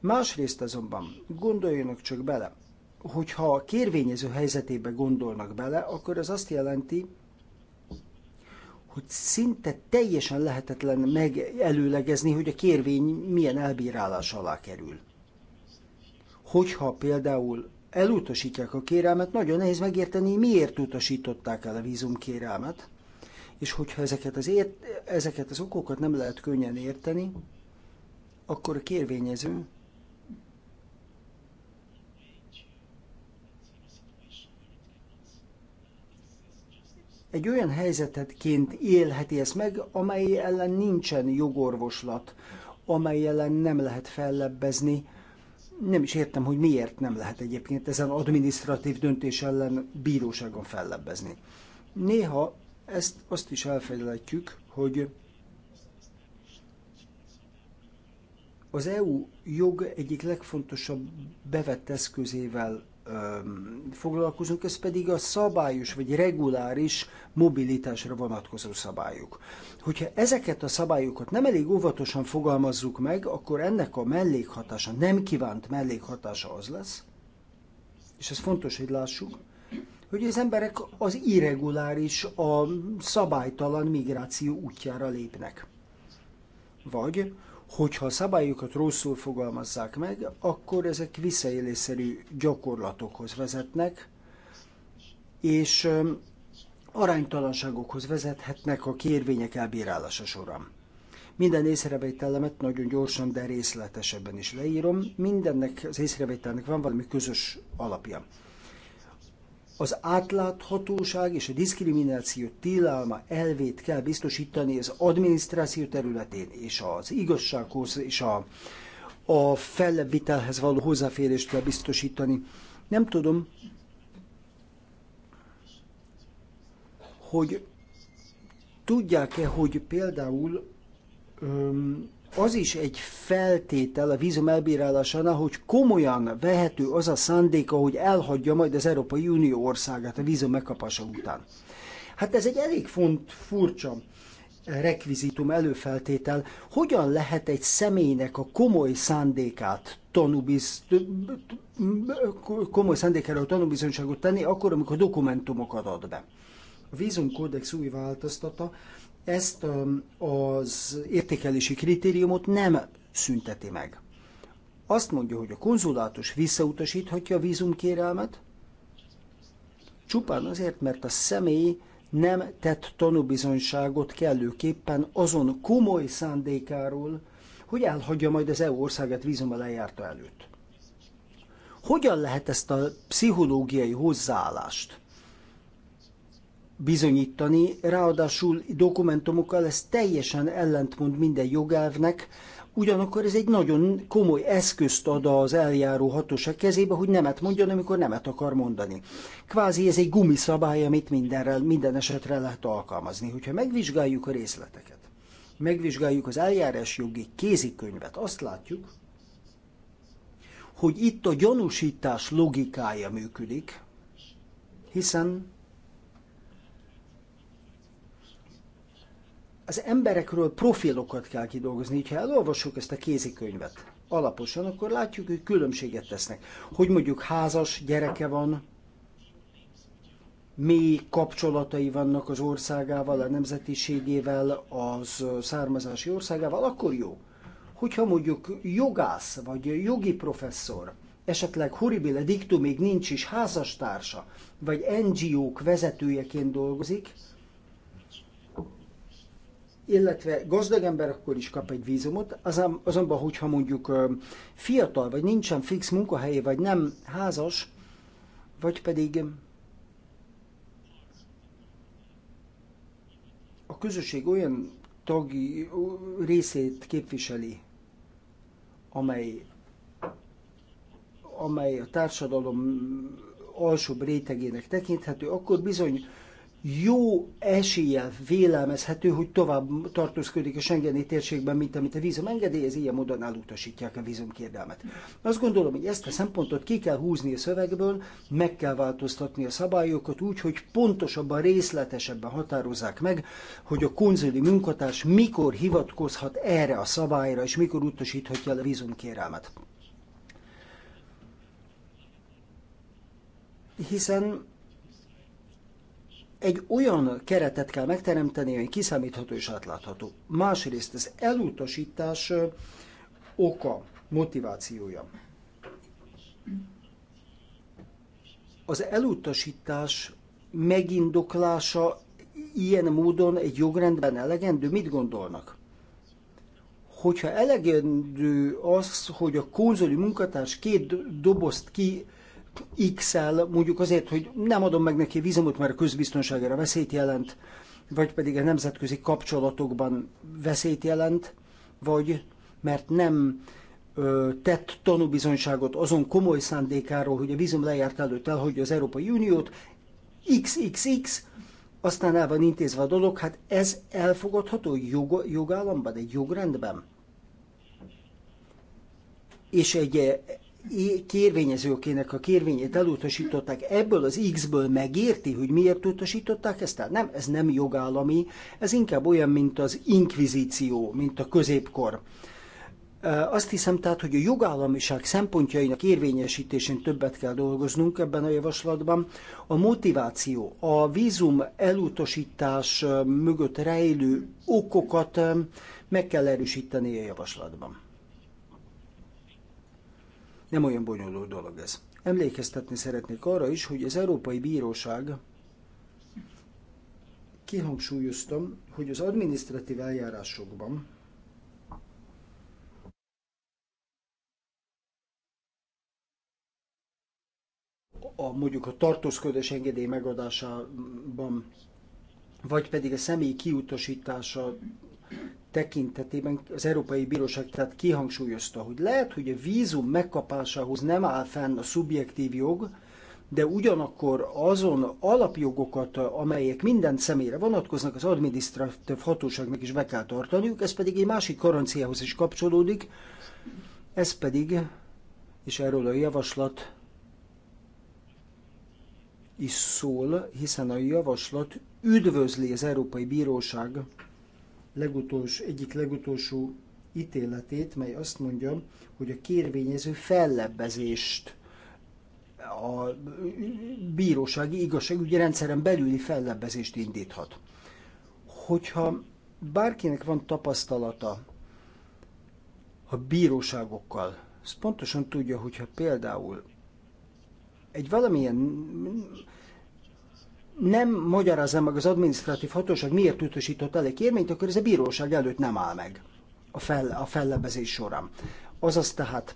Másrészt azonban gondoljanak csak bele, hogyha a kérvényező helyzetébe gondolnak bele, akkor ez azt jelenti, hogy szinte teljesen lehetetlen megelőlegezni, hogy a kérvény milyen elbírálás alá kerül. Hogyha például elutasítják a kérelmet, nagyon nehéz megérteni, miért utasították el a vízumkérelmet, és hogyha ezeket az, ért, ezeket az okokat nem lehet könnyen érteni, akkor a kérvényező egy olyan helyzetetként élheti ezt meg, amely ellen nincsen jogorvoslat, amely ellen nem lehet fellebbezni, nem is értem, hogy miért nem lehet egyébként ezen administratív döntés ellen bíróságon fellebbezni. Néha ezt azt is elfelejtjük, hogy az EU jog egyik legfontosabb bevett eszközével foglalkozunk, ez pedig a szabályos vagy reguláris mobilitásra vonatkozó szabályok. Hogyha ezeket a szabályokat nem elég óvatosan fogalmazzuk meg, akkor ennek a mellékhatása, nem kívánt mellékhatása az lesz, és ez fontos, hogy lássuk, hogy az emberek az irreguláris, a szabálytalan migráció útjára lépnek. Vagy hogyha a szabályokat rosszul fogalmazzák meg, akkor ezek visszaélésszerű gyakorlatokhoz vezetnek, és aránytalanságokhoz vezethetnek a kérvények elbírálása során. Minden észrevételemet nagyon gyorsan, de részletesebben is leírom. Mindennek az észrevételnek van valami közös alapja. Az átláthatóság és a diszkrimináció tilalma elvét kell biztosítani az adminisztráció területén és az igazsághoz és a, a felvitelhez való hozzáférést kell biztosítani. Nem tudom, hogy tudják-e, hogy például öm, az is egy feltétel a vízum elbírálásánál, hogy komolyan vehető az a szándéka, hogy elhagyja majd az Európai Unió országát a vízum megkapása után. Hát ez egy elég font, furcsa rekvizitum előfeltétel. Hogyan lehet egy személynek a komoly szándékát tanúbiz, komoly szándékára tanúbizonyságot tenni, akkor, amikor dokumentumokat ad be. A vízumkódex új változtata ezt az értékelési kritériumot nem szünteti meg. Azt mondja, hogy a konzulátus visszautasíthatja a vízumkérelmet, csupán azért, mert a személy nem tett tanúbizonyságot kellőképpen azon komoly szándékáról, hogy elhagyja majd az EU országát vízummal lejárta előtt. Hogyan lehet ezt a pszichológiai hozzáállást bizonyítani, ráadásul dokumentumokkal ez teljesen ellentmond minden jogelvnek, ugyanakkor ez egy nagyon komoly eszközt ad az eljáró hatóság kezébe, hogy nemet mondjon, amikor nemet akar mondani. Kvázi ez egy gumiszabály, amit mindenre, minden esetre lehet alkalmazni, hogyha megvizsgáljuk a részleteket. Megvizsgáljuk az eljárás jogi kézikönyvet, azt látjuk, hogy itt a gyanúsítás logikája működik, hiszen az emberekről profilokat kell kidolgozni. Ha elolvassuk ezt a kézikönyvet alaposan, akkor látjuk, hogy különbséget tesznek. Hogy mondjuk házas gyereke van, mély kapcsolatai vannak az országával, a nemzetiségével, az származási országával, akkor jó. Hogyha mondjuk jogász vagy jogi professzor, esetleg horribile diktumig nincs is házastársa, vagy NGO-k vezetőjeként dolgozik, illetve gazdag ember akkor is kap egy vízumot, azon, azonban, hogyha mondjuk fiatal, vagy nincsen fix munkahelye, vagy nem házas, vagy pedig a közösség olyan tagi részét képviseli, amely, amely a társadalom alsóbb rétegének tekinthető, akkor bizony jó eséllyel vélelmezhető, hogy tovább tartózkodik a Schengeni térségben, mint amit a vízum engedélyez, ilyen módon elutasítják a vízumkérdelmet. Azt gondolom, hogy ezt a szempontot ki kell húzni a szövegből, meg kell változtatni a szabályokat úgy, hogy pontosabban, részletesebben határozzák meg, hogy a konzuli munkatárs mikor hivatkozhat erre a szabályra, és mikor utasíthatja el a vízumkérelmet. Hiszen egy olyan keretet kell megteremteni, ami kiszámítható és átlátható. Másrészt az elutasítás oka, motivációja. Az elutasítás megindoklása ilyen módon egy jogrendben elegendő? Mit gondolnak? Hogyha elegendő az, hogy a konzoli munkatárs két dobozt ki X-el, mondjuk azért, hogy nem adom meg neki vízumot, mert a közbiztonságára veszélyt jelent, vagy pedig a nemzetközi kapcsolatokban veszélyt jelent, vagy mert nem ö, tett tanúbizonyságot azon komoly szándékáról, hogy a vízum lejárt előtt elhagyja az Európai Uniót, XXX, aztán el van intézve a dolog, hát ez elfogadható jog, jogállamban, egy jogrendben? És egy kérvényezőkének a kérvényét elutasították, ebből az X-ből megérti, hogy miért utasították ezt? Tehát nem, ez nem jogállami, ez inkább olyan, mint az inkvizíció, mint a középkor. Azt hiszem tehát, hogy a jogállamiság szempontjainak érvényesítésén többet kell dolgoznunk ebben a javaslatban. A motiváció, a vízum elutasítás mögött rejlő okokat meg kell erősíteni a javaslatban. Nem olyan bonyolult dolog ez. Emlékeztetni szeretnék arra is, hogy az Európai Bíróság kihangsúlyoztam, hogy az adminisztratív eljárásokban a, mondjuk a tartózkodás engedély megadásában, vagy pedig a személy kiutasítása tekintetében az Európai Bíróság tehát kihangsúlyozta, hogy lehet, hogy a vízum megkapásához nem áll fenn a szubjektív jog, de ugyanakkor azon alapjogokat, amelyek minden személyre vonatkoznak, az adminisztratív hatóságnak is be kell tartaniuk, ez pedig egy másik garanciához is kapcsolódik, ez pedig, és erről a javaslat is szól, hiszen a javaslat üdvözli az Európai Bíróság legutolsó, egyik legutolsó ítéletét, mely azt mondja, hogy a kérvényező fellebbezést a bírósági igazságügyi rendszeren belüli fellebbezést indíthat. Hogyha bárkinek van tapasztalata a bíróságokkal, az pontosan tudja, hogyha például egy valamilyen nem magyarázza meg az adminisztratív hatóság, miért utasított el egy kérményt, akkor ez a bíróság előtt nem áll meg a, fel, a fellebezés során. Azaz tehát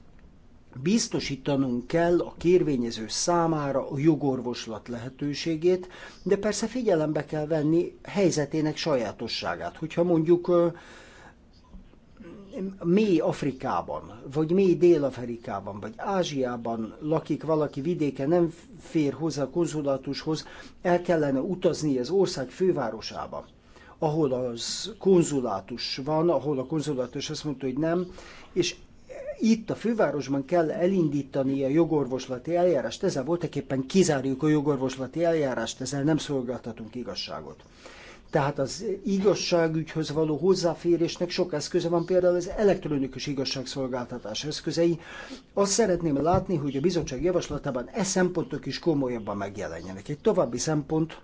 biztosítanunk kell a kérvényező számára a jogorvoslat lehetőségét, de persze figyelembe kell venni helyzetének sajátosságát. Hogyha mondjuk mély Afrikában, vagy mély Dél-Afrikában, vagy Ázsiában lakik valaki vidéke, nem fér hozzá a konzulátushoz, el kellene utazni az ország fővárosába, ahol az konzulátus van, ahol a konzulátus azt mondta, hogy nem, és itt a fővárosban kell elindítani a jogorvoslati eljárást, ezzel voltaképpen kizárjuk a jogorvoslati eljárást, ezzel nem szolgáltatunk igazságot. Tehát az igazságügyhöz való hozzáférésnek sok eszköze van, például az elektronikus igazságszolgáltatás eszközei. Azt szeretném látni, hogy a bizottság javaslatában e szempontok is komolyabban megjelenjenek. Egy további szempont,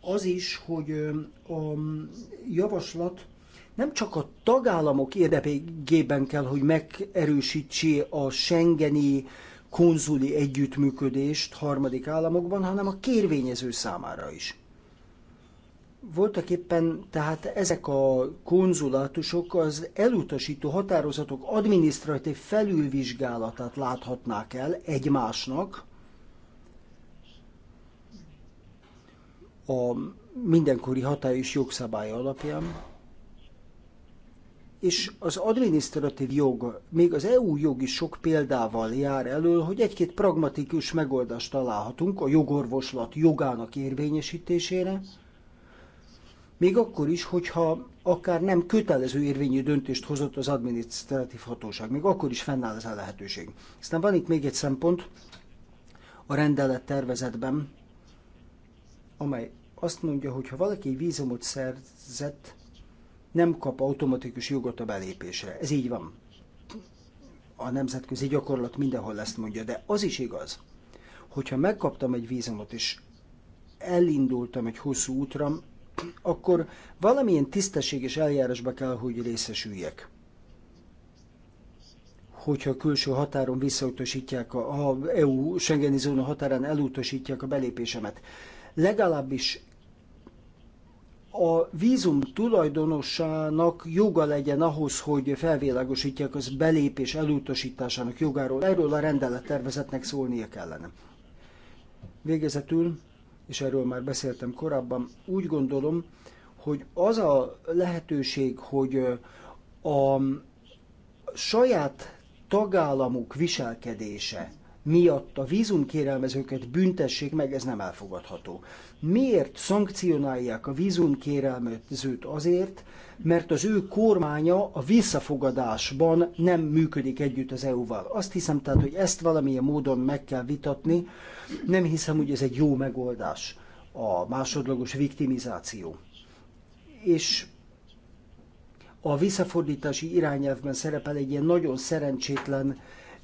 az is, hogy a javaslat nem csak a tagállamok érdekében kell, hogy megerősítsé a Schengeni konzuli együttműködést harmadik államokban, hanem a kérvényező számára is. Voltak éppen, tehát ezek a konzulátusok az elutasító határozatok adminisztratív felülvizsgálatát láthatnák el egymásnak, a mindenkori hatályos jogszabály alapján, és az adminisztratív jog, még az EU jog is sok példával jár elő, hogy egy-két pragmatikus megoldást találhatunk a jogorvoslat jogának érvényesítésére, még akkor is, hogyha akár nem kötelező érvényű döntést hozott az adminisztratív hatóság, még akkor is fennáll ez a lehetőség. Aztán van itt még egy szempont a rendelet tervezetben, amely azt mondja, hogy ha valaki egy vízumot szerzett, nem kap automatikus jogot a belépésre. Ez így van. A nemzetközi gyakorlat mindenhol ezt mondja, de az is igaz, hogyha megkaptam egy vízumot és elindultam egy hosszú útra, akkor valamilyen tisztességes eljárásba kell, hogy részesüljek. Hogyha a külső határon visszautasítják, a, a EU Schengeni zóna határán elutasítják a belépésemet. Legalábbis a vízum tulajdonosának joga legyen ahhoz, hogy felvilágosítják az belépés elutasításának jogáról. Erről a rendelettervezetnek szólnia kellene. Végezetül, és erről már beszéltem korábban, úgy gondolom, hogy az a lehetőség, hogy a saját tagállamuk viselkedése miatt a vízumkérelmezőket büntessék meg, ez nem elfogadható. Miért szankcionálják a vízumkérelmezőt azért, mert az ő kormánya a visszafogadásban nem működik együtt az EU-val. Azt hiszem tehát, hogy ezt valamilyen módon meg kell vitatni. Nem hiszem, hogy ez egy jó megoldás a másodlagos viktimizáció. És a visszafordítási irányelvben szerepel egy ilyen nagyon szerencsétlen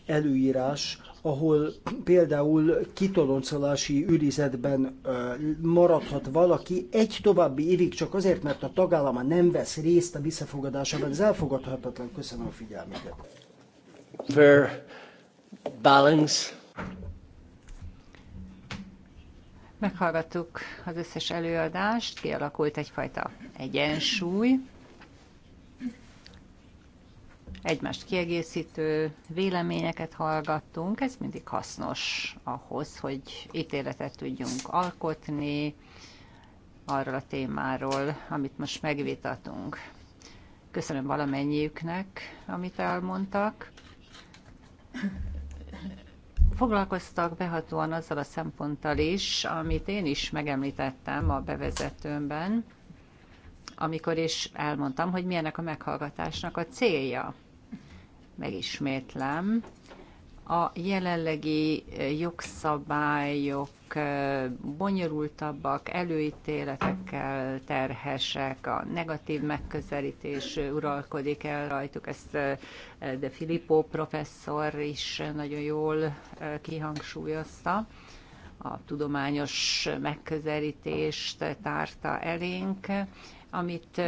előírás, ahol például kitoloncolási őrizetben maradhat valaki egy további évig csak azért, mert a tagállama nem vesz részt a visszafogadásában. Ez elfogadhatatlan. Köszönöm a figyelmüket. Fair balance. Meghallgattuk az összes előadást, kialakult egyfajta egyensúly egymást kiegészítő véleményeket hallgattunk, ez mindig hasznos ahhoz, hogy ítéletet tudjunk alkotni arról a témáról, amit most megvitatunk. Köszönöm valamennyiüknek, amit elmondtak. Foglalkoztak behatóan azzal a szemponttal is, amit én is megemlítettem a bevezetőmben, amikor is elmondtam, hogy milyenek a meghallgatásnak a célja megismétlem, a jelenlegi eh, jogszabályok eh, bonyolultabbak, előítéletekkel terhesek, a negatív megközelítés uralkodik el rajtuk, ezt eh, de Filippo professzor is nagyon jól kihangsúlyozta. A tudományos megközelítést tárta elénk, amit,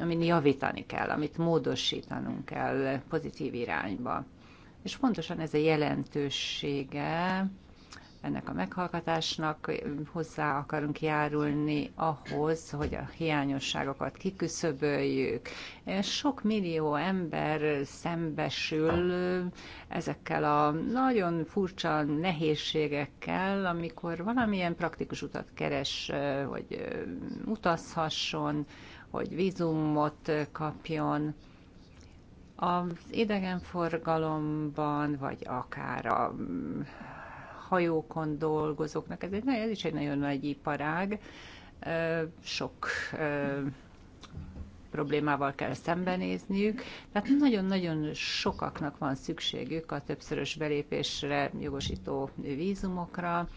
amit javítani kell, amit módosítanunk kell pozitív irányba. És pontosan ez a jelentősége ennek a meghallgatásnak. Hozzá akarunk járulni ahhoz, hogy a hiányosságokat kiküszöböljük. Sok millió ember szembesül ezekkel a nagyon furcsa nehézségekkel, amikor valamilyen praktikus utat keres, hogy utazhasson, hogy vízumot kapjon az idegenforgalomban, vagy akár a hajókon dolgozóknak. Ez, egy, ez is egy nagyon nagy iparág. Sok problémával kell szembenézniük. Tehát nagyon-nagyon sokaknak van szükségük a többszörös belépésre jogosító vízumokra.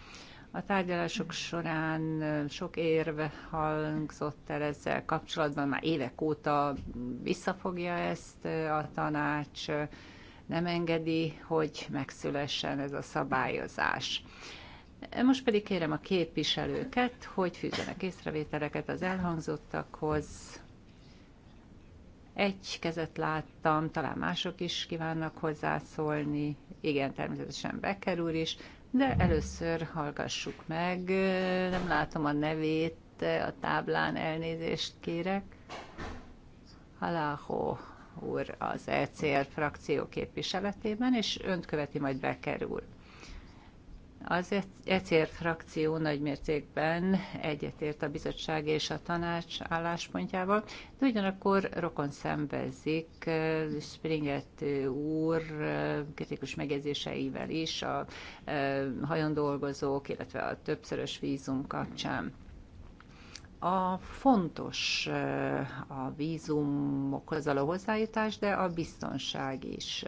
A tárgyalások során sok érv hangzott el ezzel kapcsolatban, már évek óta visszafogja ezt a tanács, nem engedi, hogy megszülessen ez a szabályozás. Most pedig kérem a képviselőket, hogy fűzzenek észrevételeket az elhangzottakhoz. Egy kezet láttam, talán mások is kívánnak hozzászólni. Igen, természetesen Becker úr is, de először hallgassuk meg. Nem látom a nevét a táblán, elnézést kérek. Halához úr az ECR frakció képviseletében, és önt követi majd Becker úr. Az ECR frakció nagymértékben egyetért a bizottság és a tanács álláspontjával, de ugyanakkor rokon szembezik eh, Springett úr eh, kritikus megjegyzéseivel is a eh, hajón dolgozók, illetve a többszörös vízum kapcsán a fontos a vízumokhoz való hozzájutás, de a biztonság is.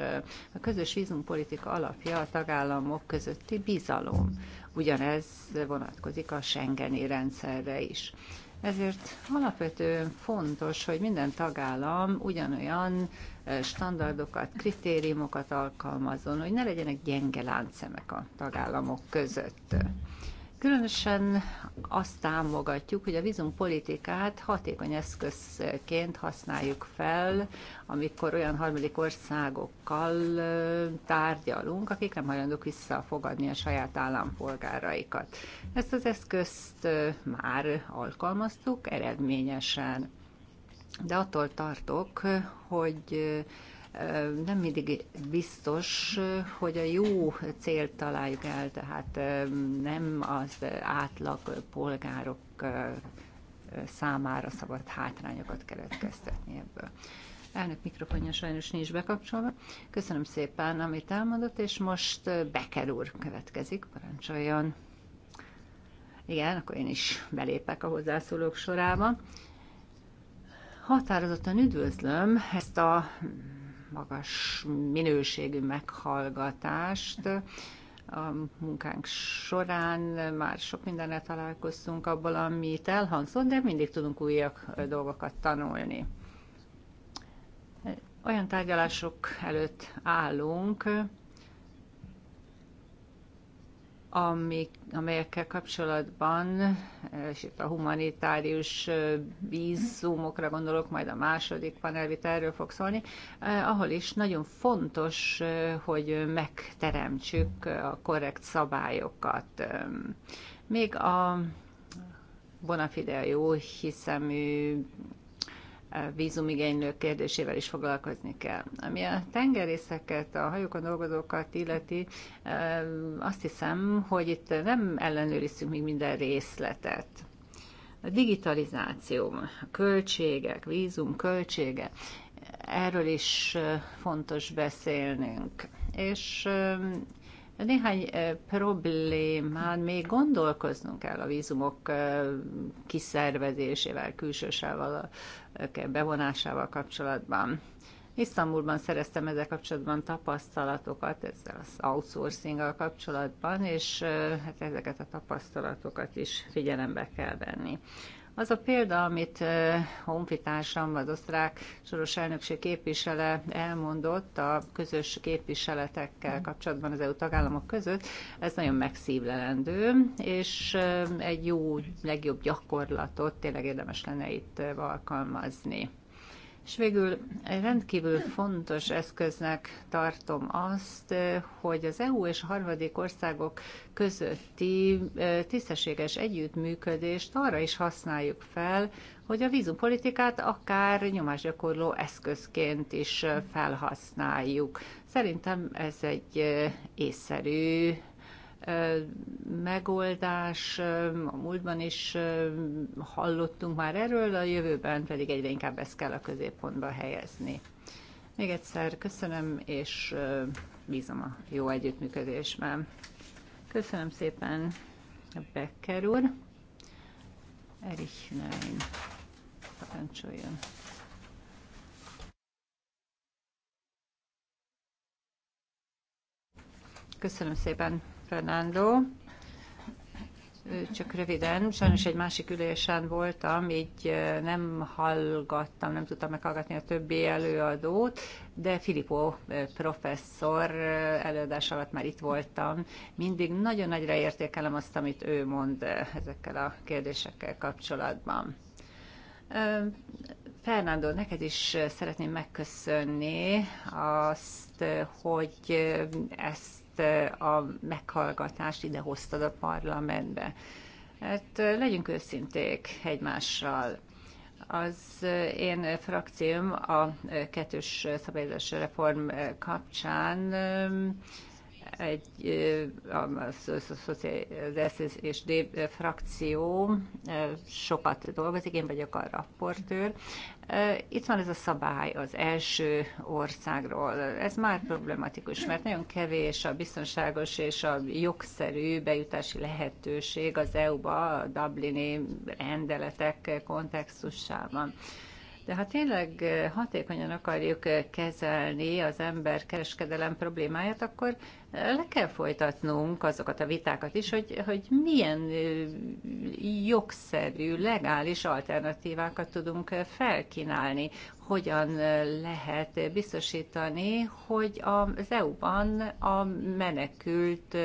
A közös vízumpolitika alapja a tagállamok közötti bizalom. Ugyanez vonatkozik a Schengeni rendszerre is. Ezért alapvetően fontos, hogy minden tagállam ugyanolyan standardokat, kritériumokat alkalmazzon, hogy ne legyenek gyenge láncszemek a tagállamok között. Különösen azt támogatjuk, hogy a vízumpolitikát hatékony eszközként használjuk fel, amikor olyan harmadik országokkal tárgyalunk, akik nem hajlandók visszafogadni a saját állampolgáraikat. Ezt az eszközt már alkalmaztuk eredményesen. De attól tartok, hogy nem mindig biztos, hogy a jó célt találjuk el, tehát nem az átlag polgárok számára szabad hátrányokat keletkeztetni ebből. Elnök mikrofonja sajnos nincs bekapcsolva. Köszönöm szépen, amit elmondott, és most Becker úr következik, parancsoljon. Igen, akkor én is belépek a hozzászólók sorába. Határozottan üdvözlöm ezt a magas minőségű meghallgatást. A munkánk során már sok mindenre találkoztunk abból, amit elhangzott, de mindig tudunk újak dolgokat tanulni. Olyan tárgyalások előtt állunk, amik, amelyekkel kapcsolatban, eh, és itt a humanitárius eh, vízumokra gondolok, majd a második panelvit erről fog szólni, eh, ahol is nagyon fontos, hogy megteremtsük a korrekt szabályokat. Még a Bonafide jó hiszemű vízumigénylő kérdésével is foglalkozni kell. Ami a tengerészeket, a hajókon dolgozókat illeti, eh, azt hiszem, hogy itt nem ellenőrizzük még minden részletet. A digitalizáció, a költségek, vízum költsége, erről is eh, fontos beszélnünk. És eh, néhány problémán még gondolkoznunk kell a vízumok kiszervezésével, külsősával, bevonásával kapcsolatban. Isztambulban szereztem ezzel kapcsolatban tapasztalatokat, ezzel az outsourcing kapcsolatban, és hát ezeket a tapasztalatokat is figyelembe kell venni. Az a példa, amit honfitársam, az osztrák soros elnökség képvisele elmondott a közös képviseletekkel kapcsolatban az EU tagállamok között, ez nagyon megszívlelendő, és egy jó, legjobb gyakorlatot tényleg érdemes lenne itt alkalmazni. És végül rendkívül fontos eszköznek tartom azt, hogy az EU és a harmadik országok közötti tisztességes együttműködést arra is használjuk fel, hogy a vízumpolitikát akár nyomásgyakorló eszközként is felhasználjuk. Szerintem ez egy észszerű megoldás, a múltban is hallottunk már erről, a jövőben pedig egyre inkább ezt kell a középpontba helyezni. Még egyszer köszönöm, és bízom a jó együttműködésben. Köszönöm szépen, Becker úr. Erich Nein, parancsoljon. Köszönöm szépen, Fernando. Csak röviden, sajnos egy másik ülésen voltam, így nem hallgattam, nem tudtam meghallgatni a többi előadót, de Filippo professzor előadás alatt már itt voltam. Mindig nagyon nagyra értékelem azt, amit ő mond ezekkel a kérdésekkel kapcsolatban. Fernando, neked is szeretném megköszönni azt, hogy ezt ezt a meghallgatást ide hoztad a parlamentbe. Hát legyünk őszinték egymással. Az én frakcióm a kettős szabályozás reform kapcsán egy, az, az és D frakció sokat dolgozik, én vagyok a rapportőr. Itt van ez a szabály az első országról. Ez már problematikus, mert nagyon kevés a biztonságos és a jogszerű bejutási lehetőség az EU-ba, a Dublini rendeletek kontextusában. De ha tényleg hatékonyan akarjuk kezelni az ember kereskedelem problémáját, akkor le kell folytatnunk azokat a vitákat is, hogy, hogy milyen jogszerű, legális alternatívákat tudunk felkínálni, hogyan lehet biztosítani, hogy az EU-ban a menekült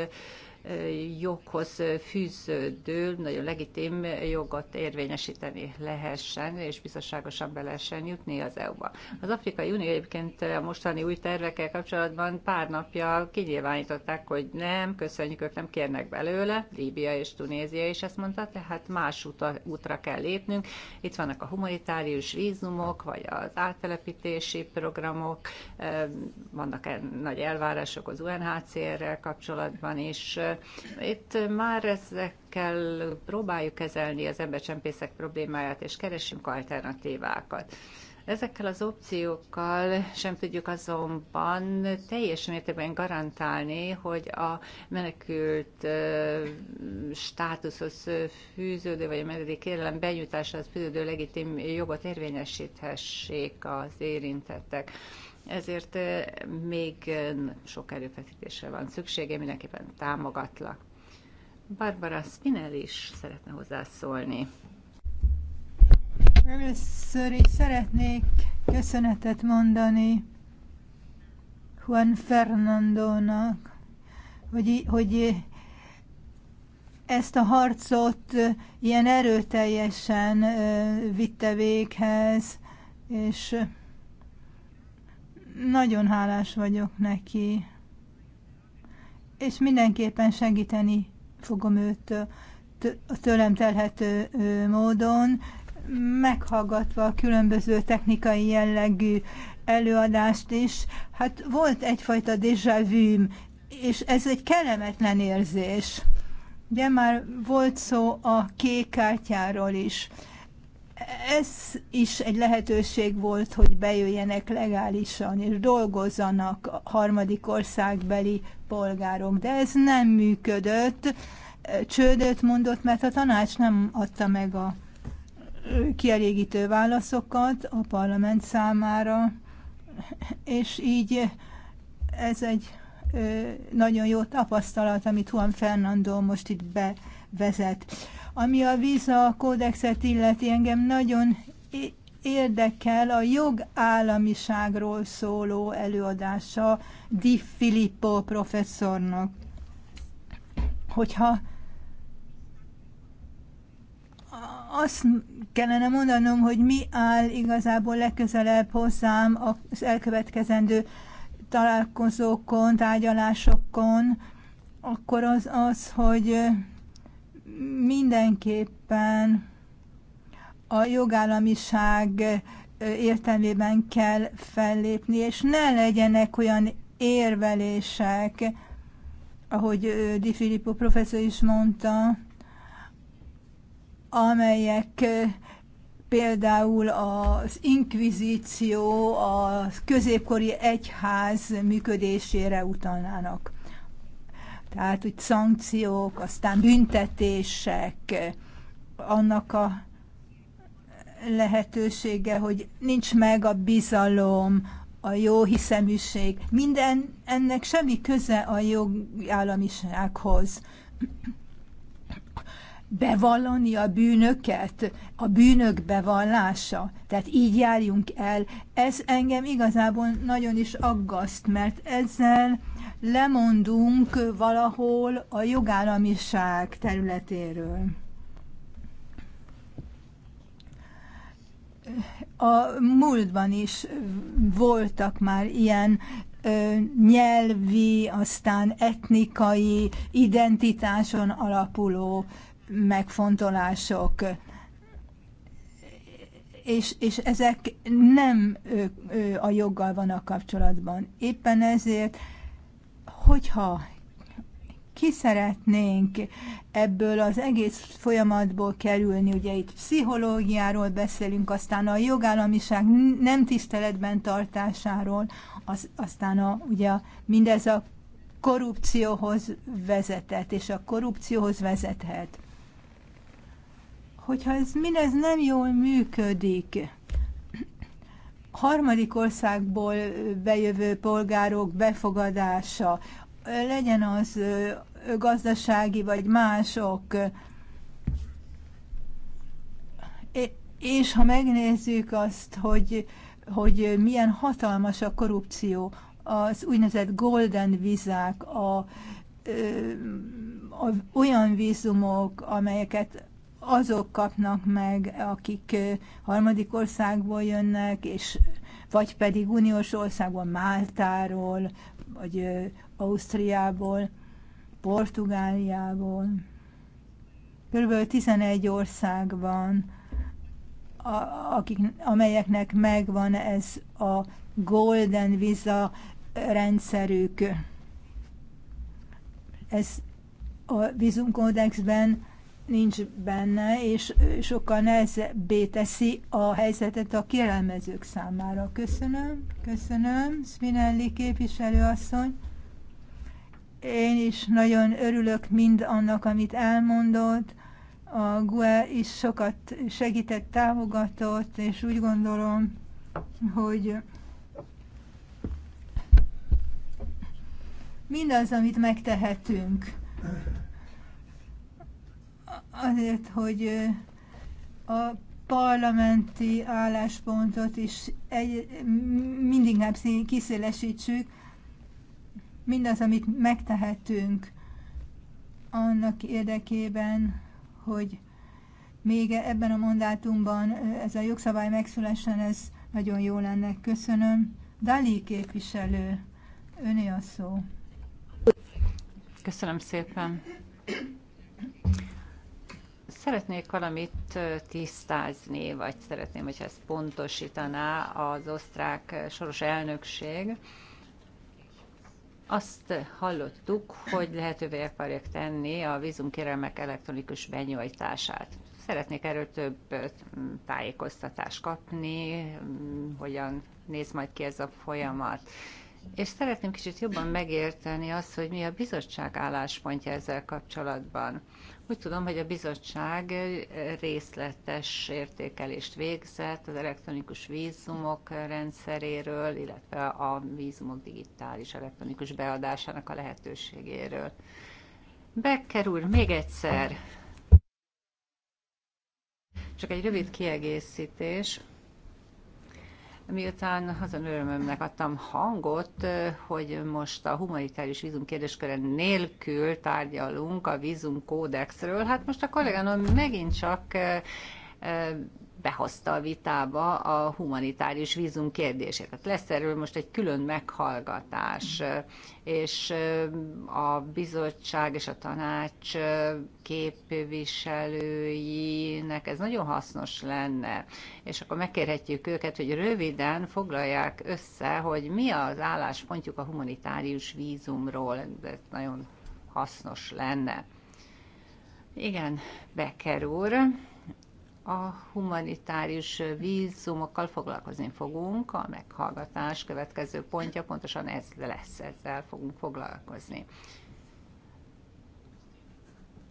joghoz fűződő, nagyon legitim jogot érvényesíteni lehessen, és biztonságosan be lehessen jutni az EU-ba. Az Afrikai Unió egyébként a mostani új tervekkel kapcsolatban pár napja kinyilvánították, hogy nem, köszönjük, ők nem kérnek belőle, Líbia és Tunézia is ezt mondta, tehát más útra, útra kell lépnünk. Itt vannak a humanitárius vízumok, vagy az áttelepítési programok, vannak e- nagy elvárások az UNHCR-rel kapcsolatban is, itt már ezekkel próbáljuk kezelni az embercsempészek problémáját, és keresünk alternatívákat. Ezekkel az opciókkal sem tudjuk azonban teljes mértékben garantálni, hogy a menekült státuszhoz fűződő, vagy a menedék kérelem az fűződő legitim jogot érvényesíthessék az érintettek ezért még sok erőfeszítésre van szüksége, mindenképpen támogatlak. Barbara Spinelli is szeretne hozzászólni. Először is szeretnék köszönetet mondani Juan Fernandónak, hogy, hogy ezt a harcot ilyen erőteljesen vitte véghez, és nagyon hálás vagyok neki, és mindenképpen segíteni fogom őt a tőlem telhető módon, meghallgatva a különböző technikai jellegű előadást is. Hát volt egyfajta déjà vu és ez egy kellemetlen érzés. Ugye már volt szó a kék kártyáról is ez is egy lehetőség volt, hogy bejöjjenek legálisan és dolgozzanak harmadik országbeli polgárok, de ez nem működött. Csődöt mondott, mert a tanács nem adta meg a kielégítő válaszokat a parlament számára, és így ez egy nagyon jó tapasztalat, amit Juan Fernando most itt bevezet. Ami a víza kódexet illeti, engem nagyon érdekel a jogállamiságról szóló előadása Di Filippo professzornak. Hogyha azt kellene mondanom, hogy mi áll igazából legközelebb hozzám az elkövetkezendő találkozókon, tárgyalásokon, akkor az az, hogy mindenképpen a jogállamiság értelmében kell fellépni, és ne legyenek olyan érvelések, ahogy Di Filippo professzor is mondta, amelyek például az inkvizíció, a középkori egyház működésére utalnának. Tehát, hogy szankciók, aztán büntetések, annak a lehetősége, hogy nincs meg a bizalom, a jó hiszeműség. Minden ennek semmi köze a jogállamisághoz. Bevallani a bűnöket, a bűnök bevallása, tehát így járjunk el, ez engem igazából nagyon is aggaszt, mert ezzel lemondunk valahol a jogállamiság területéről. A múltban is voltak már ilyen ö, nyelvi, aztán etnikai, identitáson alapuló megfontolások és, és ezek nem ö, ö, a joggal vannak kapcsolatban. Éppen ezért Hogyha ki szeretnénk ebből az egész folyamatból kerülni, ugye itt pszichológiáról beszélünk, aztán a jogállamiság nem tiszteletben tartásáról, az, aztán a, ugye mindez a korrupcióhoz vezetett, és a korrupcióhoz vezethet. Hogyha ez mindez nem jól működik, harmadik országból bejövő polgárok befogadása, legyen az gazdasági vagy mások, és ha megnézzük azt, hogy, hogy milyen hatalmas a korrupció, az úgynevezett golden vizák, a, a, olyan vízumok, amelyeket azok kapnak meg, akik harmadik országból jönnek, és vagy pedig uniós országból, Máltáról, vagy Ausztriából, Portugáliából. Körülbelül 11 ország van, akik, amelyeknek megvan ez a Golden Visa rendszerük. Ez a vízumkódexben nincs benne, és sokkal nehezebbé teszi a helyzetet a kérelmezők számára. Köszönöm, köszönöm, Spinelli képviselőasszony. Én is nagyon örülök mind annak, amit elmondott. A GUE is sokat segített, támogatott, és úgy gondolom, hogy mindaz, amit megtehetünk, azért, hogy a parlamenti álláspontot is egy, mindinkább kiszélesítsük, mindaz, amit megtehetünk annak érdekében, hogy még e-, ebben a mandátumban ez a jogszabály megszülessen, ez nagyon jó lenne. Köszönöm. Dali képviselő, öné a szó. Köszönöm szépen. Szeretnék valamit tisztázni, vagy szeretném, hogy ezt pontosítaná az osztrák soros elnökség. Azt hallottuk, hogy lehetővé akarják tenni a vízumkérelmek elektronikus benyújtását. Szeretnék erről több tájékoztatást kapni, hogyan néz majd ki ez a folyamat. És szeretném kicsit jobban megérteni azt, hogy mi a bizottság álláspontja ezzel kapcsolatban. Úgy tudom, hogy a bizottság részletes értékelést végzett az elektronikus vízumok rendszeréről, illetve a vízumok digitális elektronikus beadásának a lehetőségéről. Becker úr, még egyszer. Csak egy rövid kiegészítés. Miután azon örömömnek adtam hangot, hogy most a humanitárius vízum kérdésköre nélkül tárgyalunk a vízum kódexről, hát most a kolléganom megint csak behozta a vitába a humanitárius vízum kérdését. Tehát lesz erről most egy külön meghallgatás, és a bizottság és a tanács képviselőinek ez nagyon hasznos lenne, és akkor megkérhetjük őket, hogy röviden foglalják össze, hogy mi az álláspontjuk a humanitárius vízumról, ez nagyon hasznos lenne. Igen, Becker úr a humanitárius vízumokkal foglalkozni fogunk, a meghallgatás következő pontja pontosan ez lesz, ezzel fogunk foglalkozni.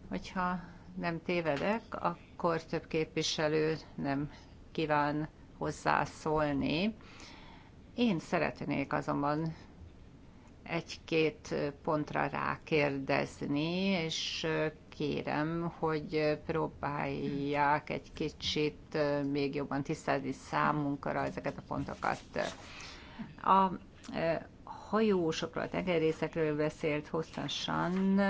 Hogyha nem tévedek, akkor több képviselő nem kíván hozzászólni. Én szeretnék azonban egy-két pontra rákérdezni, és kérem, hogy próbálják egy kicsit még jobban tisztázni számunkra ezeket a pontokat. A hajósokról, a tengerészekről beszélt hosszasan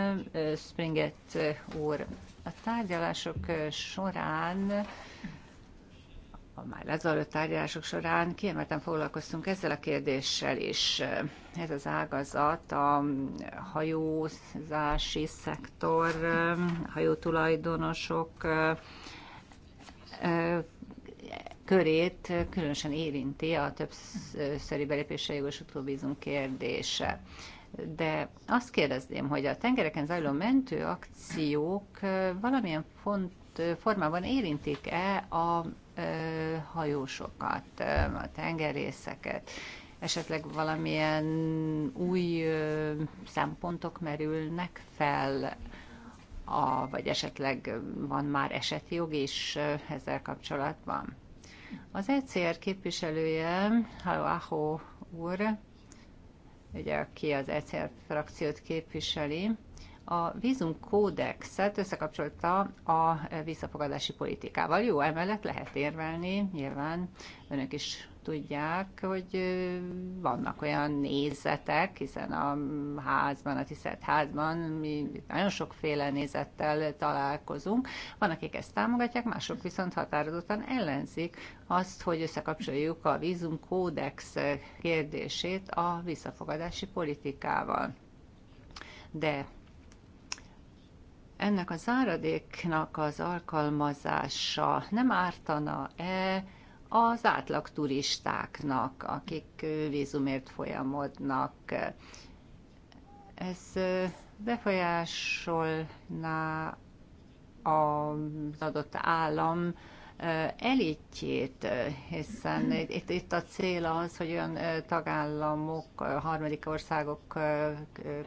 Springett úr. A tárgyalások során a már lezajlott tárgyalások során kiemelten foglalkoztunk ezzel a kérdéssel is. Ez az ágazat, a hajózási szektor, hajótulajdonosok körét különösen érinti a többszöri belépésre jogosult vízum kérdése. De azt kérdezném, hogy a tengereken zajló mentő akciók valamilyen font formában érintik-e a hajósokat, a tengerészeket, esetleg valamilyen új szempontok merülnek fel, a, vagy esetleg van már eseti jog is ezzel kapcsolatban. Az ECR képviselője, Halo Aho úr, ugye, aki az ECR frakciót képviseli, a vízumkódexet összekapcsolta a visszafogadási politikával. Jó, emellett lehet érvelni, nyilván önök is tudják, hogy vannak olyan nézetek, hiszen a házban, a tisztelt házban mi nagyon sokféle nézettel találkozunk. Van, akik ezt támogatják, mások viszont határozottan ellenzik azt, hogy összekapcsoljuk a vízumkódex kérdését a visszafogadási politikával. De ennek a záradéknak az alkalmazása nem ártana-e az átlag turistáknak, akik vízumért folyamodnak? Ez befolyásolná az adott állam elitjét, hiszen itt, itt a cél az, hogy olyan tagállamok, harmadik országokkal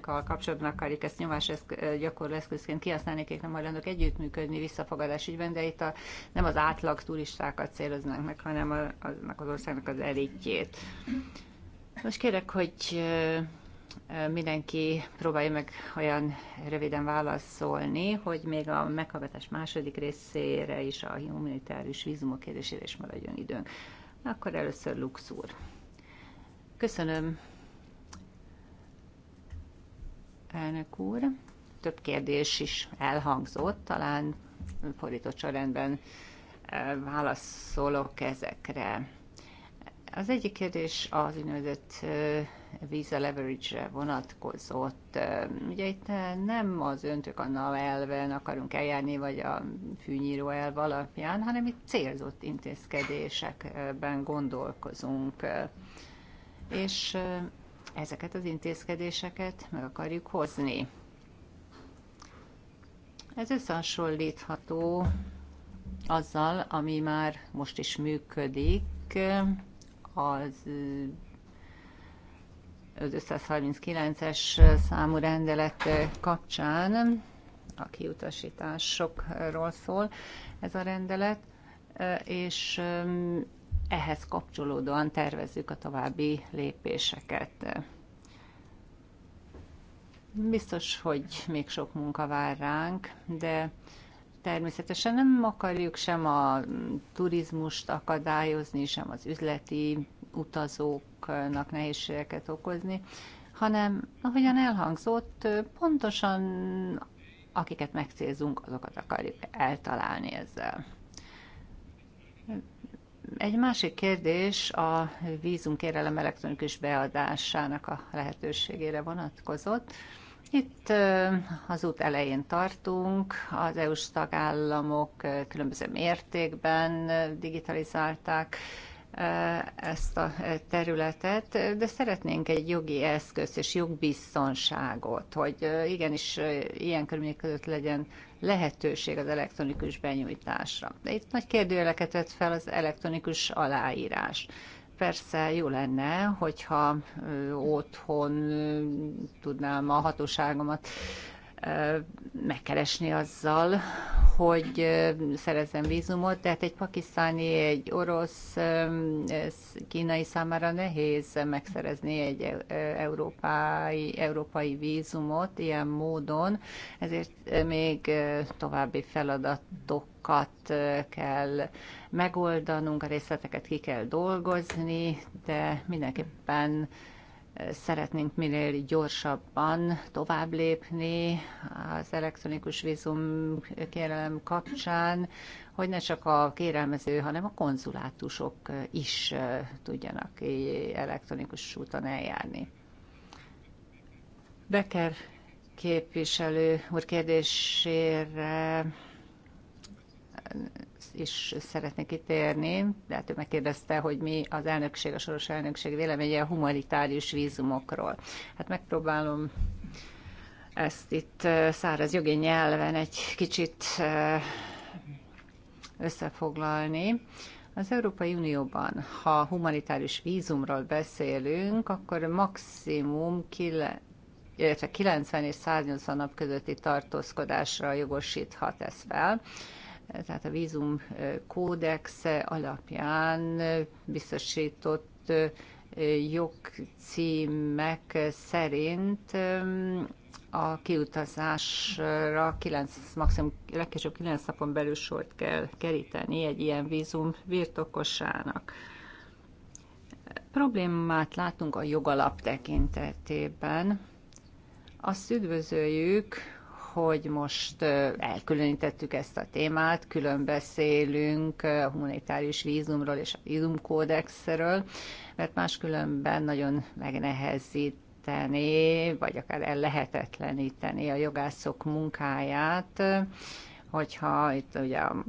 kapcsolatban akarjuk ezt nyomás gyakorló eszközként kihasználni, akik nem hajlandók együttműködni visszafogadás ügyben, de itt a, nem az átlag turistákat céloznak meg, hanem a, aznak az országnak az elitjét. Most kérek, hogy mindenki próbálja meg olyan röviden válaszolni, hogy még a meghallgatás második részére is a humanitárius vízumok kérdésére is maradjon időnk. Akkor először Luxúr. Köszönöm, elnök úr. Több kérdés is elhangzott, talán fordított sorrendben e, válaszolok ezekre. Az egyik kérdés az úgynevezett e, visa leverage-re vonatkozott. Ugye itt nem az öntök anna elven akarunk eljárni, vagy a fűnyíró elv alapján, hanem itt célzott intézkedésekben gondolkozunk. És ezeket az intézkedéseket meg akarjuk hozni. Ez összehasonlítható azzal, ami már most is működik, az az 539-es számú rendelet kapcsán, a kiutasításokról szól ez a rendelet, és um, ehhez kapcsolódóan tervezzük a további lépéseket. Biztos, hogy még sok munka vár ránk, de természetesen nem akarjuk sem a turizmust akadályozni, sem az üzleti utazóknak nehézségeket okozni, hanem ahogyan elhangzott, pontosan akiket megcélzunk, azokat akarjuk eltalálni ezzel. Egy másik kérdés a vízumkérelem elektronikus beadásának a lehetőségére vonatkozott. Itt az út elején tartunk, az EU-s tagállamok különböző mértékben digitalizálták E, ezt a e, területet, de szeretnénk egy jogi eszközt és jogbiztonságot, hogy e, igenis ilyen körülmények között legyen lehetőség az elektronikus benyújtásra. De itt nagy kérdőjeleket vett fel az elektronikus aláírás. Persze jó lenne, hogyha otthon tudnám a hatóságomat megkeresni azzal, hogy szerezzen vízumot, tehát egy pakisztáni, egy orosz, kínai számára nehéz megszerezni egy e, európai, európai vízumot ilyen módon, ezért még további feladatokat kell megoldanunk, a részleteket ki kell dolgozni, de mindenképpen szeretnénk minél gyorsabban tovább lépni az elektronikus vízum kérelem kapcsán, hogy ne csak a kérelmező, hanem a konzulátusok is tudjanak elektronikus úton eljárni. Becker képviselő úr kérdésére is szeretnék kitérni, hát ő megkérdezte, hogy mi az elnökség, a soros elnökség véleménye a humanitárius vízumokról. Hát megpróbálom ezt itt száraz jogi nyelven egy kicsit összefoglalni. Az Európai Unióban, ha humanitárius vízumról beszélünk, akkor maximum kile illetve 90 és 180 nap közötti tartózkodásra jogosíthat ez fel tehát a vízum kódex alapján biztosított jogcímek szerint a kiutazásra 9, maximum legkésőbb 9 napon belül sort kell keríteni egy ilyen vízum birtokosának. Problémát látunk a jogalap tekintetében. Azt üdvözöljük, hogy most elkülönítettük ezt a témát, külön beszélünk a humanitárius vízumról és a vízumkódexről, mert máskülönben nagyon megnehezít vagy akár ellehetetleníteni a jogászok munkáját, hogyha itt ugye a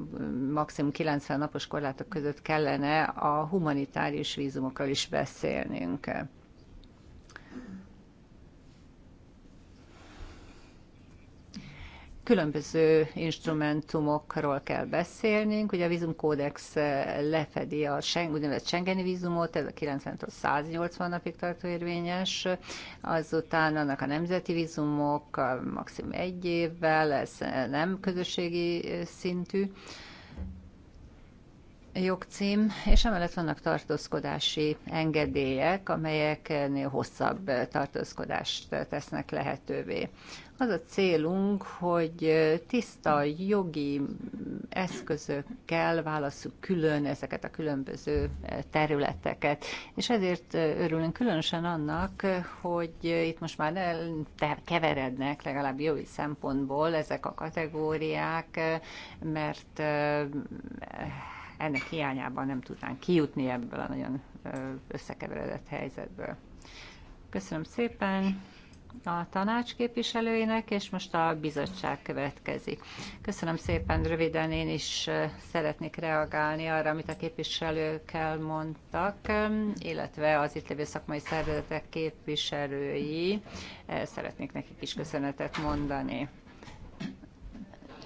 maximum 90 napos korlátok között kellene a humanitárius vízumokról is beszélnünk. különböző instrumentumokról kell beszélnünk. Ugye a vízumkódex lefedi a Schengen, úgynevezett Schengeni vízumot, ez a 90-től 180 napig tartó érvényes, azután annak a nemzeti vízumok maximum egy évvel, ez nem közösségi szintű jogcím, és emellett vannak tartózkodási engedélyek, amelyeknél hosszabb tartózkodást tesznek lehetővé. Az a célunk, hogy tiszta jogi eszközökkel válaszuk külön ezeket a különböző területeket. És ezért örülünk különösen annak, hogy itt most már keverednek legalább jogi szempontból ezek a kategóriák, mert ennek hiányában nem tudnánk kijutni ebből a nagyon összekeveredett helyzetből. Köszönöm szépen! a tanács képviselőinek, és most a bizottság következik. Köszönöm szépen, röviden én is szeretnék reagálni arra, amit a képviselőkkel mondtak, illetve az itt lévő szakmai szervezetek képviselői. Szeretnék nekik is köszönetet mondani.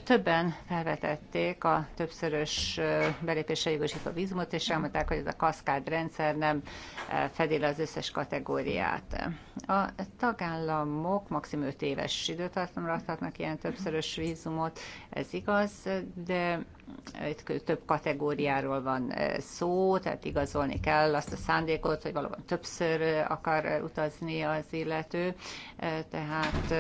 Többen felvetették a többszörös belépésre jogosító vízumot, és elmondták, hogy ez a kaszkád rendszer nem fedél az összes kategóriát. A tagállamok maximum 5 éves időtartamra adhatnak ilyen többszörös vízumot, ez igaz, de több kategóriáról van szó, tehát igazolni kell azt a szándékot, hogy valóban többször akar utazni az illető, tehát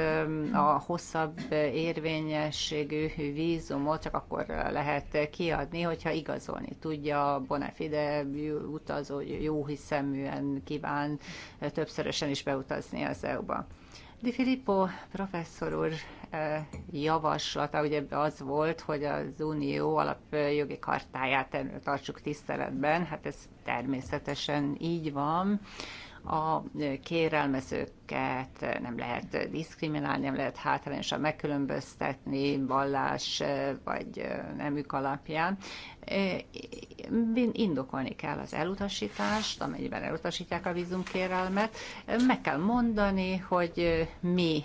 a hosszabb érvényességű vízumot csak akkor lehet kiadni, hogyha igazolni tudja a Bonafide utazó, jó hiszeműen kíván többszörösen is beutazni az EU-ba. Di Filippo professzor úr eh, javaslata ugye az volt, hogy az Unió alapjogi kartáját tartsuk tiszteletben, hát ez természetesen így van a kérelmezőket nem lehet diszkriminálni, nem lehet hátrányosan megkülönböztetni vallás vagy nemük alapján. Indokolni kell az elutasítást, amennyiben elutasítják a vízumkérelmet. Meg kell mondani, hogy mi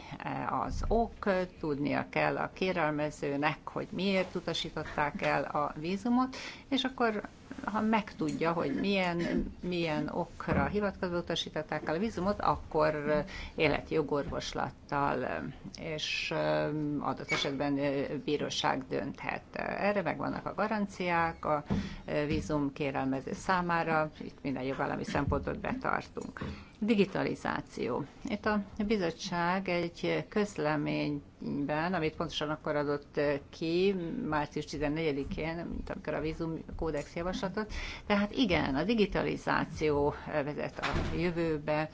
az ok, tudnia kell a kérelmezőnek, hogy miért utasították el a vízumot, és akkor ha megtudja, hogy milyen, milyen okra hivatkozó utasították el a vízumot, akkor életi jogorvoslattal, és adott esetben bíróság dönthet. Erre megvannak a garanciák a vízum kérelmező számára, itt minden jogállami szempontot betartunk. Digitalizáció. Itt a bizottság egy közleményben, amit pontosan akkor adott ki, március 14-én, mint amikor a vízum kódex javaslatot, tehát igen, a digitalizáció vezet a jövőbe,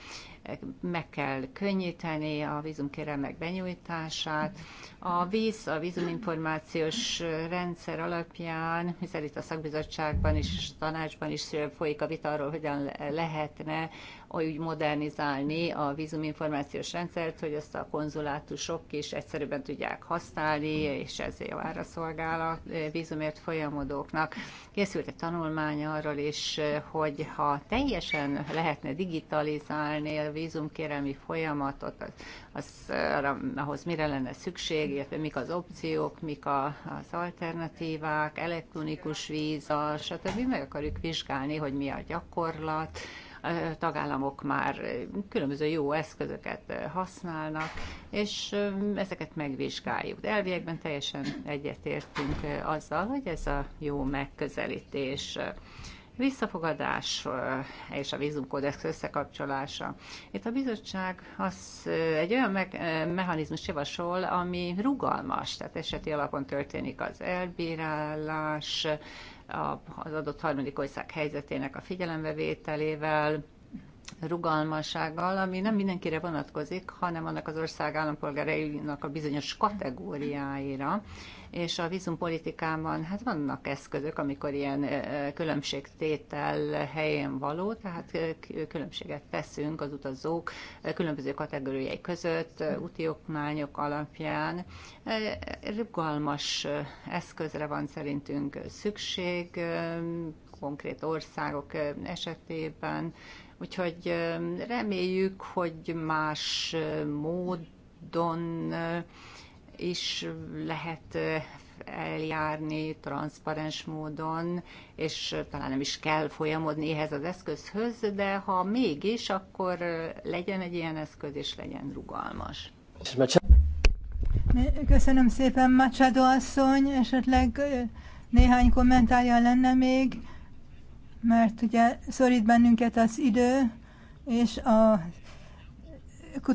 meg kell könnyíteni a vízumkérelmek benyújtását, a víz, a vízuminformációs rendszer alapján, hiszen itt a szakbizottságban is és tanácsban is folyik a vita arról, hogyan lehetne úgy modernizálni a vízuminformációs rendszert, hogy ezt a konzulátusok is egyszerűbben tudják használni, és ez javára szolgál a vízumért folyamodóknak. Készült egy tanulmány arról is, hogy ha teljesen lehetne digitalizálni a vízumkérelmi folyamatot, az, arra, ahhoz mire lenne szükség, illetve mik az opciók, mik a, az alternatívák, elektronikus víza, stb. Meg akarjuk vizsgálni, hogy mi a gyakorlat, a tagállamok már különböző jó eszközöket használnak, és ezeket megvizsgáljuk. De elviekben teljesen egyetértünk azzal, hogy ez a jó megközelítés visszafogadás és a vízumkódex összekapcsolása. Itt a bizottság az egy olyan me- mechanizmus javasol, ami rugalmas, tehát eseti alapon történik az elbírálás, az adott harmadik ország helyzetének a figyelembevételével, rugalmassággal, ami nem mindenkire vonatkozik, hanem annak az ország állampolgárainak a bizonyos kategóriáira, és a vízumpolitikában hát vannak eszközök, amikor ilyen különbségtétel helyén való, tehát különbséget teszünk az utazók különböző kategóriái között, úti okmányok alapján. Rugalmas eszközre van szerintünk szükség, konkrét országok esetében, Úgyhogy reméljük, hogy más módon is lehet eljárni transzparens módon, és talán nem is kell folyamodni ehhez az eszközhöz, de ha mégis, akkor legyen egy ilyen eszköz, és legyen rugalmas. Köszönöm szépen, Macsado asszony, esetleg néhány kommentárja lenne még mert ugye szorít bennünket az idő, és a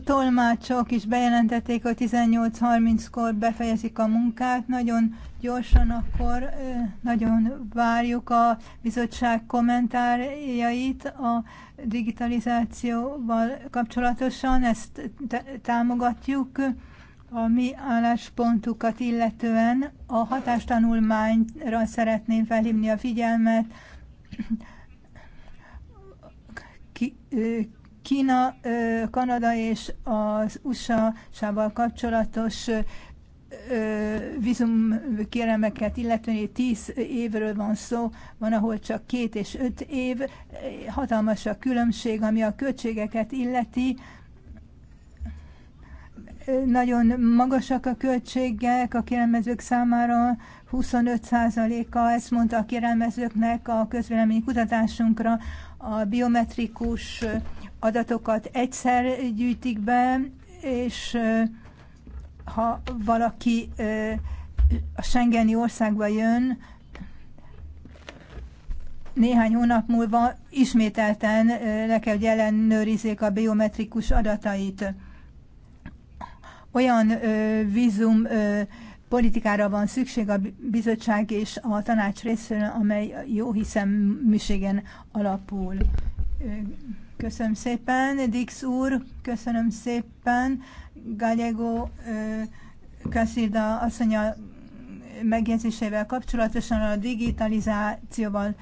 tolmácsok is bejelentették, hogy 18.30-kor befejezik a munkát, nagyon gyorsan akkor nagyon várjuk a bizottság kommentárjait a digitalizációval kapcsolatosan, ezt támogatjuk a mi álláspontukat illetően. A hatástanulmányra szeretném felhívni a figyelmet, Kína, Kanada és az USA-sával kapcsolatos vízumkéremeket, illetve 10 évről van szó, van, ahol csak két és öt év, hatalmas a különbség, ami a költségeket illeti, nagyon magasak a költségek a kérelmezők számára, 25%-a ezt mondta a kérelmezőknek a közvélemény kutatásunkra, a biometrikus adatokat egyszer gyűjtik be, és ha valaki a Schengeni országba jön, néhány hónap múlva ismételten le kell, hogy ellenőrizzék a biometrikus adatait. Olyan vízum politikára van szükség a bizottság és a tanács részéről, amely jó hiszem műségen alapul. Köszönöm szépen, Dix úr, köszönöm szépen, Gallego Casilda asszonya megjegyzésével kapcsolatosan a digitalizációval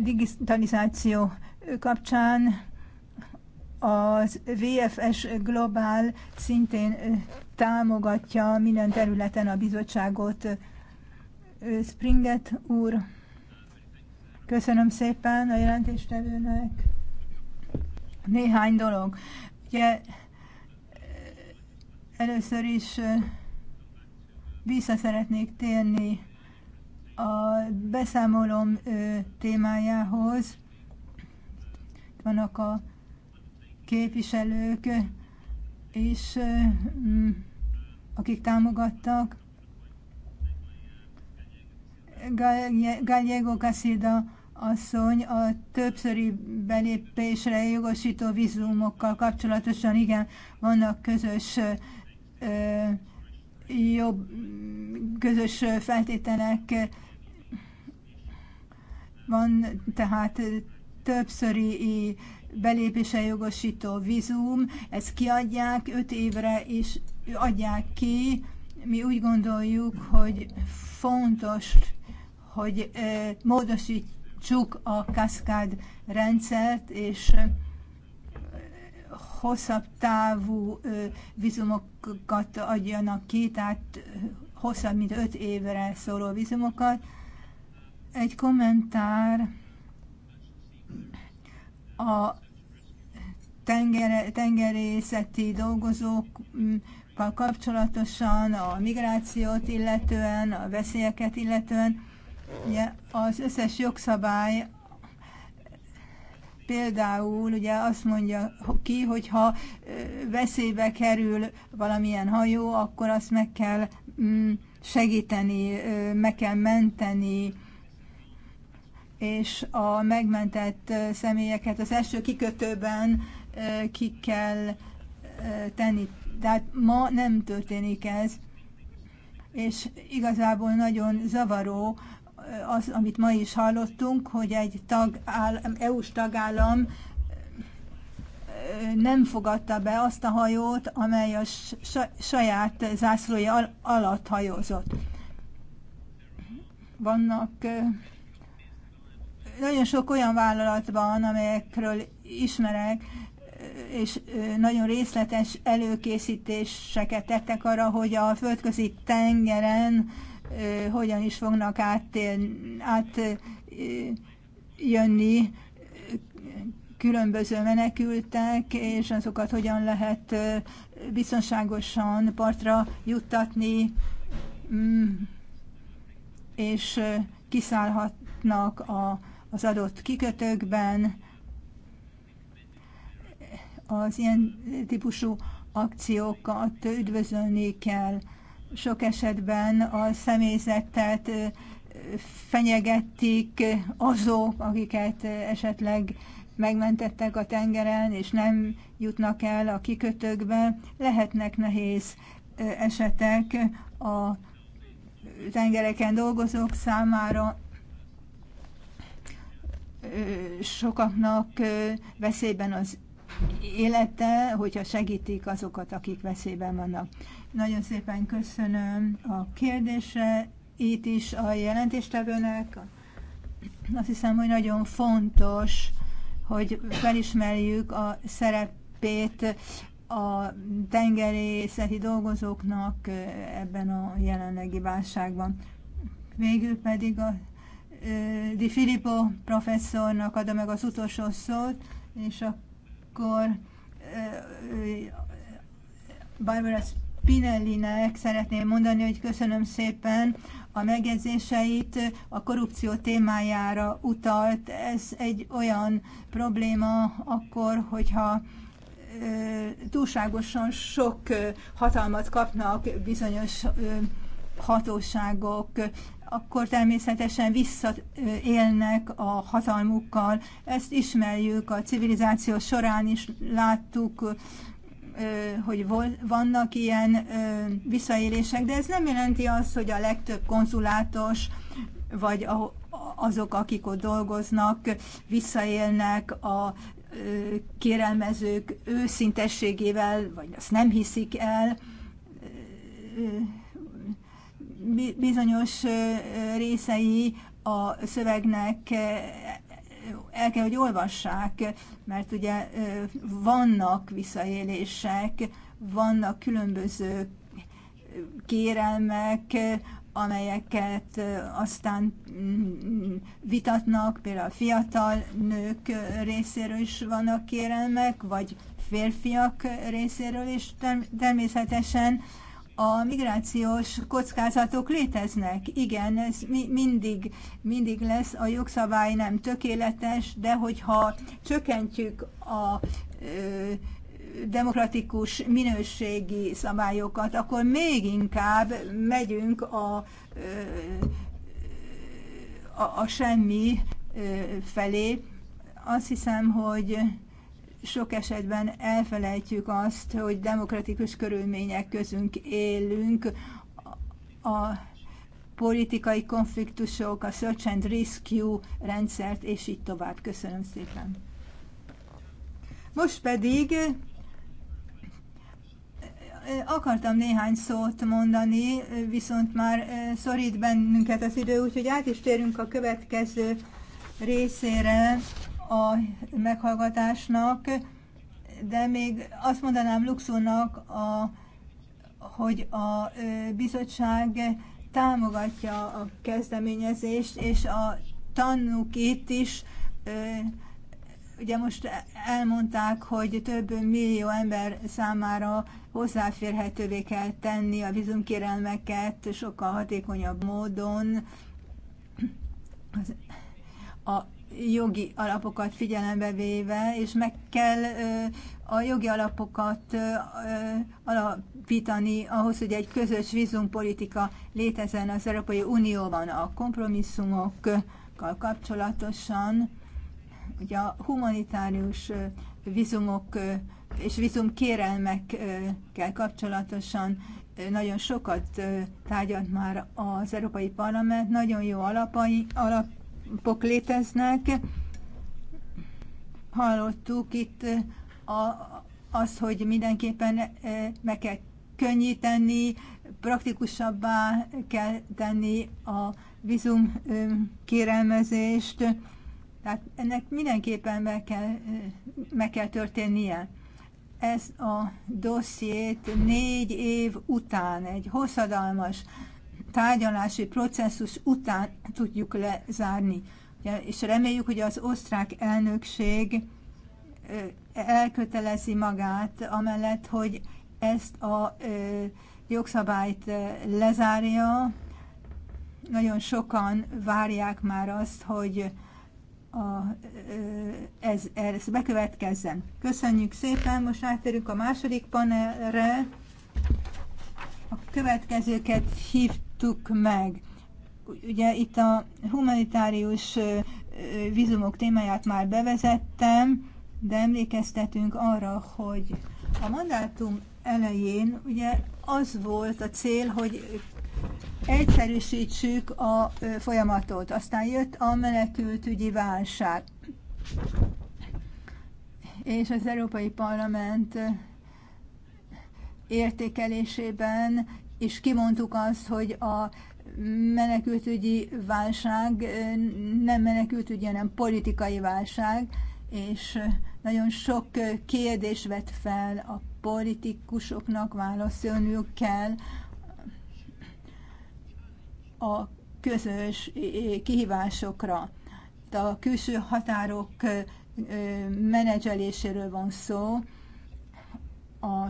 digitalizáció kapcsán az VFS Global szintén támogatja minden területen a bizottságot. Springet úr, köszönöm szépen a jelentéstevőnek. Néhány dolog. Ugye először is vissza szeretnék térni a beszámolom témájához. Itt vannak a képviselők, és akik támogattak. Gallego Casida asszony a többszöri belépésre jogosító vízumokkal kapcsolatosan igen, vannak közös ö, jobb, közös feltételek, van tehát többszöri belépése jogosító vízum, ezt kiadják, öt évre is adják ki. Mi úgy gondoljuk, hogy fontos, hogy módosítsuk a kaszkád rendszert, és hosszabb távú vízumokat adjanak ki, tehát hosszabb, mint öt évre szóló vízumokat. Egy kommentár a tenger, tengerészeti dolgozókkal kapcsolatosan, a migrációt illetően, a veszélyeket illetően. Ugye az összes jogszabály például ugye azt mondja ki, hogyha veszélybe kerül valamilyen hajó, akkor azt meg kell mm, segíteni, meg kell menteni, és a megmentett személyeket az első kikötőben ki kell tenni. Tehát ma nem történik ez, és igazából nagyon zavaró az, amit ma is hallottunk, hogy egy tagállam, EU-s tagállam nem fogadta be azt a hajót, amely a saját zászlója alatt hajózott. Vannak nagyon sok olyan vállalat van, amelyekről ismerek, és nagyon részletes előkészítéseket tettek arra, hogy a földközi tengeren hogyan is fognak átjönni különböző menekültek, és azokat hogyan lehet biztonságosan partra juttatni, mm, és kiszállhatnak a az adott kikötőkben, az ilyen típusú akciókat üdvözölni kell. Sok esetben a személyzetet fenyegették azok, akiket esetleg megmentettek a tengeren, és nem jutnak el a kikötőkbe. Lehetnek nehéz esetek a tengereken dolgozók számára, sokaknak veszélyben az élete, hogyha segítik azokat, akik veszélyben vannak. Nagyon szépen köszönöm a kérdése, itt is a jelentéstevőnek. Azt hiszem, hogy nagyon fontos, hogy felismerjük a szerepét a tengerészeti dolgozóknak ebben a jelenlegi válságban. Végül pedig a Di Filippo professzornak adom meg az utolsó szót, és akkor Barbara Spinellinek szeretném mondani, hogy köszönöm szépen a megjegyzéseit, a korrupció témájára utalt. Ez egy olyan probléma akkor, hogyha túlságosan sok hatalmat kapnak bizonyos hatóságok, akkor természetesen visszaélnek a hatalmukkal. Ezt ismerjük, a civilizáció során is láttuk, hogy vannak ilyen visszaélések, de ez nem jelenti azt, hogy a legtöbb konzulátos vagy azok, akik ott dolgoznak, visszaélnek a kérelmezők őszintességével, vagy azt nem hiszik el bizonyos részei a szövegnek el kell, hogy olvassák, mert ugye vannak visszaélések, vannak különböző kérelmek, amelyeket aztán mm, vitatnak, például fiatal nők részéről is vannak kérelmek, vagy férfiak részéről is természetesen a migrációs kockázatok léteznek. Igen, ez mi, mindig, mindig lesz, a jogszabály nem tökéletes, de hogyha csökkentjük a ö, demokratikus minőségi szabályokat, akkor még inkább megyünk a, a, a semmi felé. Azt hiszem, hogy sok esetben elfelejtjük azt, hogy demokratikus körülmények közünk élünk, a politikai konfliktusok, a search and rescue rendszert, és így tovább. Köszönöm szépen. Most pedig eh, akartam néhány szót mondani, viszont már eh, szorít bennünket az idő, úgyhogy át is térünk a következő részére a meghallgatásnak, de még azt mondanám Luxónak, a, hogy a bizottság támogatja a kezdeményezést, és a tanúk itt is ugye most elmondták, hogy több millió ember számára hozzáférhetővé kell tenni a vízumkérelmeket sokkal hatékonyabb módon. a jogi alapokat figyelembe véve, és meg kell a jogi alapokat alapítani ahhoz, hogy egy közös vízumpolitika létezzen az Európai Unióban a kompromisszumokkal kapcsolatosan. Ugye a humanitárius vízumok és vízumkérelmekkel kapcsolatosan nagyon sokat tárgyalt már az Európai Parlament, nagyon jó alapai, alap léteznek. Hallottuk itt eh, a, az, hogy mindenképpen eh, meg kell könnyíteni, praktikusabbá kell tenni a vízum eh, kérelmezést, tehát ennek mindenképpen meg kell, meg kell történnie. Ez a dossziét négy év után, egy hosszadalmas tárgyalási processus után tudjuk lezárni. És reméljük, hogy az osztrák elnökség elkötelezi magát, amellett, hogy ezt a jogszabályt lezárja. Nagyon sokan várják már azt, hogy a, ez, ez bekövetkezzen. Köszönjük szépen, most átérünk a második panelre. A következőket hívtuk vitattuk meg. Ugye itt a humanitárius vízumok témáját már bevezettem, de emlékeztetünk arra, hogy a mandátum elején ugye az volt a cél, hogy egyszerűsítsük a folyamatot. Aztán jött a menekültügyi válság. És az Európai Parlament értékelésében és kimondtuk azt, hogy a menekültügyi válság nem menekültügyi, hanem politikai válság, és nagyon sok kérdés vett fel a politikusoknak, válaszolniuk kell a közös kihívásokra. a külső határok menedzseléséről van szó, a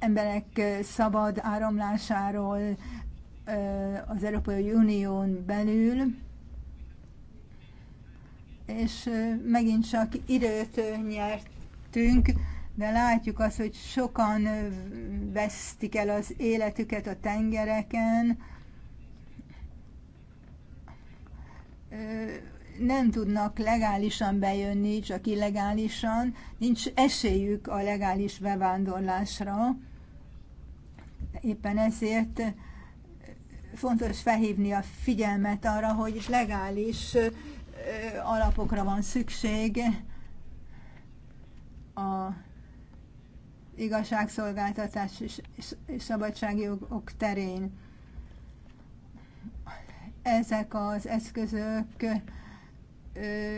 emberek szabad áramlásáról az Európai Unión belül, és megint csak időt nyertünk, de látjuk azt, hogy sokan vesztik el az életüket a tengereken, nem tudnak legálisan bejönni, csak illegálisan, nincs esélyük a legális bevándorlásra. Éppen ezért fontos felhívni a figyelmet arra, hogy legális alapokra van szükség a igazságszolgáltatás és szabadságjogok terén. Ezek az eszközök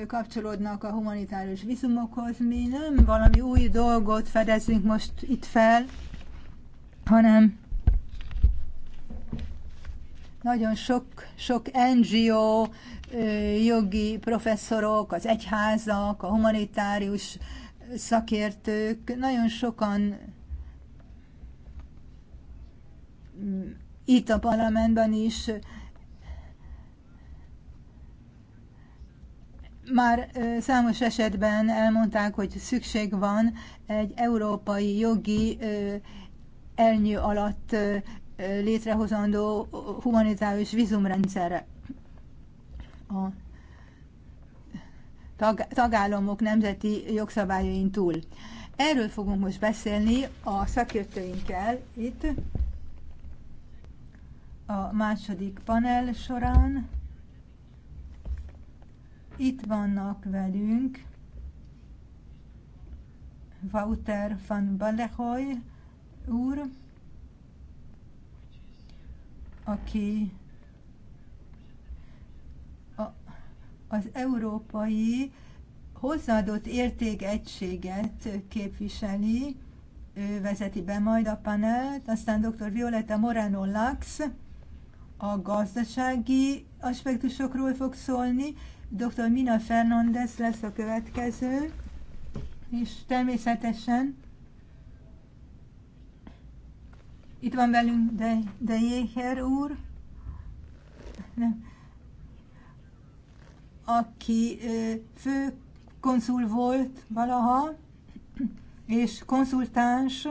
kapcsolódnak a humanitárius vízumokhoz. Mi nem valami új dolgot fedezünk most itt fel, hanem nagyon sok, sok NGO, jogi professzorok, az egyházak, a humanitárius szakértők, nagyon sokan itt a parlamentben is Már számos esetben elmondták, hogy szükség van egy európai jogi elnyő alatt létrehozandó humanitárius vízumrendszerre. A tag, tagállamok nemzeti jogszabályain túl. Erről fogunk most beszélni a szakértőinkkel itt a második panel során itt vannak velünk Wouter van Balehoy úr, aki a, az európai hozzáadott érték képviseli, ő vezeti be majd a panelt, aztán dr. Violeta Moreno Lax a gazdasági aspektusokról fog szólni, Dr. Mina Fernández lesz a következő, és természetesen itt van velünk De, De Jéher úr, nem, aki fő konzul volt valaha, és konzultáns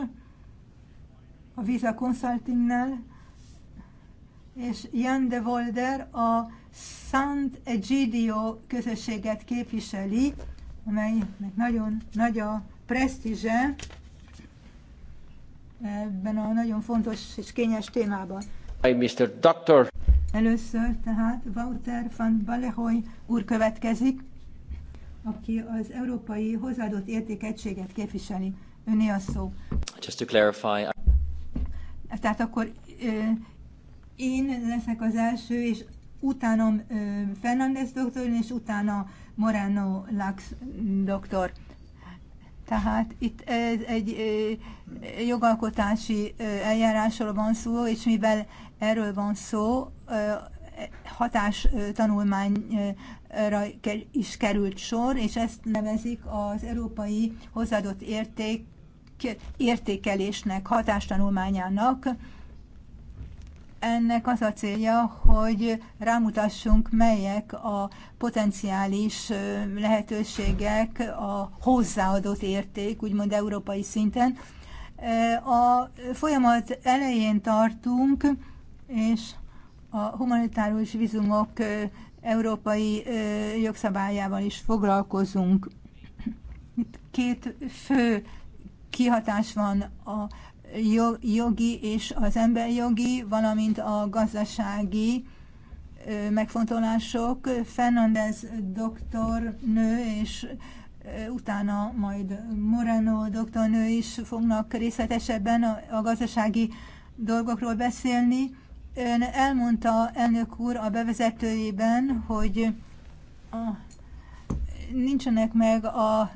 a Visa Consultingnál, és Jan de Volder a Sant Egidio közösséget képviseli, amelynek nagyon nagy a presztízse ebben a nagyon fontos és kényes témában. Hi, Mr. Doctor. Először tehát Wouter van Balehoy úr következik, aki az európai hozzáadott értékegységet képviseli. Öné a szó. Just to clarify. Tehát akkor én leszek az első, és utána Fernández doktor, és utána Moreno Lax mm, doktor. Tehát itt ez egy jogalkotási eljárásról van szó, és mivel erről van szó, hatás tanulmányra is került sor, és ezt nevezik az európai hozzáadott érték értékelésnek, hatástanulmányának. Ennek az a célja, hogy rámutassunk, melyek a potenciális lehetőségek, a hozzáadott érték, úgymond európai szinten. A folyamat elején tartunk, és a humanitárius vizumok európai jogszabályával is foglalkozunk. Itt két fő kihatás van a jogi és az emberjogi, valamint a gazdasági megfontolások. Fernandez doktor nő és utána majd Moreno doktornő is fognak részletesebben a, a gazdasági dolgokról beszélni. Ön elmondta elnök úr a bevezetőjében, hogy a, nincsenek meg a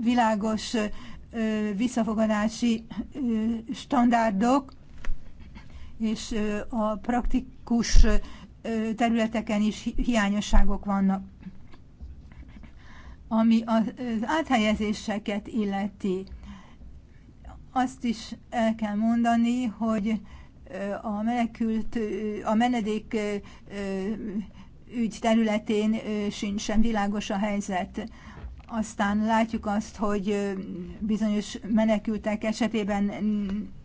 világos visszafogadási standardok, és a praktikus területeken is hiányosságok vannak. Ami az áthelyezéseket illeti, azt is el kell mondani, hogy a menekült, a menedék ügy területén sincs sem világos a helyzet. Aztán látjuk azt, hogy bizonyos menekültek esetében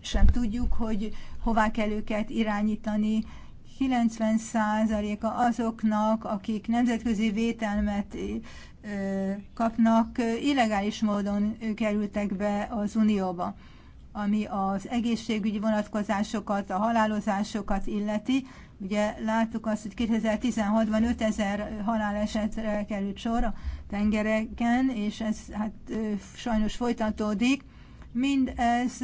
sem tudjuk, hogy hová kell őket irányítani. 90%-a azoknak, akik nemzetközi vételmet kapnak, illegális módon kerültek be az Unióba, ami az egészségügyi vonatkozásokat, a halálozásokat illeti. Ugye láttuk azt, hogy 2016-ban 5000 halálesetre került sor a tengereken, és ez hát sajnos folytatódik. Mindez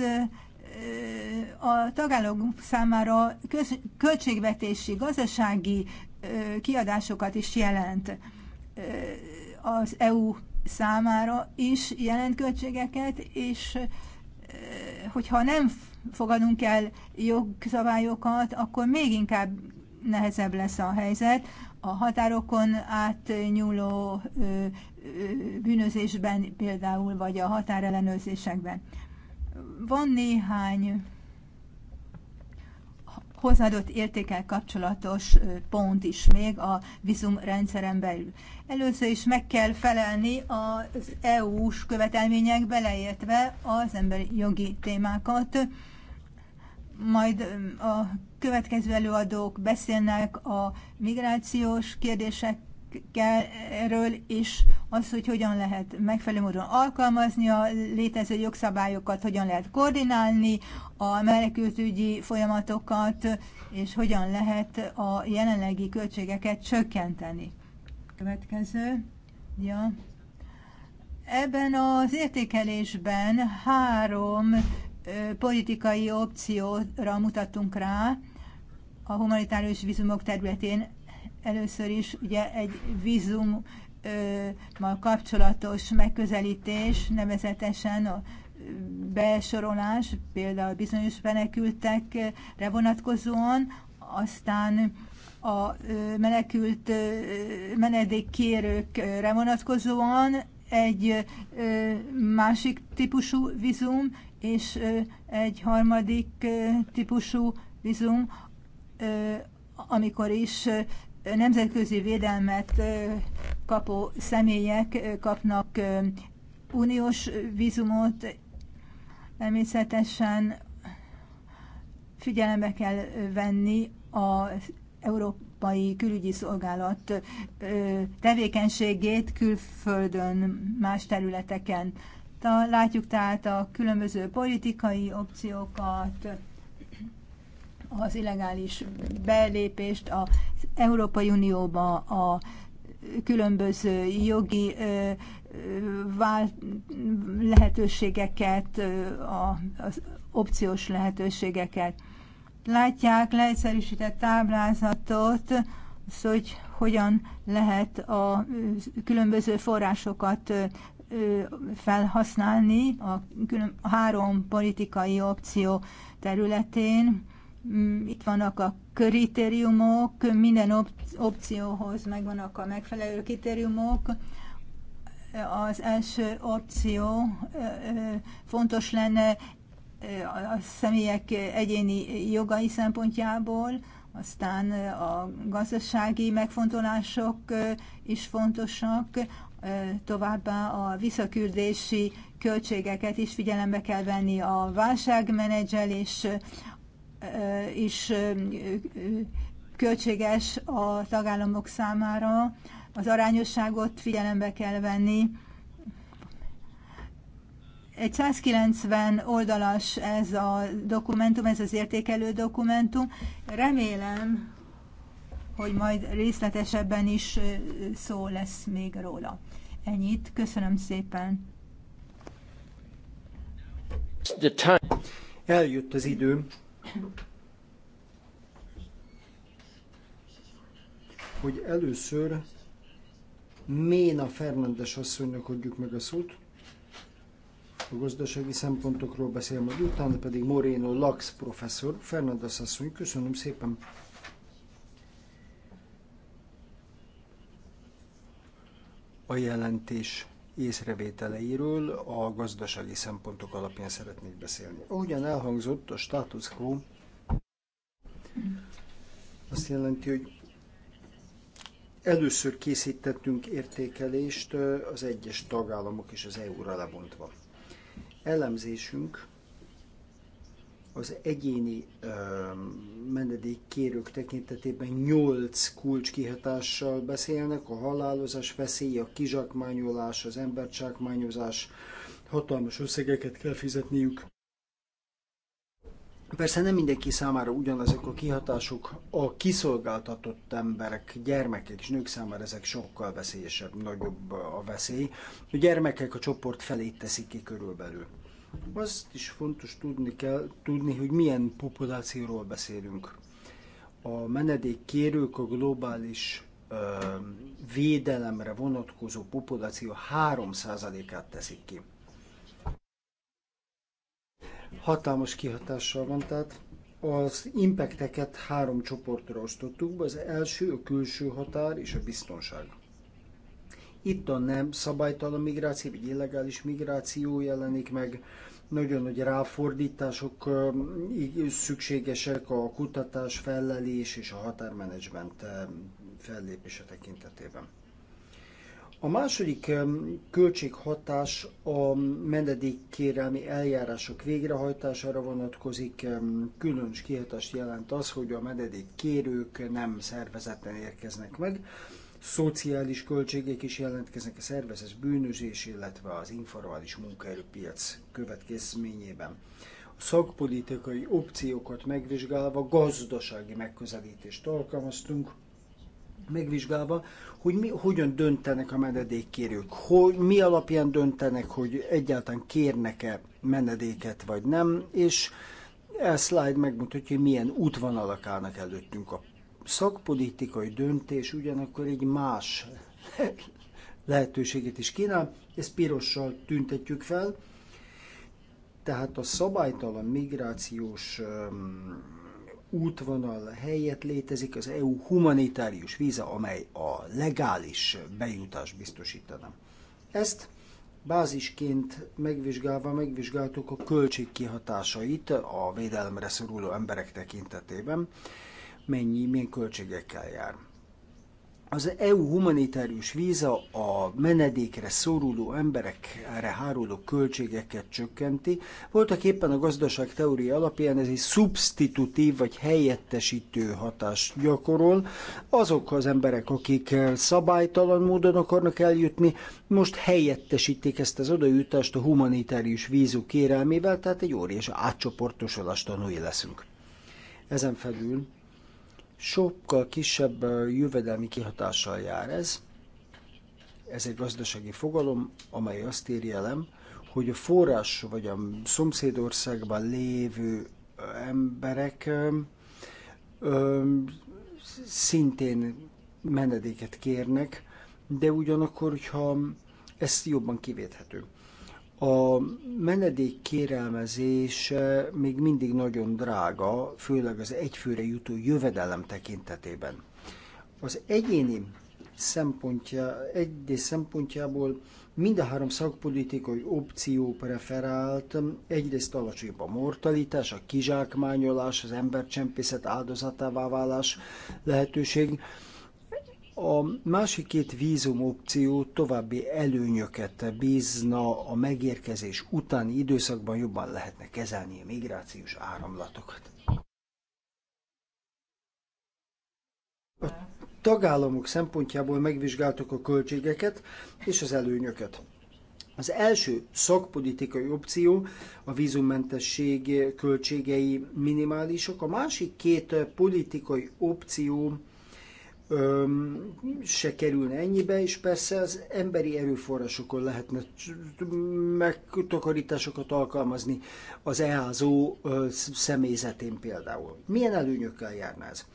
a tagállamok számára költségvetési, gazdasági kiadásokat is jelent az EU számára is jelent költségeket, és hogyha nem fogadunk el jogszabályokat, akkor még inkább nehezebb lesz a helyzet. A határokon átnyúló bűnözésben például, vagy a határellenőrzésekben. Van néhány hozzáadott értékel kapcsolatos pont is még a vízumrendszeren belül. Először is meg kell felelni az EU-s követelmények beleértve az emberi jogi témákat majd a következő előadók beszélnek a migrációs kérdésekről is, az, hogy hogyan lehet megfelelő módon alkalmazni a létező jogszabályokat, hogyan lehet koordinálni a menekültügyi folyamatokat, és hogyan lehet a jelenlegi költségeket csökkenteni. Következő. Ja. Ebben az értékelésben három politikai opcióra mutattunk rá a humanitárius vízumok területén. Először is ugye egy vízummal kapcsolatos megközelítés, nevezetesen a besorolás, például bizonyos menekültekre vonatkozóan, aztán a menekült menedékkérőkre vonatkozóan egy másik típusú vízum, és egy harmadik típusú vízum, amikor is nemzetközi védelmet kapó személyek kapnak uniós vízumot, természetesen figyelembe kell venni az Európai Külügyi Szolgálat tevékenységét külföldön, más területeken. Látjuk tehát a különböző politikai opciókat, az illegális belépést az Európai Unióba, a különböző jogi lehetőségeket, az opciós lehetőségeket. Látják leegyszerűsített táblázatot, az, hogy hogyan lehet a különböző forrásokat felhasználni a három politikai opció területén. Mm, itt vannak a kritériumok, minden opcióhoz megvannak a megfelelő kritériumok. Az első opció fontos lenne a személyek egyéni jogai szempontjából, aztán a gazdasági megfontolások is fontosak, továbbá a visszaküldési költségeket is figyelembe kell venni, a válságmenedzselés is költséges a tagállamok számára, az arányosságot figyelembe kell venni. Egy 190 oldalas ez a dokumentum, ez az értékelő dokumentum. Remélem, hogy majd részletesebben is szó lesz még róla. Ennyit, köszönöm szépen. Eljött az idő, hogy először Ména Fernandes asszonynak adjuk meg a szót, a gazdasági szempontokról beszél majd, utána pedig Moreno Lax professzor. Fernandes asszony, köszönöm szépen. a jelentés észrevételeiről a gazdasági szempontok alapján szeretnék beszélni. Ahogyan elhangzott, a status quo azt jelenti, hogy először készítettünk értékelést az egyes tagállamok és az EU-ra lebontva. Elemzésünk az egyéni menedékkérők tekintetében nyolc kulcs kihatással beszélnek, a halálozás veszély, a kizsákmányolás, az embercsákmányozás, hatalmas összegeket kell fizetniük. Persze nem mindenki számára ugyanazok a kihatások, a kiszolgáltatott emberek, gyermekek és nők számára ezek sokkal veszélyesebb, nagyobb a veszély. A gyermekek a csoport felét teszik ki körülbelül. Azt is fontos tudni kell, tudni, hogy milyen populációról beszélünk. A menedékkérők a globális ö, védelemre vonatkozó populáció 3%-át teszik ki. Hatalmas kihatással van, tehát az impacteket három csoportra osztottuk be, az első a külső határ és a biztonság. Itt a nem szabálytalan migráció, vagy illegális migráció jelenik meg, nagyon nagy ráfordítások szükségesek a kutatás, fellelés és a határmenedzsment fellépése tekintetében. A második költséghatás a menedékkérelmi eljárások végrehajtására vonatkozik. Különös kihatást jelent az, hogy a menedékkérők nem szervezetten érkeznek meg, szociális költségek is jelentkeznek a szervezet bűnözés, illetve az informális munkaerőpiac következményében. A szakpolitikai opciókat megvizsgálva gazdasági megközelítést alkalmaztunk, megvizsgálva, hogy mi, hogyan döntenek a menedékkérők, hogy, mi alapján döntenek, hogy egyáltalán kérnek-e menedéket vagy nem, és ez slide megmutatja, hogy milyen útvonalak állnak előttünk a szakpolitikai döntés ugyanakkor egy más lehetőséget is kínál, ezt pirossal tüntetjük fel, tehát a szabálytalan migrációs útvonal helyett létezik az EU humanitárius víza, amely a legális bejutás biztosítana. Ezt bázisként megvizsgálva megvizsgáltuk a költségkihatásait a védelemre szoruló emberek tekintetében, mennyi, milyen költségekkel jár. Az EU humanitárius víza a menedékre szoruló emberekre háruló költségeket csökkenti. Voltak éppen a gazdaság teória alapján ez egy szubstitutív vagy helyettesítő hatást gyakorol. Azok az emberek, akik szabálytalan módon akarnak eljutni, most helyettesítik ezt az odajutást a humanitárius vízú kérelmével, tehát egy óriási átcsoportosulást tanulja leszünk. Ezen felül sokkal kisebb jövedelmi kihatással jár ez. Ez egy gazdasági fogalom, amely azt ír elem, hogy a forrás vagy a szomszédországban lévő emberek ö, szintén menedéket kérnek, de ugyanakkor, hogyha ez jobban kivéthető. A menedék kérelmezés még mindig nagyon drága, főleg az egyfőre jutó jövedelem tekintetében. Az egyéni szempontja, egyes szempontjából mind a három szakpolitikai opció preferált, egyrészt alacsonyabb a mortalitás, a kizsákmányolás, az embercsempészet áldozatává válás lehetőség, a másik két vízum opció további előnyöket bízna a megérkezés utáni időszakban jobban lehetne kezelni a migrációs áramlatokat. A tagállamok szempontjából megvizsgáltuk a költségeket és az előnyöket. Az első szakpolitikai opció a vízummentesség költségei minimálisak, a másik két politikai opció öm, se kerülne ennyibe, és persze az emberi erőforrásokon lehetne megtakarításokat alkalmazni az EHZO személyzetén például. Milyen előnyökkel járna ez?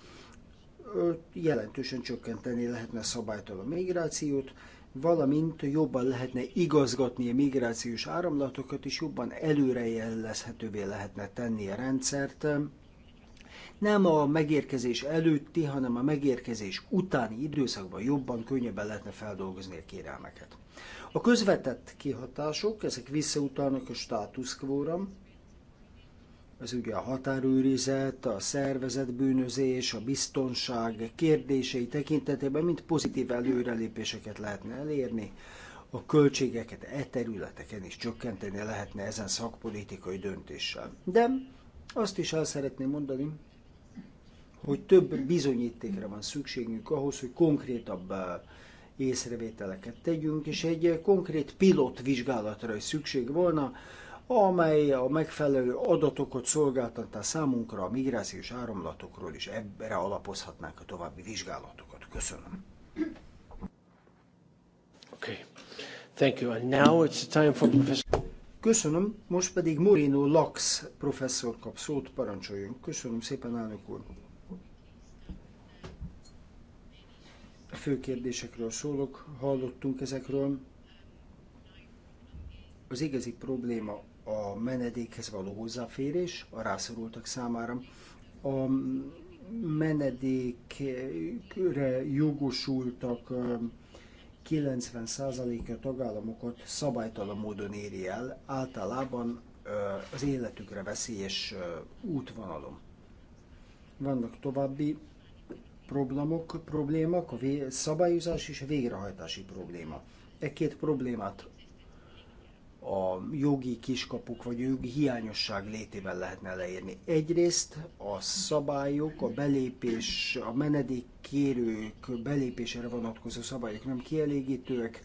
Jelentősen csökkenteni lehetne szabálytalan migrációt, valamint jobban lehetne igazgatni a migrációs áramlatokat, és jobban előrejelezhetővé lehetne tenni a rendszert, nem a megérkezés előtti, hanem a megérkezés utáni időszakban jobban, könnyebben lehetne feldolgozni a kérelmeket. A közvetett kihatások, ezek visszautalnak a quo-ra, ez ugye a határőrizet, a szervezetbűnözés, a biztonság kérdései tekintetében mind pozitív előrelépéseket lehetne elérni, a költségeket e területeken is csökkenteni lehetne ezen szakpolitikai döntéssel. De azt is el szeretném mondani, hogy több bizonyítékra van szükségünk ahhoz, hogy konkrétabb észrevételeket tegyünk, és egy konkrét pilot vizsgálatra is szükség volna, amely a megfelelő adatokat szolgáltatta számunkra a migrációs áramlatokról, és ebbre alapozhatnánk a további vizsgálatokat. Köszönöm. Okay. Thank you. And now it's time for Professor... Köszönöm, most pedig Morino Lax professzor kap szót, parancsoljon. Köszönöm szépen, elnök úr. a fő kérdésekről szólok, hallottunk ezekről. Az igazi probléma a menedékhez való hozzáférés a rászorultak számára. A menedékre jogosultak 90%-a eh, tagállamokat szabálytalan módon éri el, általában eh, az életükre veszélyes eh, útvonalon. Vannak további problémok, problémák, a szabályozás és a végrehajtási probléma. E két problémát a jogi kiskapuk vagy jogi hiányosság létében lehetne leírni. Egyrészt a szabályok, a belépés, a menedékkérők belépésére vonatkozó szabályok nem kielégítőek.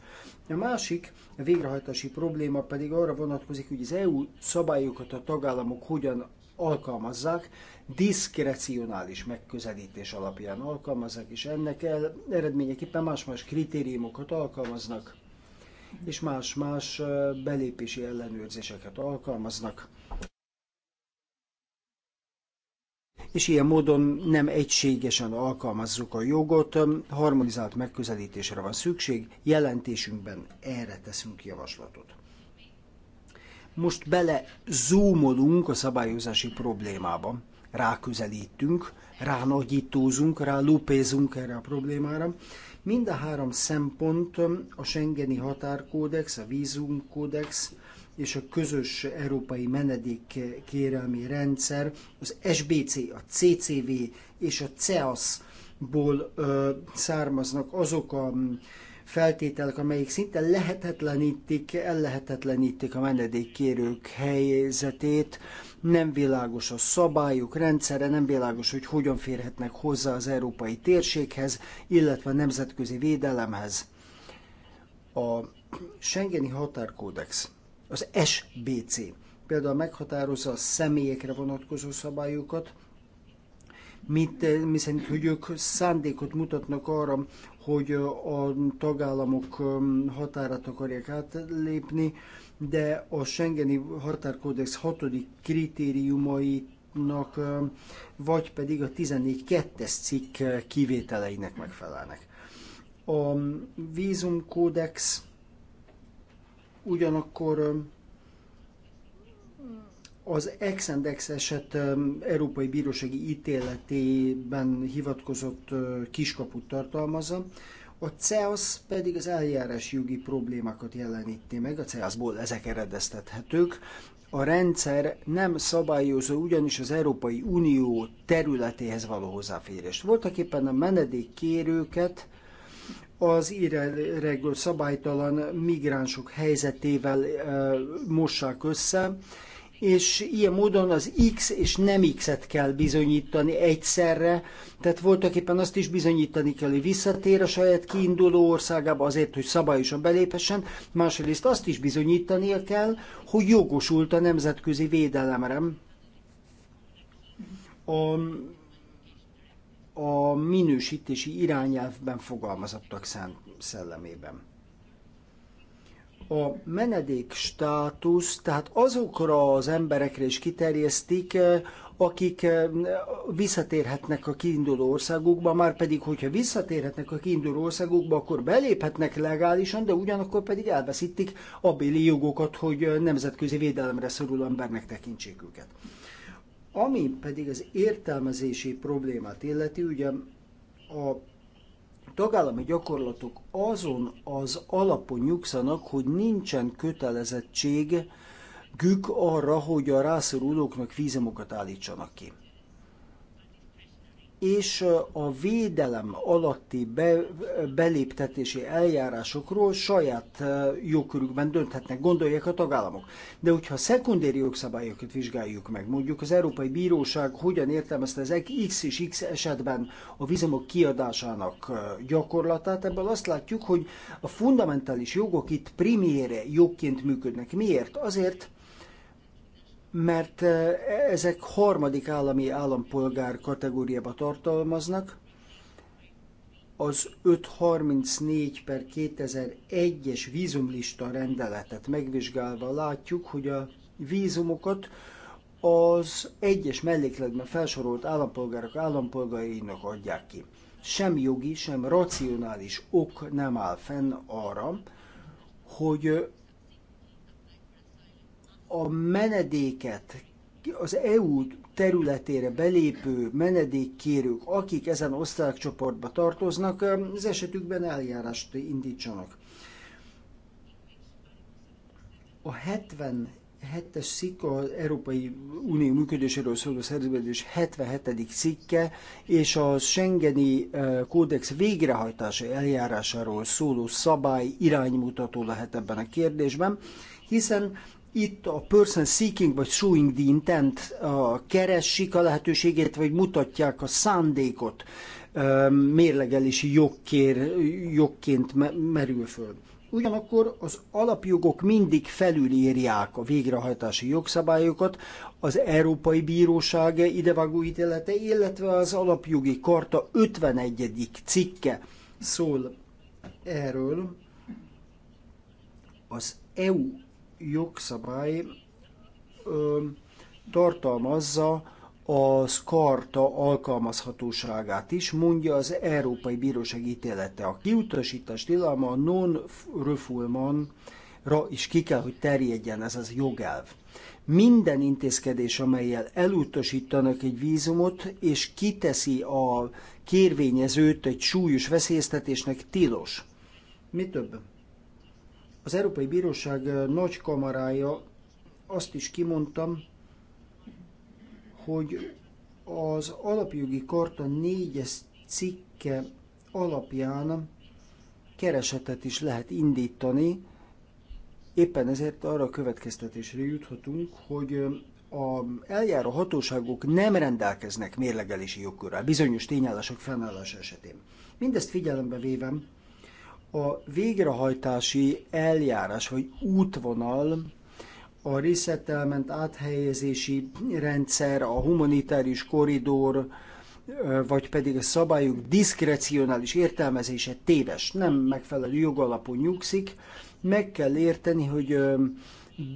A másik a végrehajtási probléma pedig arra vonatkozik, hogy az EU szabályokat a tagállamok hogyan alkalmazzák, diszkrecionális megközelítés alapján alkalmazzák, és ennek el, eredményeképpen más-más kritériumokat alkalmaznak, és más-más belépési ellenőrzéseket alkalmaznak. és ilyen módon nem egységesen alkalmazzuk a jogot, harmonizált megközelítésre van szükség, jelentésünkben erre teszünk javaslatot. Most bele zoomolunk a szabályozási problémába, ráközelítünk, ránagyítózunk, rá lupézunk erre a problémára. Mind a három szempont, a Schengeni határkódex, a vízumkódex és a közös európai menedékkérelmi rendszer, az SBC, a CCV és a CEAS-ból származnak azok a feltételek, amelyik szinte lehetetlenítik, ellehetetlenítik a menedékkérők helyzetét, nem világos a szabályok rendszere, nem világos, hogy hogyan férhetnek hozzá az európai térséghez, illetve a nemzetközi védelemhez. A Schengeni Határkódex, az SBC, például meghatározza a személyekre vonatkozó szabályokat, mit, miszerint, hogy ők szándékot mutatnak arra, hogy a tagállamok határát akarják átlépni, de a Schengeni Határkódex hatodik kritériumainak, vagy pedig a 14.2-es cikk kivételeinek megfelelnek. A vízumkódex ugyanakkor az ex and ex eset Európai Bírósági ítéletében hivatkozott kiskaput tartalmazza, a CEASZ pedig az eljárás jogi problémákat jeleníti meg, a CEASZ-ból ezek eredeztethetők. A rendszer nem szabályozó ugyanis az Európai Unió területéhez való hozzáférést. Voltak éppen a menedékkérőket az irregő szabálytalan migránsok helyzetével mossák össze, és ilyen módon az X és nem X-et kell bizonyítani egyszerre, tehát voltak éppen azt is bizonyítani kell, hogy visszatér a saját kiinduló országába azért, hogy szabályosan beléphessen, másrészt azt is bizonyítani kell, hogy jogosult a nemzetközi védelemre. A, a minősítési irányelvben fogalmazottak szellemében a menedék státusz, tehát azokra az emberekre is kiterjesztik, eh, akik eh, visszatérhetnek a kiinduló országukba, már pedig, hogyha visszatérhetnek a kiinduló országukba, akkor beléphetnek legálisan, de ugyanakkor pedig elveszítik a béli jogokat, hogy eh, nemzetközi védelemre szoruló embernek tekintsék őket. Ami pedig az értelmezési problémát illeti, ugye a tagállami gyakorlatok azon az alapon nyugszanak, hogy nincsen kötelezettség gük arra, hogy a rászorulóknak vízemokat állítsanak ki és a védelem alatti be, beléptetési eljárásokról saját jogkörükben dönthetnek, gondolják a tagállamok. De hogyha a szekundéri jogszabályokat vizsgáljuk meg, mondjuk az Európai Bíróság hogyan értelmezte az X és X esetben a vizumok kiadásának gyakorlatát, ebből azt látjuk, hogy a fundamentális jogok itt primére jogként működnek. Miért? Azért, mert e, ezek harmadik állami állampolgár kategóriába tartalmaznak, az 534 per 2001-es vízumlista rendeletet megvizsgálva látjuk, hogy a vízumokat az egyes mellékletben felsorolt állampolgárok állampolgárainak adják ki. Sem jogi, sem racionális ok nem áll fenn arra, hogy a menedéket az EU területére belépő menedékkérők, akik ezen osztrák csoportba tartoznak, az esetükben eljárást indítsanak. A 77-es cikk az Európai Unió működéséről szóló szerződés 77. cikke és a Schengeni eh, kódex végrehajtása eljárásáról szóló szabály iránymutató lehet ebben a kérdésben, hiszen itt a person seeking vagy showing the intent a keresik a lehetőségét, vagy mutatják a szándékot mérlegelési jogkér, jogként merül föl. Ugyanakkor az alapjogok mindig felülírják a végrehajtási jogszabályokat, az Európai Bíróság idevágó ítélete, illetve az alapjogi karta 51. cikke szól erről. Az EU jogszabály ö, tartalmazza az karta alkalmazhatóságát is, mondja az Európai Bíróság ítélete. A kiutasítás tilalma a non ra is ki kell, hogy terjedjen ez az jogelv. Minden intézkedés, amelyel elutasítanak egy vízumot, és kiteszi a kérvényezőt egy súlyos veszélyeztetésnek, tilos. Mi több? Az Európai Bíróság nagy kamarája azt is kimondtam, hogy az alapjogi karta négyes cikke alapján keresetet is lehet indítani, éppen ezért arra a következtetésre juthatunk, hogy a eljáró hatóságok nem rendelkeznek mérlegelési jogkörrel bizonyos tényállások fennállása esetén. Mindezt figyelembe vévem, a végrehajtási eljárás vagy útvonal, a resettlement áthelyezési rendszer, a humanitárius koridor, vagy pedig a szabályok diszkrecionális értelmezése téves, nem megfelelő jogalapon nyugszik. Meg kell érteni, hogy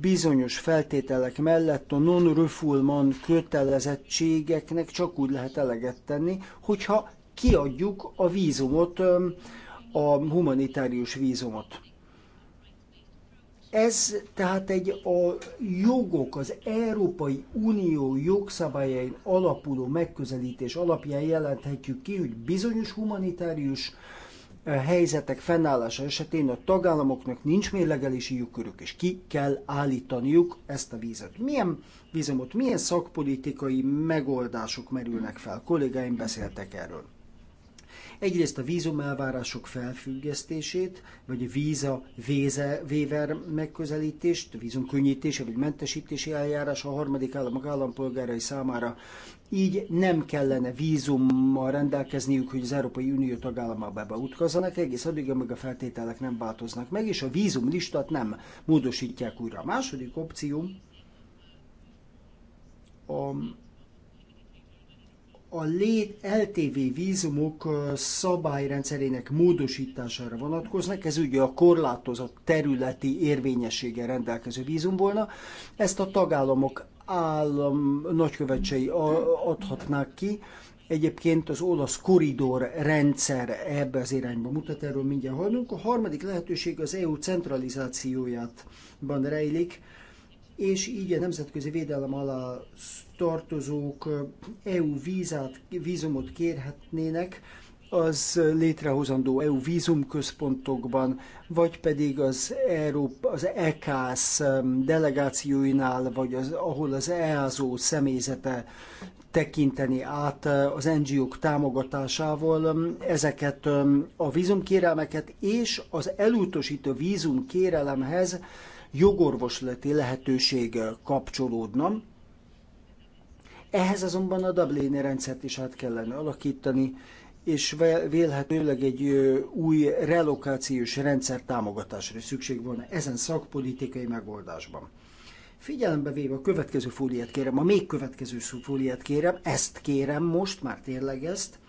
bizonyos feltételek mellett a non-refoulement kötelezettségeknek csak úgy lehet eleget tenni, hogyha kiadjuk a vízumot a humanitárius vízumot. Ez tehát egy a jogok, az Európai Unió jogszabályain alapuló megközelítés alapján jelenthetjük ki, hogy bizonyos humanitárius eh, helyzetek fennállása esetén a tagállamoknak nincs mérlegelési jogkörök, és ki kell állítaniuk ezt a vízet. Milyen vízumot, milyen szakpolitikai megoldások merülnek fel? Kollégáim beszéltek erről. Egyrészt a vízum elvárások felfüggesztését, vagy a víza véze, véver megközelítést, a vízum könnyítése vagy mentesítési eljárás a harmadik államok állampolgárai számára. Így nem kellene vízummal rendelkezniük, hogy az Európai Unió tagállamába beutazzanak, egész addig, amíg a feltételek nem változnak meg, és a vízum listát nem módosítják újra. A második opció a a lét LTV vízumok szabályrendszerének módosítására vonatkoznak, ez ugye a korlátozott területi érvényességgel rendelkező vízum volna, ezt a tagállamok állam nagykövetsei adhatnák ki, Egyébként az olasz koridor rendszer ebbe az irányba mutat, erről mindjárt hallunk. A harmadik lehetőség az EU centralizációjátban rejlik, és így a nemzetközi védelem alá tartozók EU vízát, vízumot kérhetnének, az létrehozandó EU vízumközpontokban, vagy pedig az, Európa, az EKS delegációinál, vagy az, ahol az EASO személyzete tekinteni át az NGO-k támogatásával ezeket a vízumkérelmeket és az elutasító vízumkérelemhez jogorvosleti lehetőség kapcsolódna. Ehhez azonban a Dublini rendszert is át kellene alakítani, és vélhetőleg egy új relokációs rendszer támogatásra szükség van ezen szakpolitikai megoldásban. Figyelembe véve a következő fóliát kérem, a még következő fóliát kérem, ezt kérem most, már tényleg ezt,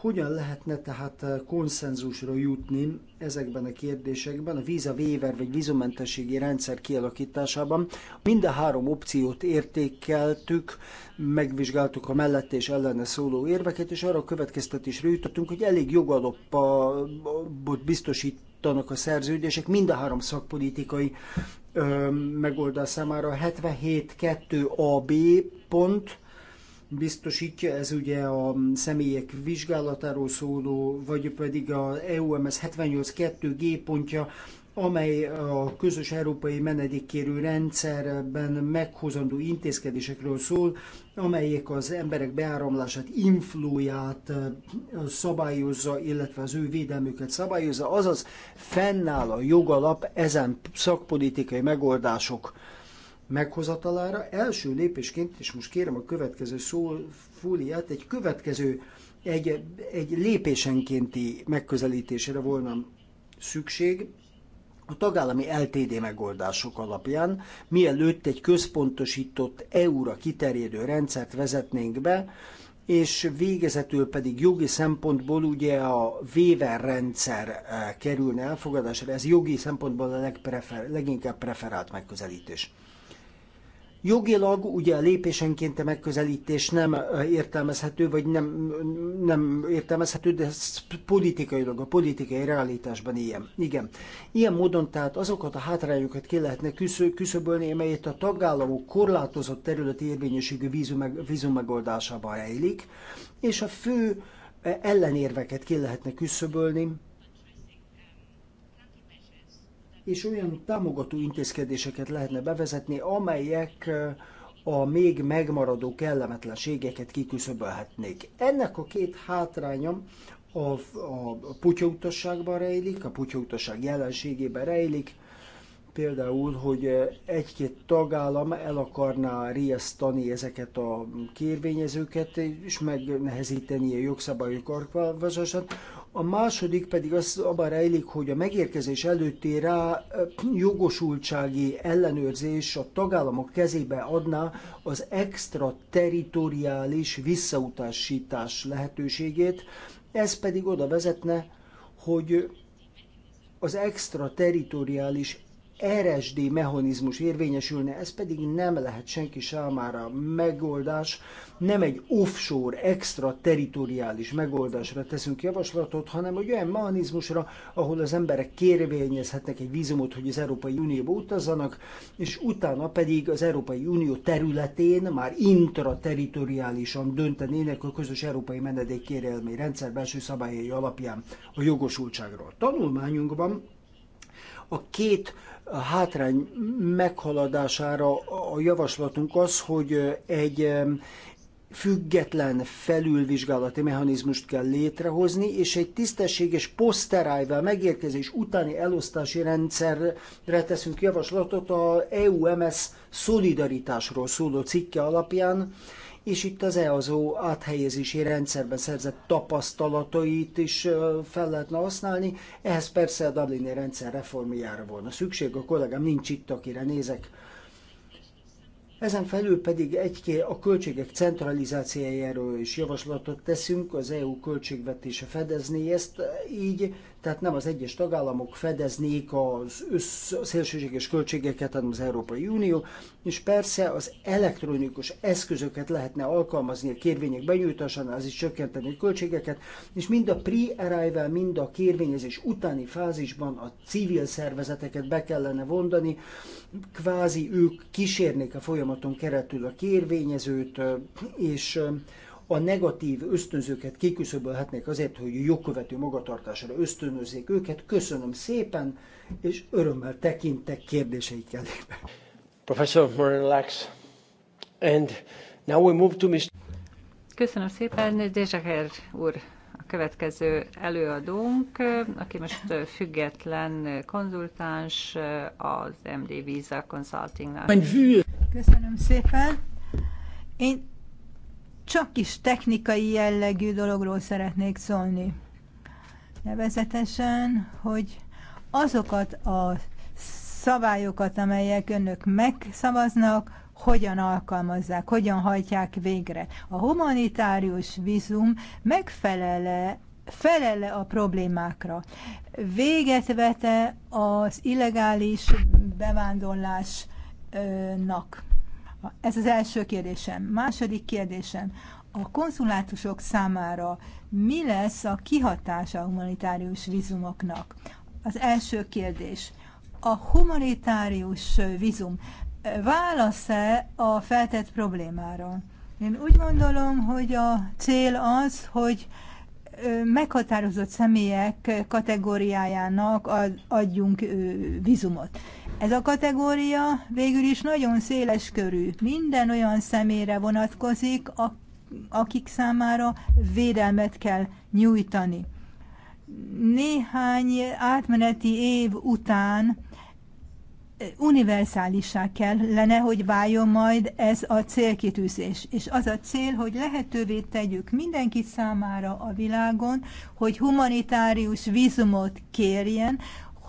hogyan lehetne tehát eh, konszenzusra jutni ezekben a kérdésekben, a víza véver vagy vízumentességi rendszer kialakításában? Mind a három opciót értékeltük, megvizsgáltuk a mellette és ellene szóló érveket, és arra a következtetésre jutottunk, hogy elég jogalapot eh, biztosítanak a szerződések mind a három szakpolitikai ö, eh, megoldás számára. 77.2 AB pont, biztosítja, ez ugye a személyek vizsgálatáról szóló, vagy pedig a EUMS 78.2G pontja, amely a közös európai menedékkérő rendszerben meghozandó intézkedésekről szól, amelyek az emberek beáramlását, inflóját szabályozza, illetve az ő védelmüket szabályozza, azaz fennáll a jogalap ezen szakpolitikai megoldások meghozatalára első lépésként, és most kérem a következő szó, egy következő, egy, egy lépésenkénti megközelítésre volna szükség, a tagállami LTD megoldások alapján, mielőtt egy központosított EU-ra kiterjedő rendszert vezetnénk be, és végezetül pedig jogi szempontból ugye a Weber rendszer eh, kerülne elfogadásra, ez jogi szempontból a legprefer, leginkább preferált megközelítés. Jogilag ugye lépésenként a megközelítés nem értelmezhető, vagy nem, nem értelmezhető, de ez politikailag, a politikai realitásban ilyen. Igen. Ilyen módon tehát azokat a hátrányokat ki lehetne küszöbölni, amelyet a tagállamok korlátozott területi érvényességű vízum, megoldásába megoldásában rejlik, és a fő e, ellenérveket ki lehetne küszöbölni, és olyan támogató intézkedéseket lehetne bevezetni, amelyek eh, a még megmaradó kellemetlenségeket kiküszöbölhetnék. Ennek a két hátrányom a, a putyautasságban rejlik, a putyautasság jelenségében rejlik, például, hogy eh, egy-két tagállam el akarná riasztani ezeket a kérvényezőket, és megnehezíteni a jogszabályok alkalmazását, a második pedig az abban rejlik, hogy a megérkezés előtti rá jogosultsági ellenőrzés a tagállamok kezébe adná az extra teritoriális visszautasítás lehetőségét, ez pedig oda vezetne, hogy az extra teritoriális RSD mechanizmus érvényesülne, ez pedig nem lehet senki számára megoldás, nem egy offshore, extra teritoriális megoldásra teszünk javaslatot, hanem egy olyan mechanizmusra, ahol az emberek kérvényezhetnek egy vízumot, hogy az Európai Unióba utazzanak, és utána pedig az Európai Unió területén már intrateritoriálisan döntenének a közös európai menedékkérelmi rendszer belső szabályai alapján a jogosultságról. Tanulmányunkban a két hátrány meghaladására a javaslatunk az, hogy egy független felülvizsgálati mechanizmust kell létrehozni, és egy tisztességes poszterájvel megérkezés utáni elosztási rendszerre teszünk javaslatot a EUMS szolidaritásról szóló cikke alapján, és itt az EAZO áthelyezési rendszerben szerzett tapasztalatait is fel lehetne használni. Ehhez persze a Dublini rendszer reformjára volna szükség, a kollégám nincs itt, akire nézek. Ezen felül pedig egy a költségek centralizációjáról is javaslatot teszünk, az EU költségvetése fedezni ezt, így tehát nem az egyes tagállamok fedeznék az össz, a szélsőséges költségeket, hanem az Európai Unió, és persze az elektronikus eszközöket lehetne alkalmazni a kérvények benyújtásánál, az is csökkenteni a költségeket, és mind a pre-arrival, mind a kérvényezés utáni fázisban a civil szervezeteket be kellene vondani, kvázi ők kísérnék a folyamaton keretül a kérvényezőt, és a negatív ösztönzőket kiküszöbölhetnék azért, hogy jogkövető magatartásra ösztönözzék őket. Köszönöm szépen, és örömmel tekintek kérdéseik elébe. Professor Lax, and now we move to Mr. Köszönöm szépen, Dézseher úr, a következő előadónk, aki most független konzultáns az MD Visa -nál. Köszönöm szépen. Én csak is technikai jellegű dologról szeretnék szólni. Nevezetesen, hogy azokat a szabályokat, amelyek önök megszavaznak, hogyan alkalmazzák, hogyan hajtják végre. A humanitárius vízum megfelele felele a problémákra. Véget vete az illegális bevándorlásnak. Ez az első kérdésem. Második kérdésem. A konzulátusok számára mi lesz a kihatása a humanitárius vízumoknak? Az első kérdés. A humanitárius vízum válasz-e a feltett problémára? Én úgy gondolom, hogy a cél az, hogy meghatározott személyek kategóriájának adjunk vízumot. Ez a kategória végül is nagyon széles körű. Minden olyan személyre vonatkozik, akik számára védelmet kell nyújtani. Néhány átmeneti év után kell eh, kellene, hogy váljon majd ez a célkitűzés. És az a cél, hogy lehetővé tegyük mindenki számára a világon, hogy humanitárius vízumot kérjen,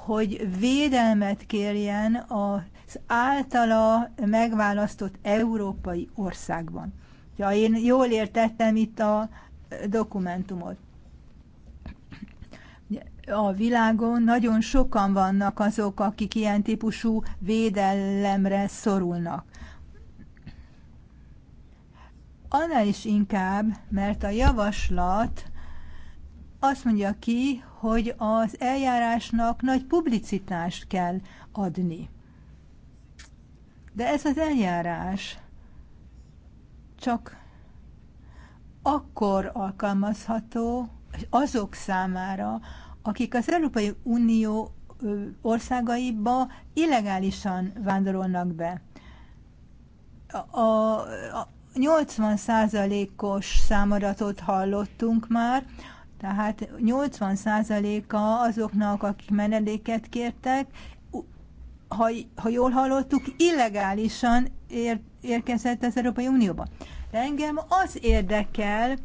hogy védelmet kérjen az általa megválasztott európai országban. Ja, én jól értettem itt a dokumentumot. A világon nagyon sokan vannak azok, akik ilyen típusú védelemre szorulnak. Annál is inkább, mert a javaslat azt mondja ki, hogy az eljárásnak nagy publicitást kell adni. De ez az eljárás csak akkor alkalmazható azok számára, akik az Európai Unió országaiba illegálisan vándorolnak be. A, a 80%-os számadatot hallottunk már, tehát 80%-a azoknak, akik menedéket kértek, ha, ha jól hallottuk, illegálisan ér, érkezett az Európai Unióba. De engem az érdekel,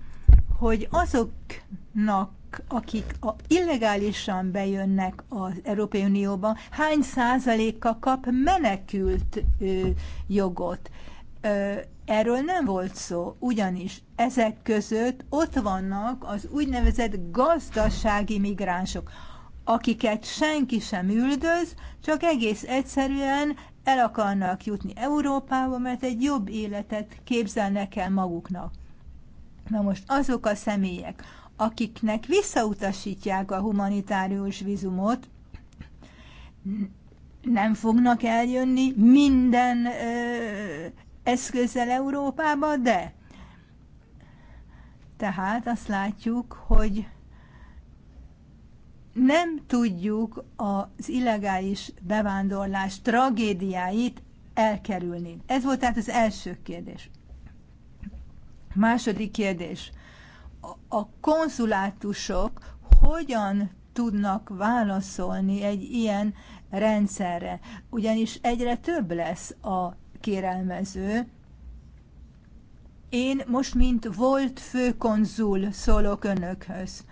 hogy azoknak, akik a, illegálisan bejönnek az Európai Unióba, hány százaléka kap menekült ö, jogot erről nem volt szó, ugyanis ezek között ott vannak az úgynevezett gazdasági migránsok, akiket senki sem üldöz, csak egész egyszerűen el akarnak jutni Európába, mert egy jobb életet képzelnek el maguknak. Na most azok a személyek, akiknek visszautasítják a humanitárius vizumot, nem fognak eljönni minden ö, eszközzel Európába, de tehát azt látjuk, hogy nem tudjuk az illegális bevándorlás tragédiáit elkerülni. Ez volt tehát az első kérdés. Második kérdés. A konzulátusok hogyan tudnak válaszolni egy ilyen rendszerre? Ugyanis egyre több lesz a kérelmező. Én most, mint volt főkonzul szólok önökhöz.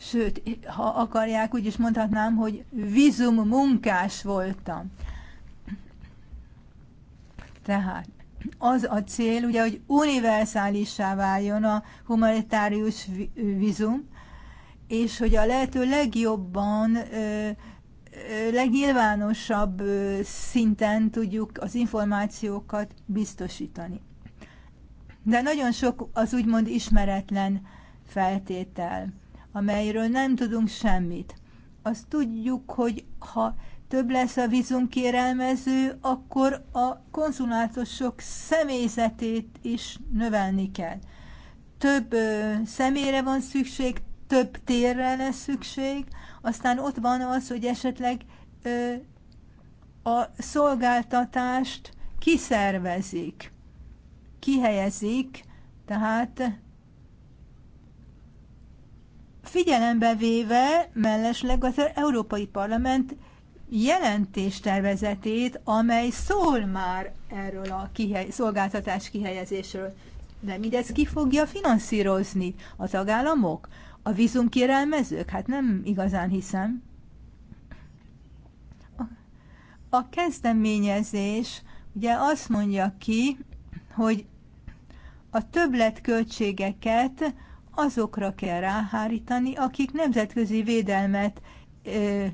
Sőt, ha akarják, úgy is mondhatnám, hogy vízum munkás voltam. Tehát az a cél, ugye, hogy univerzálissá váljon a humanitárius vízum, és hogy a lehető legjobban ö, legnyilvánosabb szinten tudjuk az információkat biztosítani. De nagyon sok az úgymond ismeretlen feltétel, amelyről nem tudunk semmit. Azt tudjuk, hogy ha több lesz a vízumkérelmező, akkor a konzulátusok személyzetét is növelni kell. Több ö, személyre van szükség, több térre lesz szükség, aztán ott van az, hogy esetleg ö, a szolgáltatást kiszervezik, kihelyezik, tehát figyelembe véve mellesleg az Európai Parlament jelentéstervezetét, amely szól már erről a kihely, szolgáltatás kihelyezésről. De mindez ki fogja finanszírozni? A tagállamok? a vízumkérelmezők? Hát nem igazán hiszem. A kezdeményezés ugye azt mondja ki, hogy a többletköltségeket azokra kell ráhárítani, akik nemzetközi védelmet ö,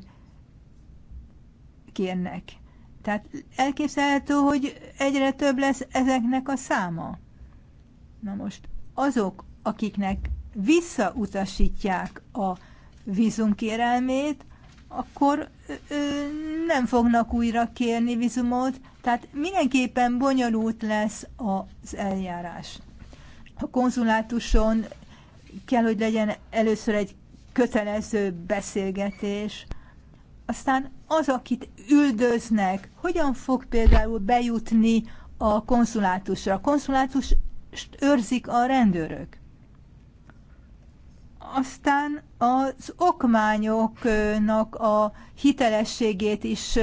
kérnek. Tehát elképzelhető, hogy egyre több lesz ezeknek a száma. Na most azok, akiknek visszautasítják a vízumkérelmét, akkor ö, nem fognak újra kérni vízumot, tehát mindenképpen bonyolult lesz az eljárás. A konzulátuson kell, hogy legyen először egy kötelező beszélgetés, aztán az, akit üldöznek, hogyan fog például bejutni a konzulátusra. A konzulátus őrzik a rendőrök. Aztán az okmányoknak a hitelességét is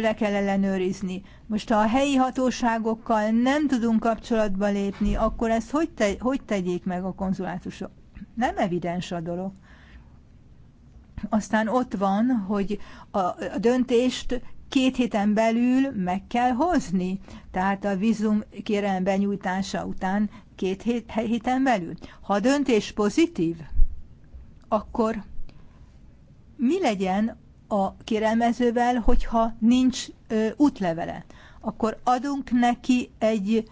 le kell ellenőrizni. Most ha a helyi hatóságokkal nem tudunk kapcsolatba lépni, akkor ezt hogy, te, hogy tegyék meg a konzulátusok? Nem evidens a dolog. Aztán ott van, hogy a, a döntést két héten belül meg kell hozni. Tehát a vízum kérelem benyújtása után két héten belül. Ha a döntés pozitív, akkor mi legyen a kérelmezővel, hogyha nincs ö, útlevele? Akkor adunk neki egy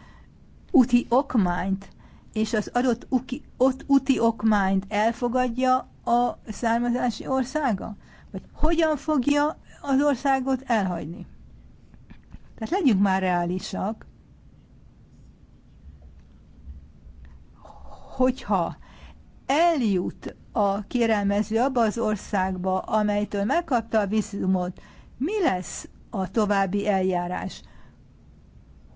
úti okmányt, és az adott uki, ott úti okmányt elfogadja a származási országa? Vagy hogyan fogja az országot elhagyni? Tehát legyünk már reálisak. hogyha eljut a kérelmező abba az országba, amelytől megkapta a vízumot, mi lesz a további eljárás?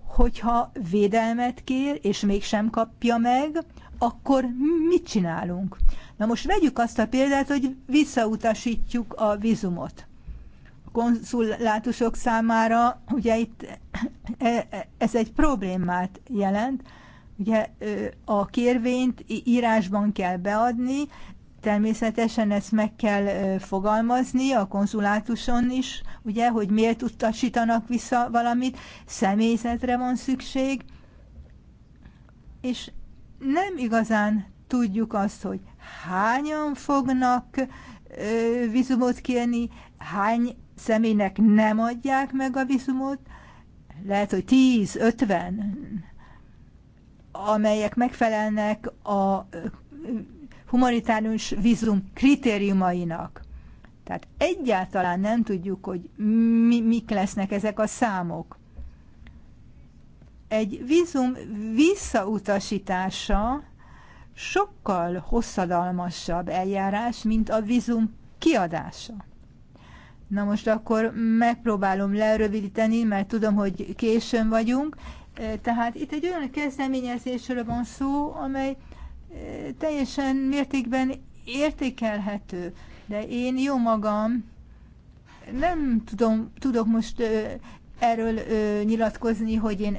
Hogyha védelmet kér, és mégsem kapja meg, akkor mit csinálunk? Na most vegyük azt a példát, hogy visszautasítjuk a vízumot. A konzulátusok számára ugye itt e, e, ez egy problémát jelent, Ugye a kérvényt írásban kell beadni, természetesen ezt meg kell fogalmazni a konzulátuson is, ugye, hogy miért utasítanak vissza valamit, személyzetre van szükség, és nem igazán tudjuk azt, hogy hányan fognak vizumot kérni, hány személynek nem adják meg a vizumot, lehet, hogy 10, 50, amelyek megfelelnek a humanitárius vízum kritériumainak. Tehát egyáltalán nem tudjuk, hogy mi, mik lesznek ezek a számok. Egy vízum visszautasítása sokkal hosszadalmasabb eljárás, mint a vízum kiadása. Na most akkor megpróbálom lerövidíteni, mert tudom, hogy későn vagyunk. Tehát itt egy olyan kezdeményezésről van szó, amely teljesen mértékben értékelhető, de én jó magam nem tudom, tudok most erről nyilatkozni, hogy én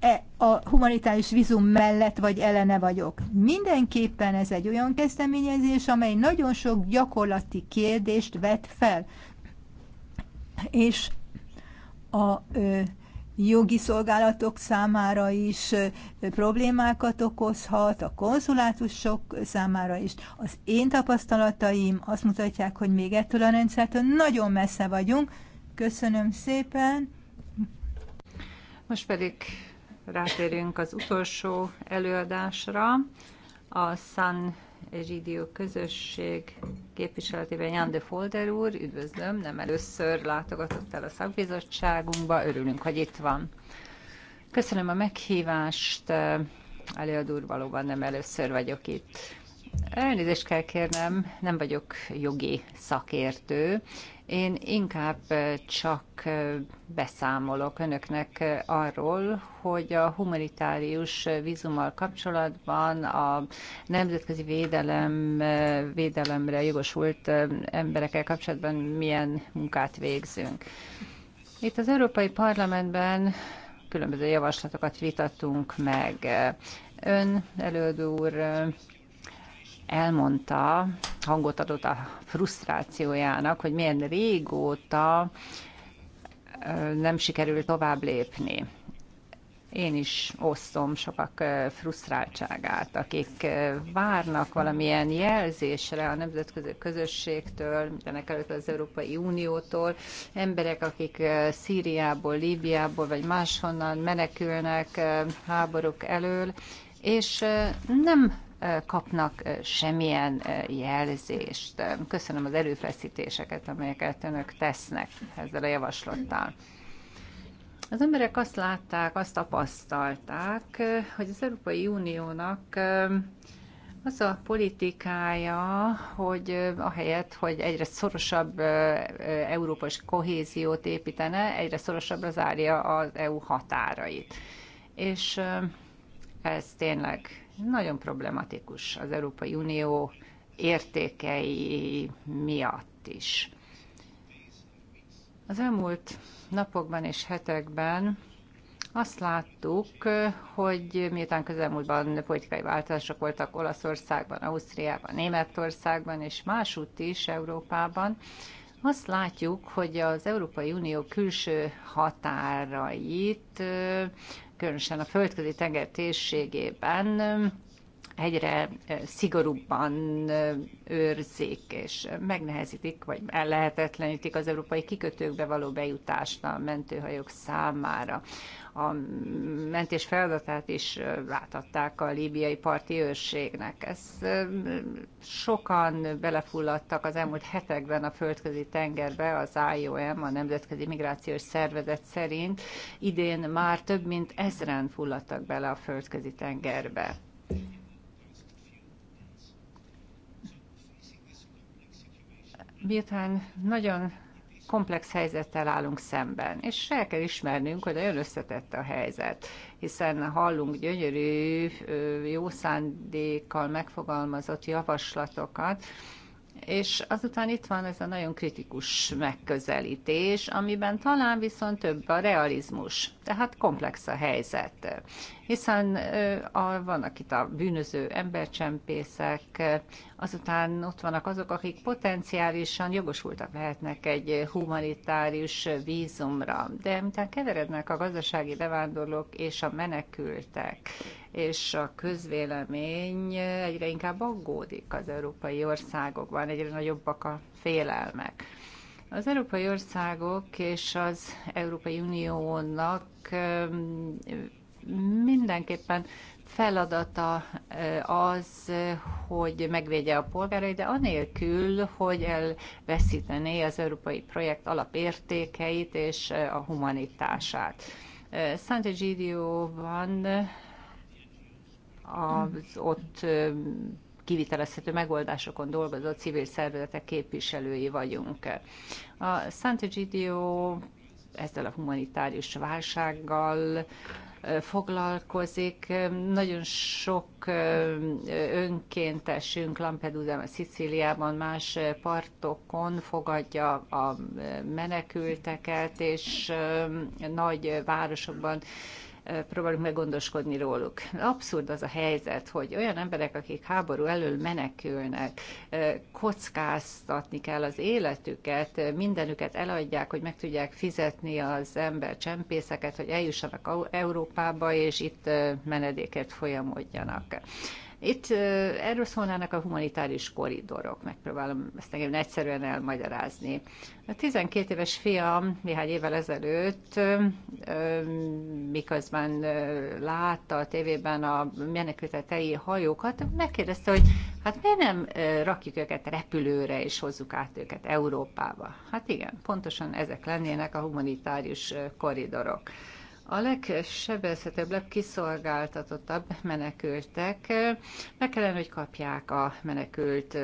e, a humanitárius vízum mellett vagy ellene vagyok. Mindenképpen ez egy olyan kezdeményezés, amely nagyon sok gyakorlati kérdést vet fel. És a ö, jogi szolgálatok számára is problémákat okozhat, a konzulátusok számára is. Az én tapasztalataim azt mutatják, hogy még ettől a rendszertől nagyon messze vagyunk. Köszönöm szépen! Most pedig rátérünk az utolsó előadásra, a San Zsidió közösség képviseletében Jan de Folder úr, üdvözlöm, nem először látogatott el a szakbizottságunkba, örülünk, hogy itt van. Köszönöm a meghívást, előadó úr, valóban nem először vagyok itt. Elnézést kell kérnem, nem vagyok jogi szakértő, én inkább csak beszámolok önöknek arról, hogy a humanitárius vízummal kapcsolatban a nemzetközi védelem, védelemre jogosult emberekkel kapcsolatban milyen munkát végzünk. Itt az Európai Parlamentben különböző javaslatokat vitattunk meg. Ön, előadó úr, elmondta, hangot adott a frusztrációjának, hogy milyen régóta nem sikerül tovább lépni. Én is osztom sokak frusztráltságát, akik várnak valamilyen jelzésre a nemzetközi közösségtől, mindenek előtt az Európai Uniótól, emberek, akik Szíriából, Líbiából vagy máshonnan menekülnek háborúk elől, és nem kapnak semmilyen jelzést. Köszönöm az erőfeszítéseket, amelyeket önök tesznek ezzel a javaslattal. Az emberek azt látták, azt tapasztalták, hogy az Európai Uniónak az a politikája, hogy ahelyett, hogy egyre szorosabb európai kohéziót építene, egyre szorosabbra zárja az EU határait. És ez tényleg nagyon problematikus az Európai Unió értékei miatt is. Az elmúlt napokban és hetekben azt láttuk, hogy miután közelmúltban politikai változások voltak Olaszországban, Ausztriában, Németországban és másútt is Európában, azt látjuk, hogy az Európai Unió külső határait különösen a földközi tenger térségében egyre szigorúbban őrzik, és megnehezítik, vagy ellehetetlenítik az európai kikötőkbe való bejutást a mentőhajók számára a mentés feladatát is láthatták a líbiai parti őrségnek. Ez sokan belefulladtak az elmúlt hetekben a földközi tengerbe az IOM, a Nemzetközi Migrációs Szervezet szerint. Idén már több mint ezren fulladtak bele a földközi tengerbe. Miután nagyon komplex helyzettel állunk szemben, és el kell ismernünk, hogy nagyon összetett a helyzet, hiszen hallunk gyönyörű, jó szándékkal megfogalmazott javaslatokat, és azután itt van ez a nagyon kritikus megközelítés, amiben talán viszont több a realizmus, tehát komplex a helyzet hiszen a, vannak itt a bűnöző embercsempészek, azután ott vannak azok, akik potenciálisan jogosultak lehetnek egy humanitárius vízumra, de miután keverednek a gazdasági bevándorlók és a menekültek, és a közvélemény egyre inkább aggódik az európai országokban, egyre nagyobbak a félelmek. Az európai országok és az Európai Uniónak mindenképpen feladata az, hogy megvédje a polgárai, de anélkül, hogy elveszítené az európai projekt alapértékeit és a humanitását. santegidio van, az ott kivitelezhető megoldásokon dolgozó civil szervezetek képviselői vagyunk. A Sant'Egidio ezzel a humanitárius válsággal foglalkozik. Nagyon sok önkéntesünk Lampedusa, Sziciliában, más partokon fogadja a menekülteket, és nagy városokban próbálunk meggondoskodni róluk. Abszurd az a helyzet, hogy olyan emberek, akik háború elől menekülnek, kockáztatni kell az életüket, mindenüket eladják, hogy meg tudják fizetni az ember csempészeket, hogy eljussanak Európába, és itt menedéket folyamodjanak. Itt erről szólnának a humanitáris koridorok, megpróbálom ezt nekem egyszerűen elmagyarázni. A 12 éves fiam néhány évvel ezelőtt, miközben látta a tévében a menekültetei hajókat, megkérdezte, hogy hát miért nem rakjuk őket repülőre és hozzuk át őket Európába? Hát igen, pontosan ezek lennének a humanitárius koridorok a legsebezhetőbb, legkiszolgáltatottabb menekültek meg kellene, hogy kapják a menekült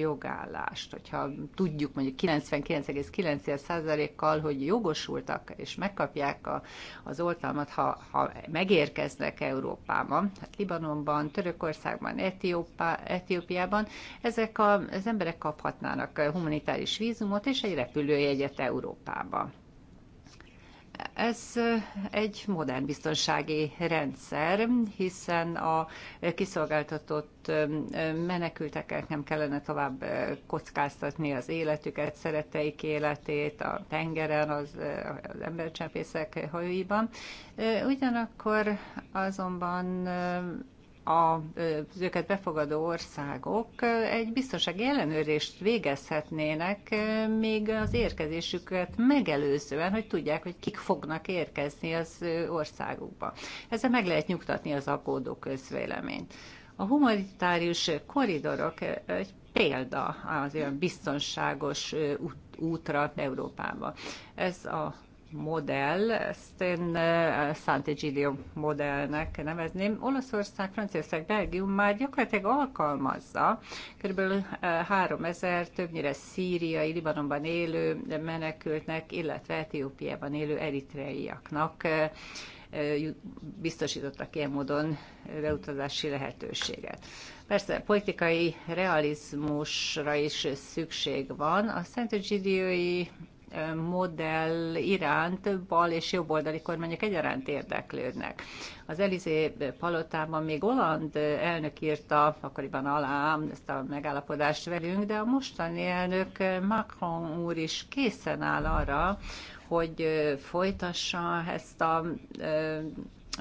jogállást. Hogyha tudjuk mondjuk 99,9%-kal, hogy jogosultak és megkapják a, az oltalmat, ha, ha megérkeznek Európába, hát Libanonban, Törökországban, Etiópá, Etiópiában, ezek a, az emberek kaphatnának humanitáris vízumot és egy repülőjegyet Európába. Ez egy modern biztonsági rendszer, hiszen a kiszolgáltatott menekülteknek nem kellene tovább kockáztatni az életüket, szeretteik életét a tengeren, az, az embercsempészek hajóiban. Ugyanakkor azonban a őket befogadó országok egy biztonsági ellenőrzést végezhetnének még az érkezésüket megelőzően, hogy tudják, hogy kik fognak érkezni az országukba. Ezzel meg lehet nyugtatni az aggódó közvéleményt. A humanitárius koridorok egy példa az olyan biztonságos út, útra Európába. Ez a modell, ezt én eh, Sant'Egidio modellnek nevezném. Olaszország, Franciaország, Belgium már gyakorlatilag alkalmazza kb. 3000 eh, többnyire szíriai, Libanonban élő menekültnek, illetve Etiópiában élő eritreiaknak eh, biztosítottak ilyen módon beutazási lehetőséget. Persze politikai realizmusra is szükség van. A Szent Egidiói modell iránt bal és jobboldali kormányok egyaránt érdeklődnek. Az Elizé palotában még Oland elnök írta akkoriban alá ezt a megállapodást velünk, de a mostani elnök Macron úr is készen áll arra, hogy folytassa ezt a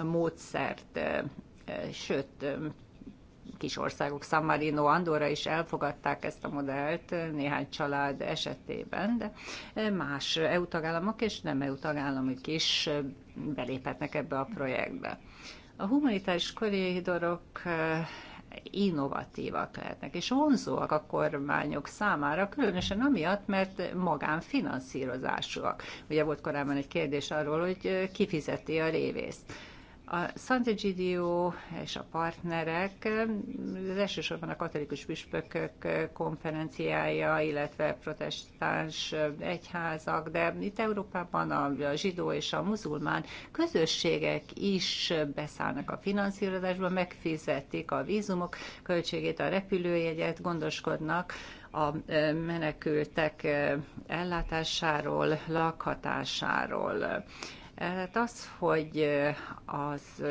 módszert, sőt, kis országok, San Marino, Andorra is elfogadták ezt a modellt eh, néhány család esetében, de eh, más EU tagállamok és nem EU tagállamok is eh, beléphetnek ebbe a projektbe. A humanitáris koridorok innovatívak lehetnek, és vonzóak a kormányok számára, különösen amiatt, mert magánfinanszírozásúak. Ugye volt korábban egy kérdés arról, hogy kifizeti a révészt. A Sant'Egidio és a partnerek, az elsősorban a katolikus püspökök konferenciája, illetve protestáns egyházak, de itt Európában a zsidó és a muzulmán közösségek is beszállnak a finanszírozásba, megfizetik a vízumok költségét, a repülőjegyet, gondoskodnak a e, menekültek e, ellátásáról, lakhatásáról tehát az, hogy az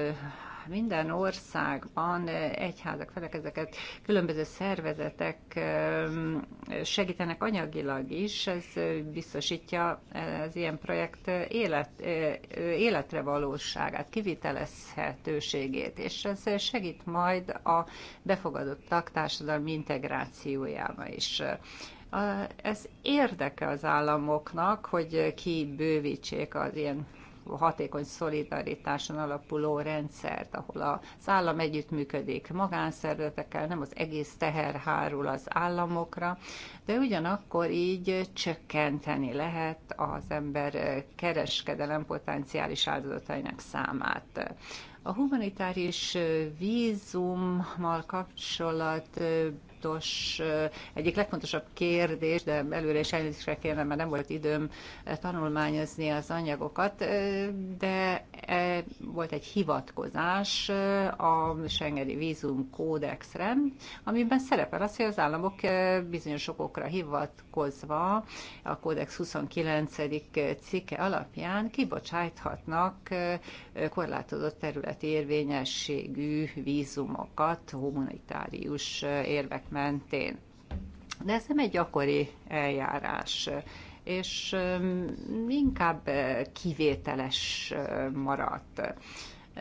minden országban egyházak, felekezeket, különböző szervezetek segítenek anyagilag is, ez biztosítja az ilyen projekt élet, életre valóságát, kivitelezhetőségét, és ez segít majd a befogadottak társadalmi integrációjába is. Ez érdeke az államoknak, hogy kibővítsék az ilyen hatékony szolidaritáson alapuló rendszert, ahol az állam együttműködik magánszervezetekkel, nem az egész teher hárul az államokra, de ugyanakkor így csökkenteni lehet az ember kereskedelem potenciális áldozatainak számát. A humanitáris vízummal kapcsolat fontos, egyik legfontosabb kérdés, de előre is elnézésre kérem, mert nem volt időm tanulmányozni az anyagokat, de volt egy hivatkozás a Schengeni vízum kódexre, amiben szerepel az, hogy az államok bizonyos okokra hivatkozva a kódex 29. cikke alapján kibocsájthatnak korlátozott területi érvényességű vízumokat humanitárius érvek mentén. De ez nem egy gyakori eljárás, és inkább kivételes maradt.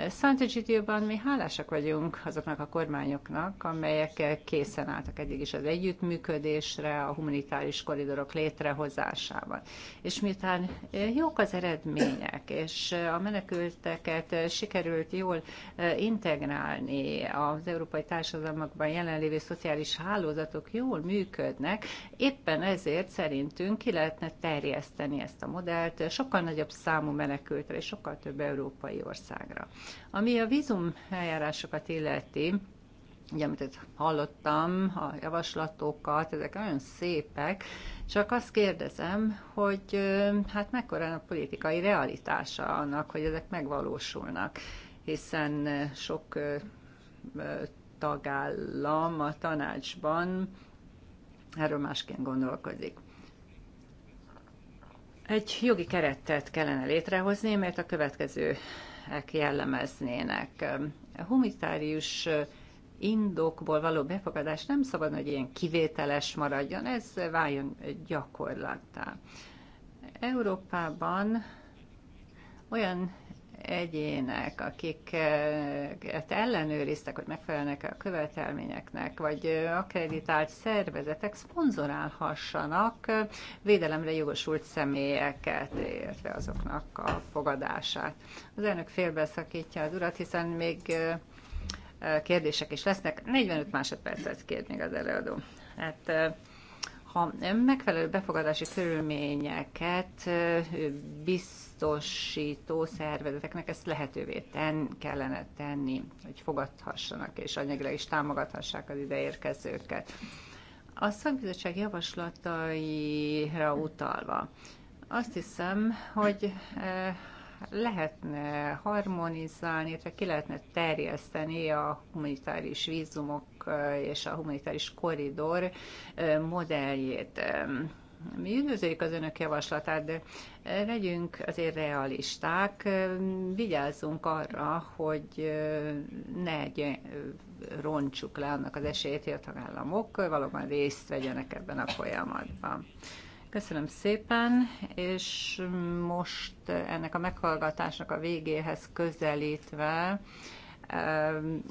Szentegyidőben mi hálásak vagyunk azoknak a kormányoknak, amelyek készen álltak eddig is az együttműködésre, a humanitáris koridorok létrehozásában. És miután jók az eredmények, és a menekülteket sikerült jól eh, integrálni, az európai társadalmakban jelenlévő szociális hálózatok jól működnek, éppen ezért szerintünk ki lehetne terjeszteni ezt a modellt sokkal nagyobb számú menekültre és sokkal több európai országra. Ami a vízum eljárásokat illeti, ugye, amit itt hallottam, a javaslatokat, ezek nagyon szépek, csak azt kérdezem, hogy hát mekkora a politikai realitása annak, hogy ezek megvalósulnak, hiszen sok tagállam a tanácsban erről másként gondolkodik. Egy jogi keretet kellene létrehozni, mert a következő jellemeznének. A Humitárius indokból való befogadás nem szabad, hogy ilyen kivételes maradjon, ez váljon gyakorlattá. Európában olyan egyének, akiket ellenőriztek, hogy megfelelnek a követelményeknek, vagy akreditált szervezetek szponzorálhassanak védelemre jogosult személyeket, illetve azoknak a fogadását. Az elnök félbeszakítja az urat, hiszen még kérdések is lesznek. 45 másodpercet kér még az előadó. Hát ha megfelelő befogadási körülményeket biztosító szervezeteknek ezt lehetővé ten, kellene tenni, hogy fogadhassanak és anyagra is támogathassák az ideérkezőket. A szakbizottság javaslataira utalva azt hiszem, hogy lehetne harmonizálni, illetve ki lehetne terjeszteni a humanitáris vízumok és a humanitáris korridor modelljét. Mi üdvözöljük az önök javaslatát, de legyünk azért realisták, vigyázzunk arra, hogy ne roncsuk le annak az esélyét, hogy a tagállamok valóban részt vegyenek ebben a folyamatban. Köszönöm szépen, és most ennek a meghallgatásnak a végéhez közelítve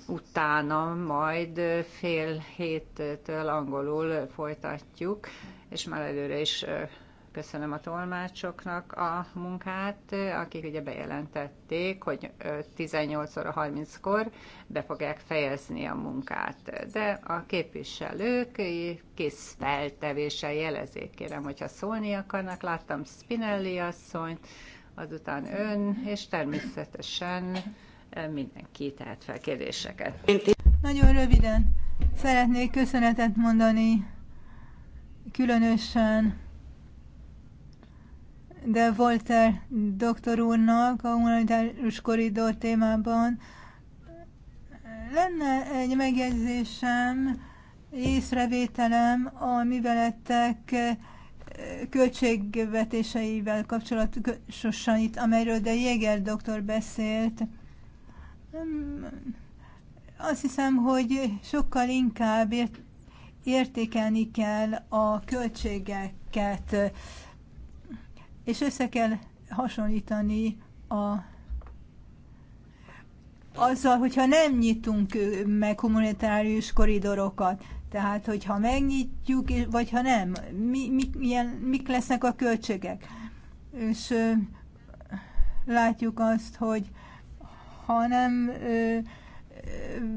utána majd fél héttől angolul folytatjuk, és már előre is köszönöm a tolmácsoknak a munkát, akik ugye bejelentették, hogy 18 óra 30-kor be fogják fejezni a munkát. De a képviselők kész feltevéssel jelezik, kérem, hogyha szólni akarnak. Láttam Spinelli asszonyt, azután ön, és természetesen mindenki tehet fel kérdéseket. Nagyon röviden szeretnék köszönetet mondani, különösen de Volter doktor úrnak a humanitárius koridor témában lenne egy megjegyzésem, észrevételem a műveletek eh, költségvetéseivel kapcsolatosan itt, amelyről de Jéger doktor beszélt. Azt hiszem, hogy sokkal inkább értékelni kell a költségeket, és össze kell hasonlítani a azzal, hogyha nem nyitunk meg humanitárius koridorokat, tehát hogyha megnyitjuk, vagy ha nem, mi, mi, milyen, mik lesznek a költségek. És látjuk azt, hogy ha nem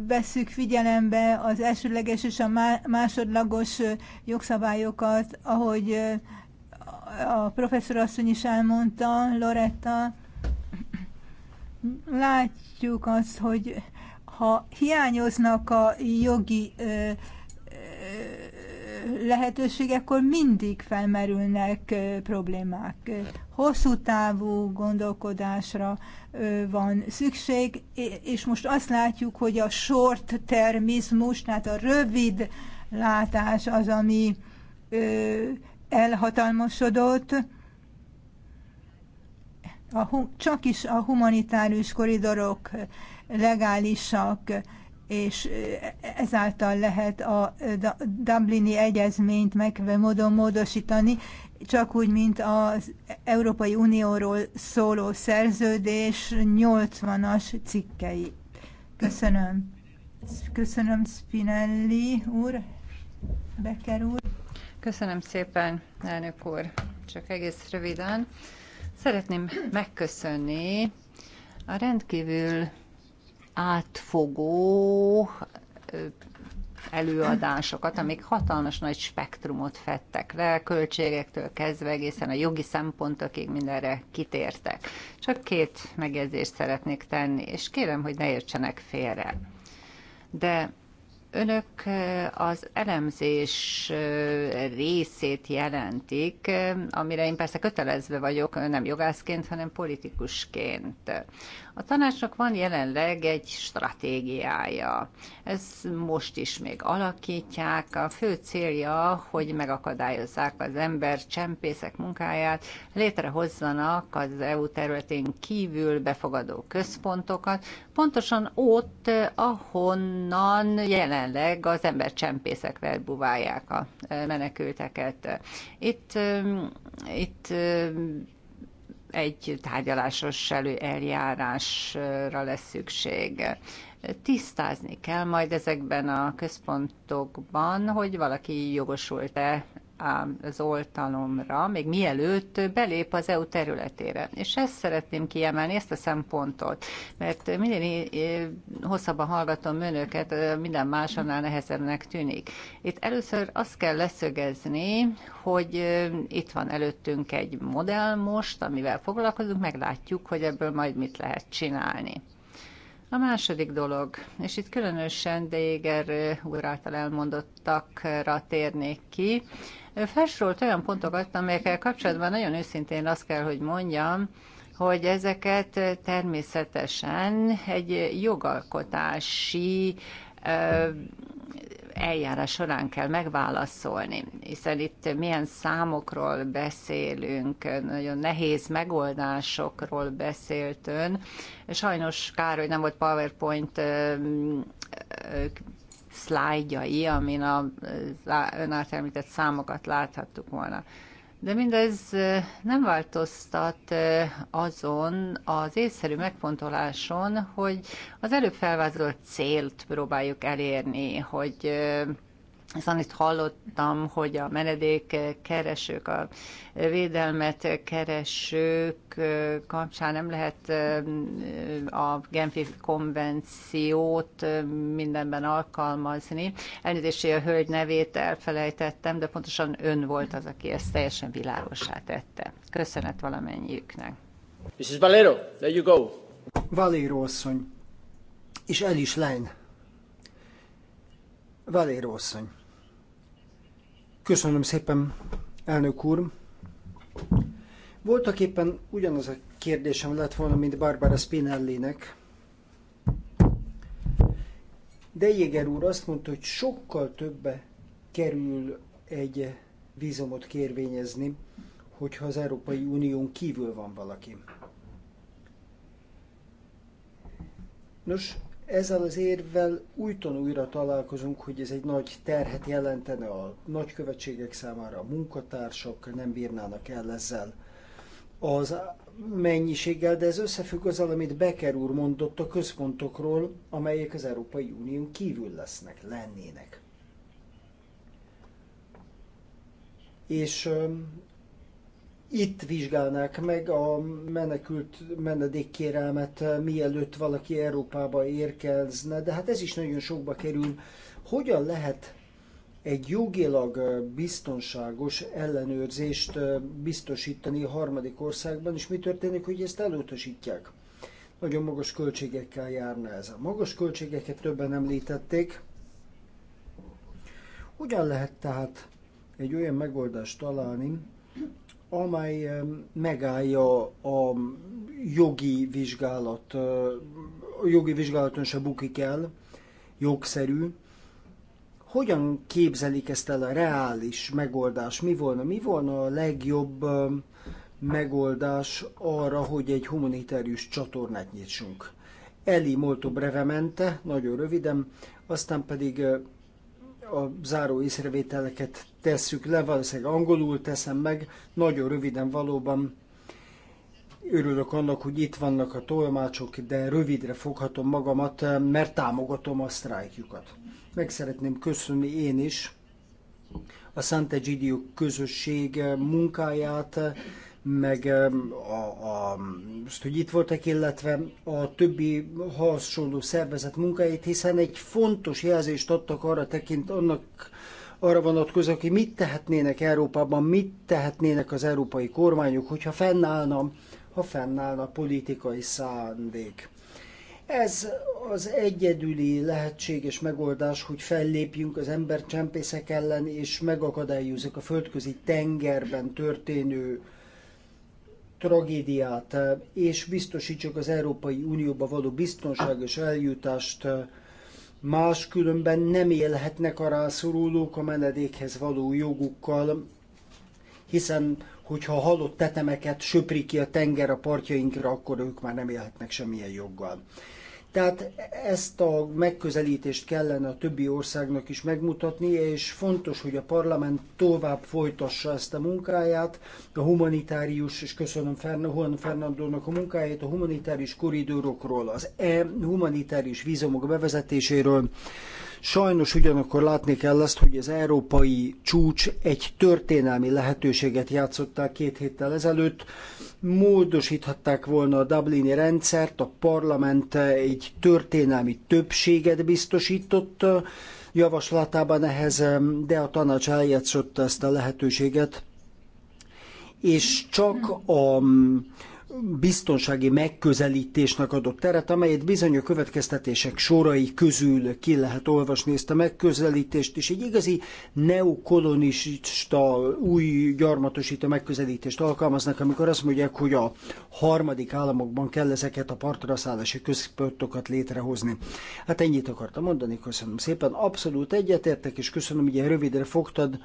veszük figyelembe az elsőleges és a másodlagos jogszabályokat, ahogy a professzor asszony is elmondta, Loretta, látjuk azt, hogy ha hiányoznak a jogi ö, ö, lehetőség, akkor mindig felmerülnek problémák. Hosszú távú gondolkodásra van szükség, és most azt látjuk, hogy a short termizmus, tehát a rövid látás az, ami elhatalmasodott, a, csak is a humanitárius koridorok legálisak, és ezáltal lehet a Dublini egyezményt megve módon módosítani, csak úgy, mint az Európai Unióról szóló szerződés 80-as cikkei. Köszönöm. Köszönöm Spinelli úr, Becker úr. Köszönöm szépen, elnök úr. Csak egész röviden. Szeretném megköszönni a rendkívül átfogó előadásokat, amik hatalmas nagy spektrumot fettek le, költségektől kezdve egészen a jogi szempontokig mindenre kitértek. Csak két megjegyzést szeretnék tenni, és kérem, hogy ne értsenek félre. De önök az elemzés részét jelentik, amire én persze kötelezve vagyok, nem jogászként, hanem politikusként. A tanácsnak van jelenleg egy stratégiája. Ez most is még alakítják. A fő célja, hogy megakadályozzák az ember csempészek munkáját, létrehozzanak az EU területén kívül befogadó központokat, pontosan ott, ahonnan jelenleg az ember csempészek verbuválják a menekülteket. Itt, itt egy tárgyalásos elő eljárásra lesz szükség. Tisztázni kell majd ezekben a központokban, hogy valaki jogosult-e az oltalomra, még mielőtt belép az EU területére. És ezt szeretném kiemelni, ezt a szempontot, mert minden hosszabban hallgatom önöket, minden más annál nehezebbnek tűnik. Itt először azt kell leszögezni, hogy itt van előttünk egy modell most, amivel foglalkozunk, meglátjuk, hogy ebből majd mit lehet csinálni. A második dolog, és itt különösen Déger úr által elmondottakra térnék ki, felsorolt olyan pontokat, amelyekkel kapcsolatban nagyon őszintén azt kell, hogy mondjam, hogy ezeket természetesen egy jogalkotási eljárás során kell megválaszolni, hiszen itt milyen számokról beszélünk, nagyon nehéz megoldásokról beszélt ön. Sajnos kár, hogy nem volt PowerPoint szlájdjai, amin a ön által említett számokat láthattuk volna. De mindez nem változtat azon az észszerű megfontoláson, hogy az előbb felvázolt célt próbáljuk elérni, hogy hiszen annyit hallottam, hogy a menedék keresők, a védelmet keresők kapcsán nem lehet a Genfi konvenciót mindenben alkalmazni. Elnézést, a hölgy nevét elfelejtettem, de pontosan ön volt az, aki ezt teljesen világosá tette. Köszönet valamennyiüknek. Mrs. Valero, there you go. Valero asszony, és el is Lane. Valéro asszony. Köszönöm szépen, elnök úr. Voltak éppen ugyanaz a kérdésem lett volna, mint Barbara Spinellinek. De Jéger úr azt mondta, hogy sokkal többe kerül egy vízumot kérvényezni, hogyha az Európai Unión kívül van valaki. Nos, ezzel az érvel újton újra találkozunk, hogy ez egy nagy terhet jelentene a nagykövetségek számára, a munkatársak nem bírnának el ezzel az mennyiséggel, de ez összefügg azzal, amit Becker úr mondott a központokról, amelyek az Európai Unión kívül lesznek, lennének. És itt vizsgálnák meg a menekült menedékkérelmet, mielőtt valaki Európába érkezne, de hát ez is nagyon sokba kerül. Hogyan lehet egy jogilag biztonságos ellenőrzést biztosítani a harmadik országban, és mi történik, hogy ezt elutasítják? Nagyon magas költségekkel járna ez. A magas költségeket többen említették. Hogyan lehet tehát egy olyan megoldást találni, amely megállja a jogi vizsgálat, a jogi vizsgálaton se bukik el, jogszerű. Hogyan képzelik ezt el a reális megoldás? Mi volna, mi volna a legjobb megoldás arra, hogy egy humanitárius csatornát nyitsunk? Eli molto brevemente, nagyon röviden, aztán pedig a záró észrevételeket tesszük le, valószínűleg angolul teszem meg, nagyon röviden valóban örülök annak, hogy itt vannak a tolmácsok, de rövidre foghatom magamat, mert támogatom a sztrájkjukat. Meg szeretném köszönni én is a Szent Gidio közösség munkáját, meg a, a itt voltak, illetve a többi hasonló szervezet munkáit, hiszen egy fontos jelzést adtak arra tekint, annak arra vonatkozóan, hogy mit tehetnének Európában, mit tehetnének az európai kormányok, hogyha fennállna, ha fennállna politikai szándék. Ez az egyedüli lehetséges megoldás, hogy fellépjünk az embercsempészek ellen, és megakadályozzuk a földközi tengerben történő tragédiát, eh, és biztosítsuk az Európai Unióba való biztonságos eljutást, eh, máskülönben nem élhetnek a rászorulók a menedékhez való jogukkal, hiszen hogyha halott tetemeket söpri ki a tenger a partjainkra, akkor ők már nem élhetnek semmilyen joggal. Tehát ezt a megközelítést kellene a többi országnak is megmutatni, és fontos, hogy a parlament tovább folytassa ezt a munkáját, a humanitárius, és köszönöm Juan Fernandónak a munkáját, a humanitárius koridorokról, az e humanitárius vízumok bevezetéséről, Sajnos ugyanakkor látni kell azt, hogy az európai csúcs egy történelmi lehetőséget játszották két héttel ezelőtt. Módosíthatták volna a Dublini rendszert, a parlament egy történelmi többséget biztosított javaslatában ehhez, de a tanács eljátszotta ezt a lehetőséget. És csak a biztonsági megközelítésnek adott teret, amelyet bizony a következtetések sorai közül ki lehet olvasni ezt a megközelítést, és egy igazi neokolonista, új gyarmatosító megközelítést alkalmaznak, amikor azt mondják, hogy a harmadik államokban kell ezeket a partra szállási központokat létrehozni. Hát ennyit akartam mondani, köszönöm szépen. Abszolút egyetértek, és köszönöm, hogy ilyen rövidre fogtad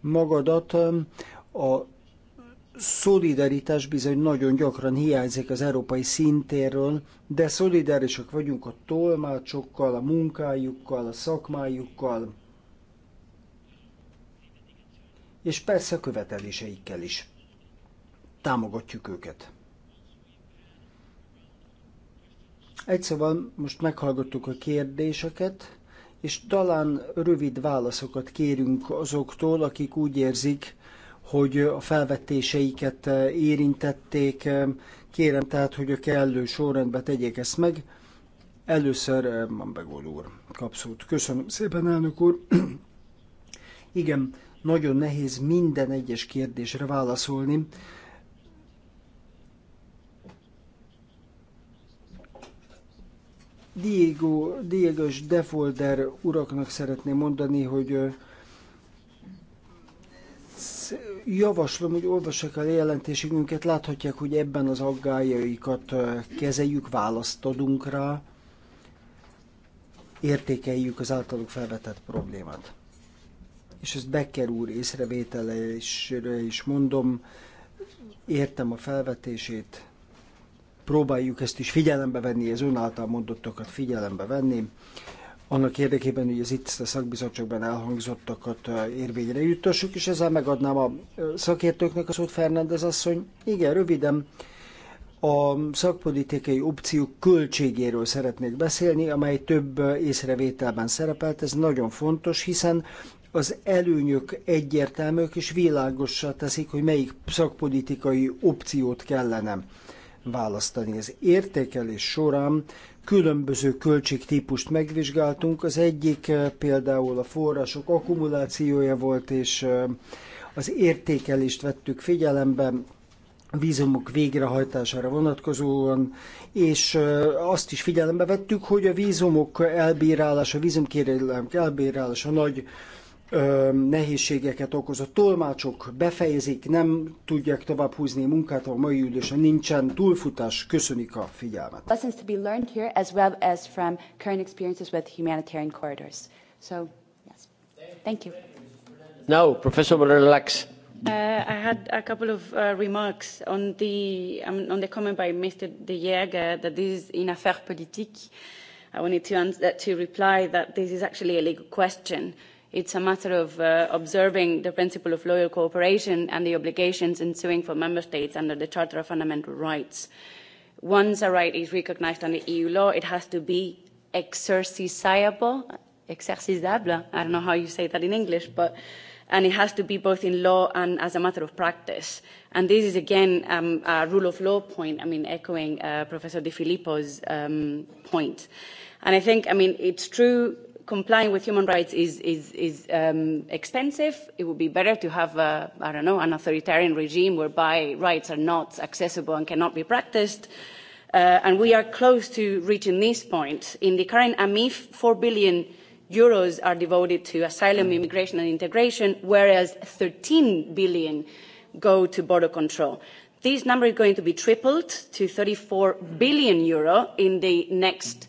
magadat a szolidaritás bizony nagyon gyakran hiányzik az európai szintéről, de szolidárisak vagyunk a tolmácsokkal, a munkájukkal, a szakmájukkal, és persze követeléseikkel is. Támogatjuk őket. Egy szóval most meghallgattuk a kérdéseket, és talán rövid válaszokat kérünk azoktól, akik úgy érzik, hogy a felvetéseiket eh, érintették. Eh, kérem tehát, hogy a kellő sorrendben tegyék ezt meg. Először eh, Mambegol úr kap Köszönöm szépen, elnök úr. Igen, nagyon nehéz minden egyes kérdésre válaszolni. Diego, Diego és Defolder uraknak szeretném mondani, hogy javaslom, hogy olvassák el a jelentésünket, láthatják, hogy ebben az aggájaikat kezeljük, választ adunk rá, értékeljük az általuk felvetett problémát. És ezt Becker úr észrevétele is mondom, értem a felvetését, próbáljuk ezt is figyelembe venni, az ön által mondottakat figyelembe venni, annak érdekében, hogy az itt a szakbizottságban elhangzottakat érvényre jutassuk, és ezzel megadnám a szakértőknek a szót Fernández asszony. Igen, röviden a szakpolitikai opciók költségéről szeretnék beszélni, amely több észrevételben szerepelt. Ez nagyon fontos, hiszen az előnyök egyértelműek és világosra teszik, hogy melyik szakpolitikai opciót kellene választani. Az értékelés során különböző költségtípust megvizsgáltunk. Az egyik eh, például a források akkumulációja volt, és eh, az értékelést vettük figyelembe, vízumok végrehajtására vonatkozóan, és eh, azt is figyelembe vettük, hogy a vízumok elbírálása, vízumkérelem elbírálása nagy nehézségeket okoz. A tolmácsok befejezik, nem tudják tovább húzni a munkát, a mai ülésen nincsen túlfutás. Köszönik a figyelmet. Lessons to be learned here as well as from current experiences with humanitarian corridors. So, yes. Thank you. Now, Professor relax. Uh, I had a couple of uh, remarks on the, um, on the comment by Mr. De Jager that this is in affaire politique. I wanted to, answer, uh, to reply that this is actually a legal question It's a matter of uh, observing the principle of loyal cooperation and the obligations ensuing for member states under the Charter of Fundamental Rights. Once a right is recognized under EU law, it has to be exercisable, exercisable. I don't know how you say that in English, but and it has to be both in law and as a matter of practice. And this is again um, a rule of law point. I mean, echoing uh, Professor De Filippo's um, point. And I think, I mean, it's true complying with human rights is, is, is um, expensive. It would be better to have, a, I don't know, an authoritarian regime whereby rights are not accessible and cannot be practiced. Uh, and we are close to reaching this point. In the current AMIF, 4 billion euros are devoted to asylum, immigration and integration, whereas 13 billion go to border control. This number is going to be tripled to 34 billion euro in the next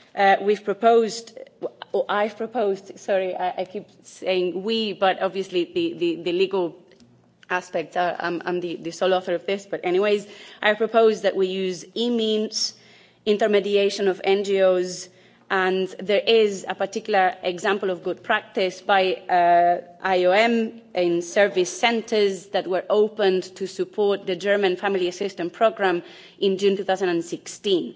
Uh, we've proposed or I've proposed, sorry, I, I keep saying we, but obviously the, the, the legal aspects, uh, I'm, I'm the, the sole author of this, but anyways, I propose that we use e-means, intermediation of NGOs, and there is a particular example of good practice by uh, IOM in service centres that were opened to support the German family assistance Program in June 2016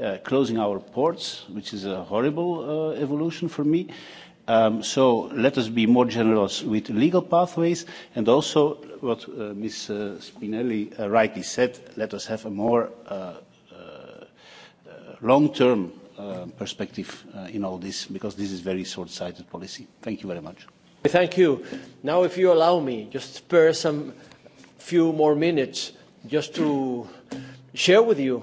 Uh, closing our ports, which is a horrible uh, evolution for me. Um, so let us be more generous with legal pathways and also what uh, Ms. Uh, Spinelli uh, rightly said, let us have a more uh, uh, long-term uh, perspective uh, in all this because this is very short-sighted policy. Thank you very much. Thank you. Now if you allow me, just spare some few more minutes just to share with you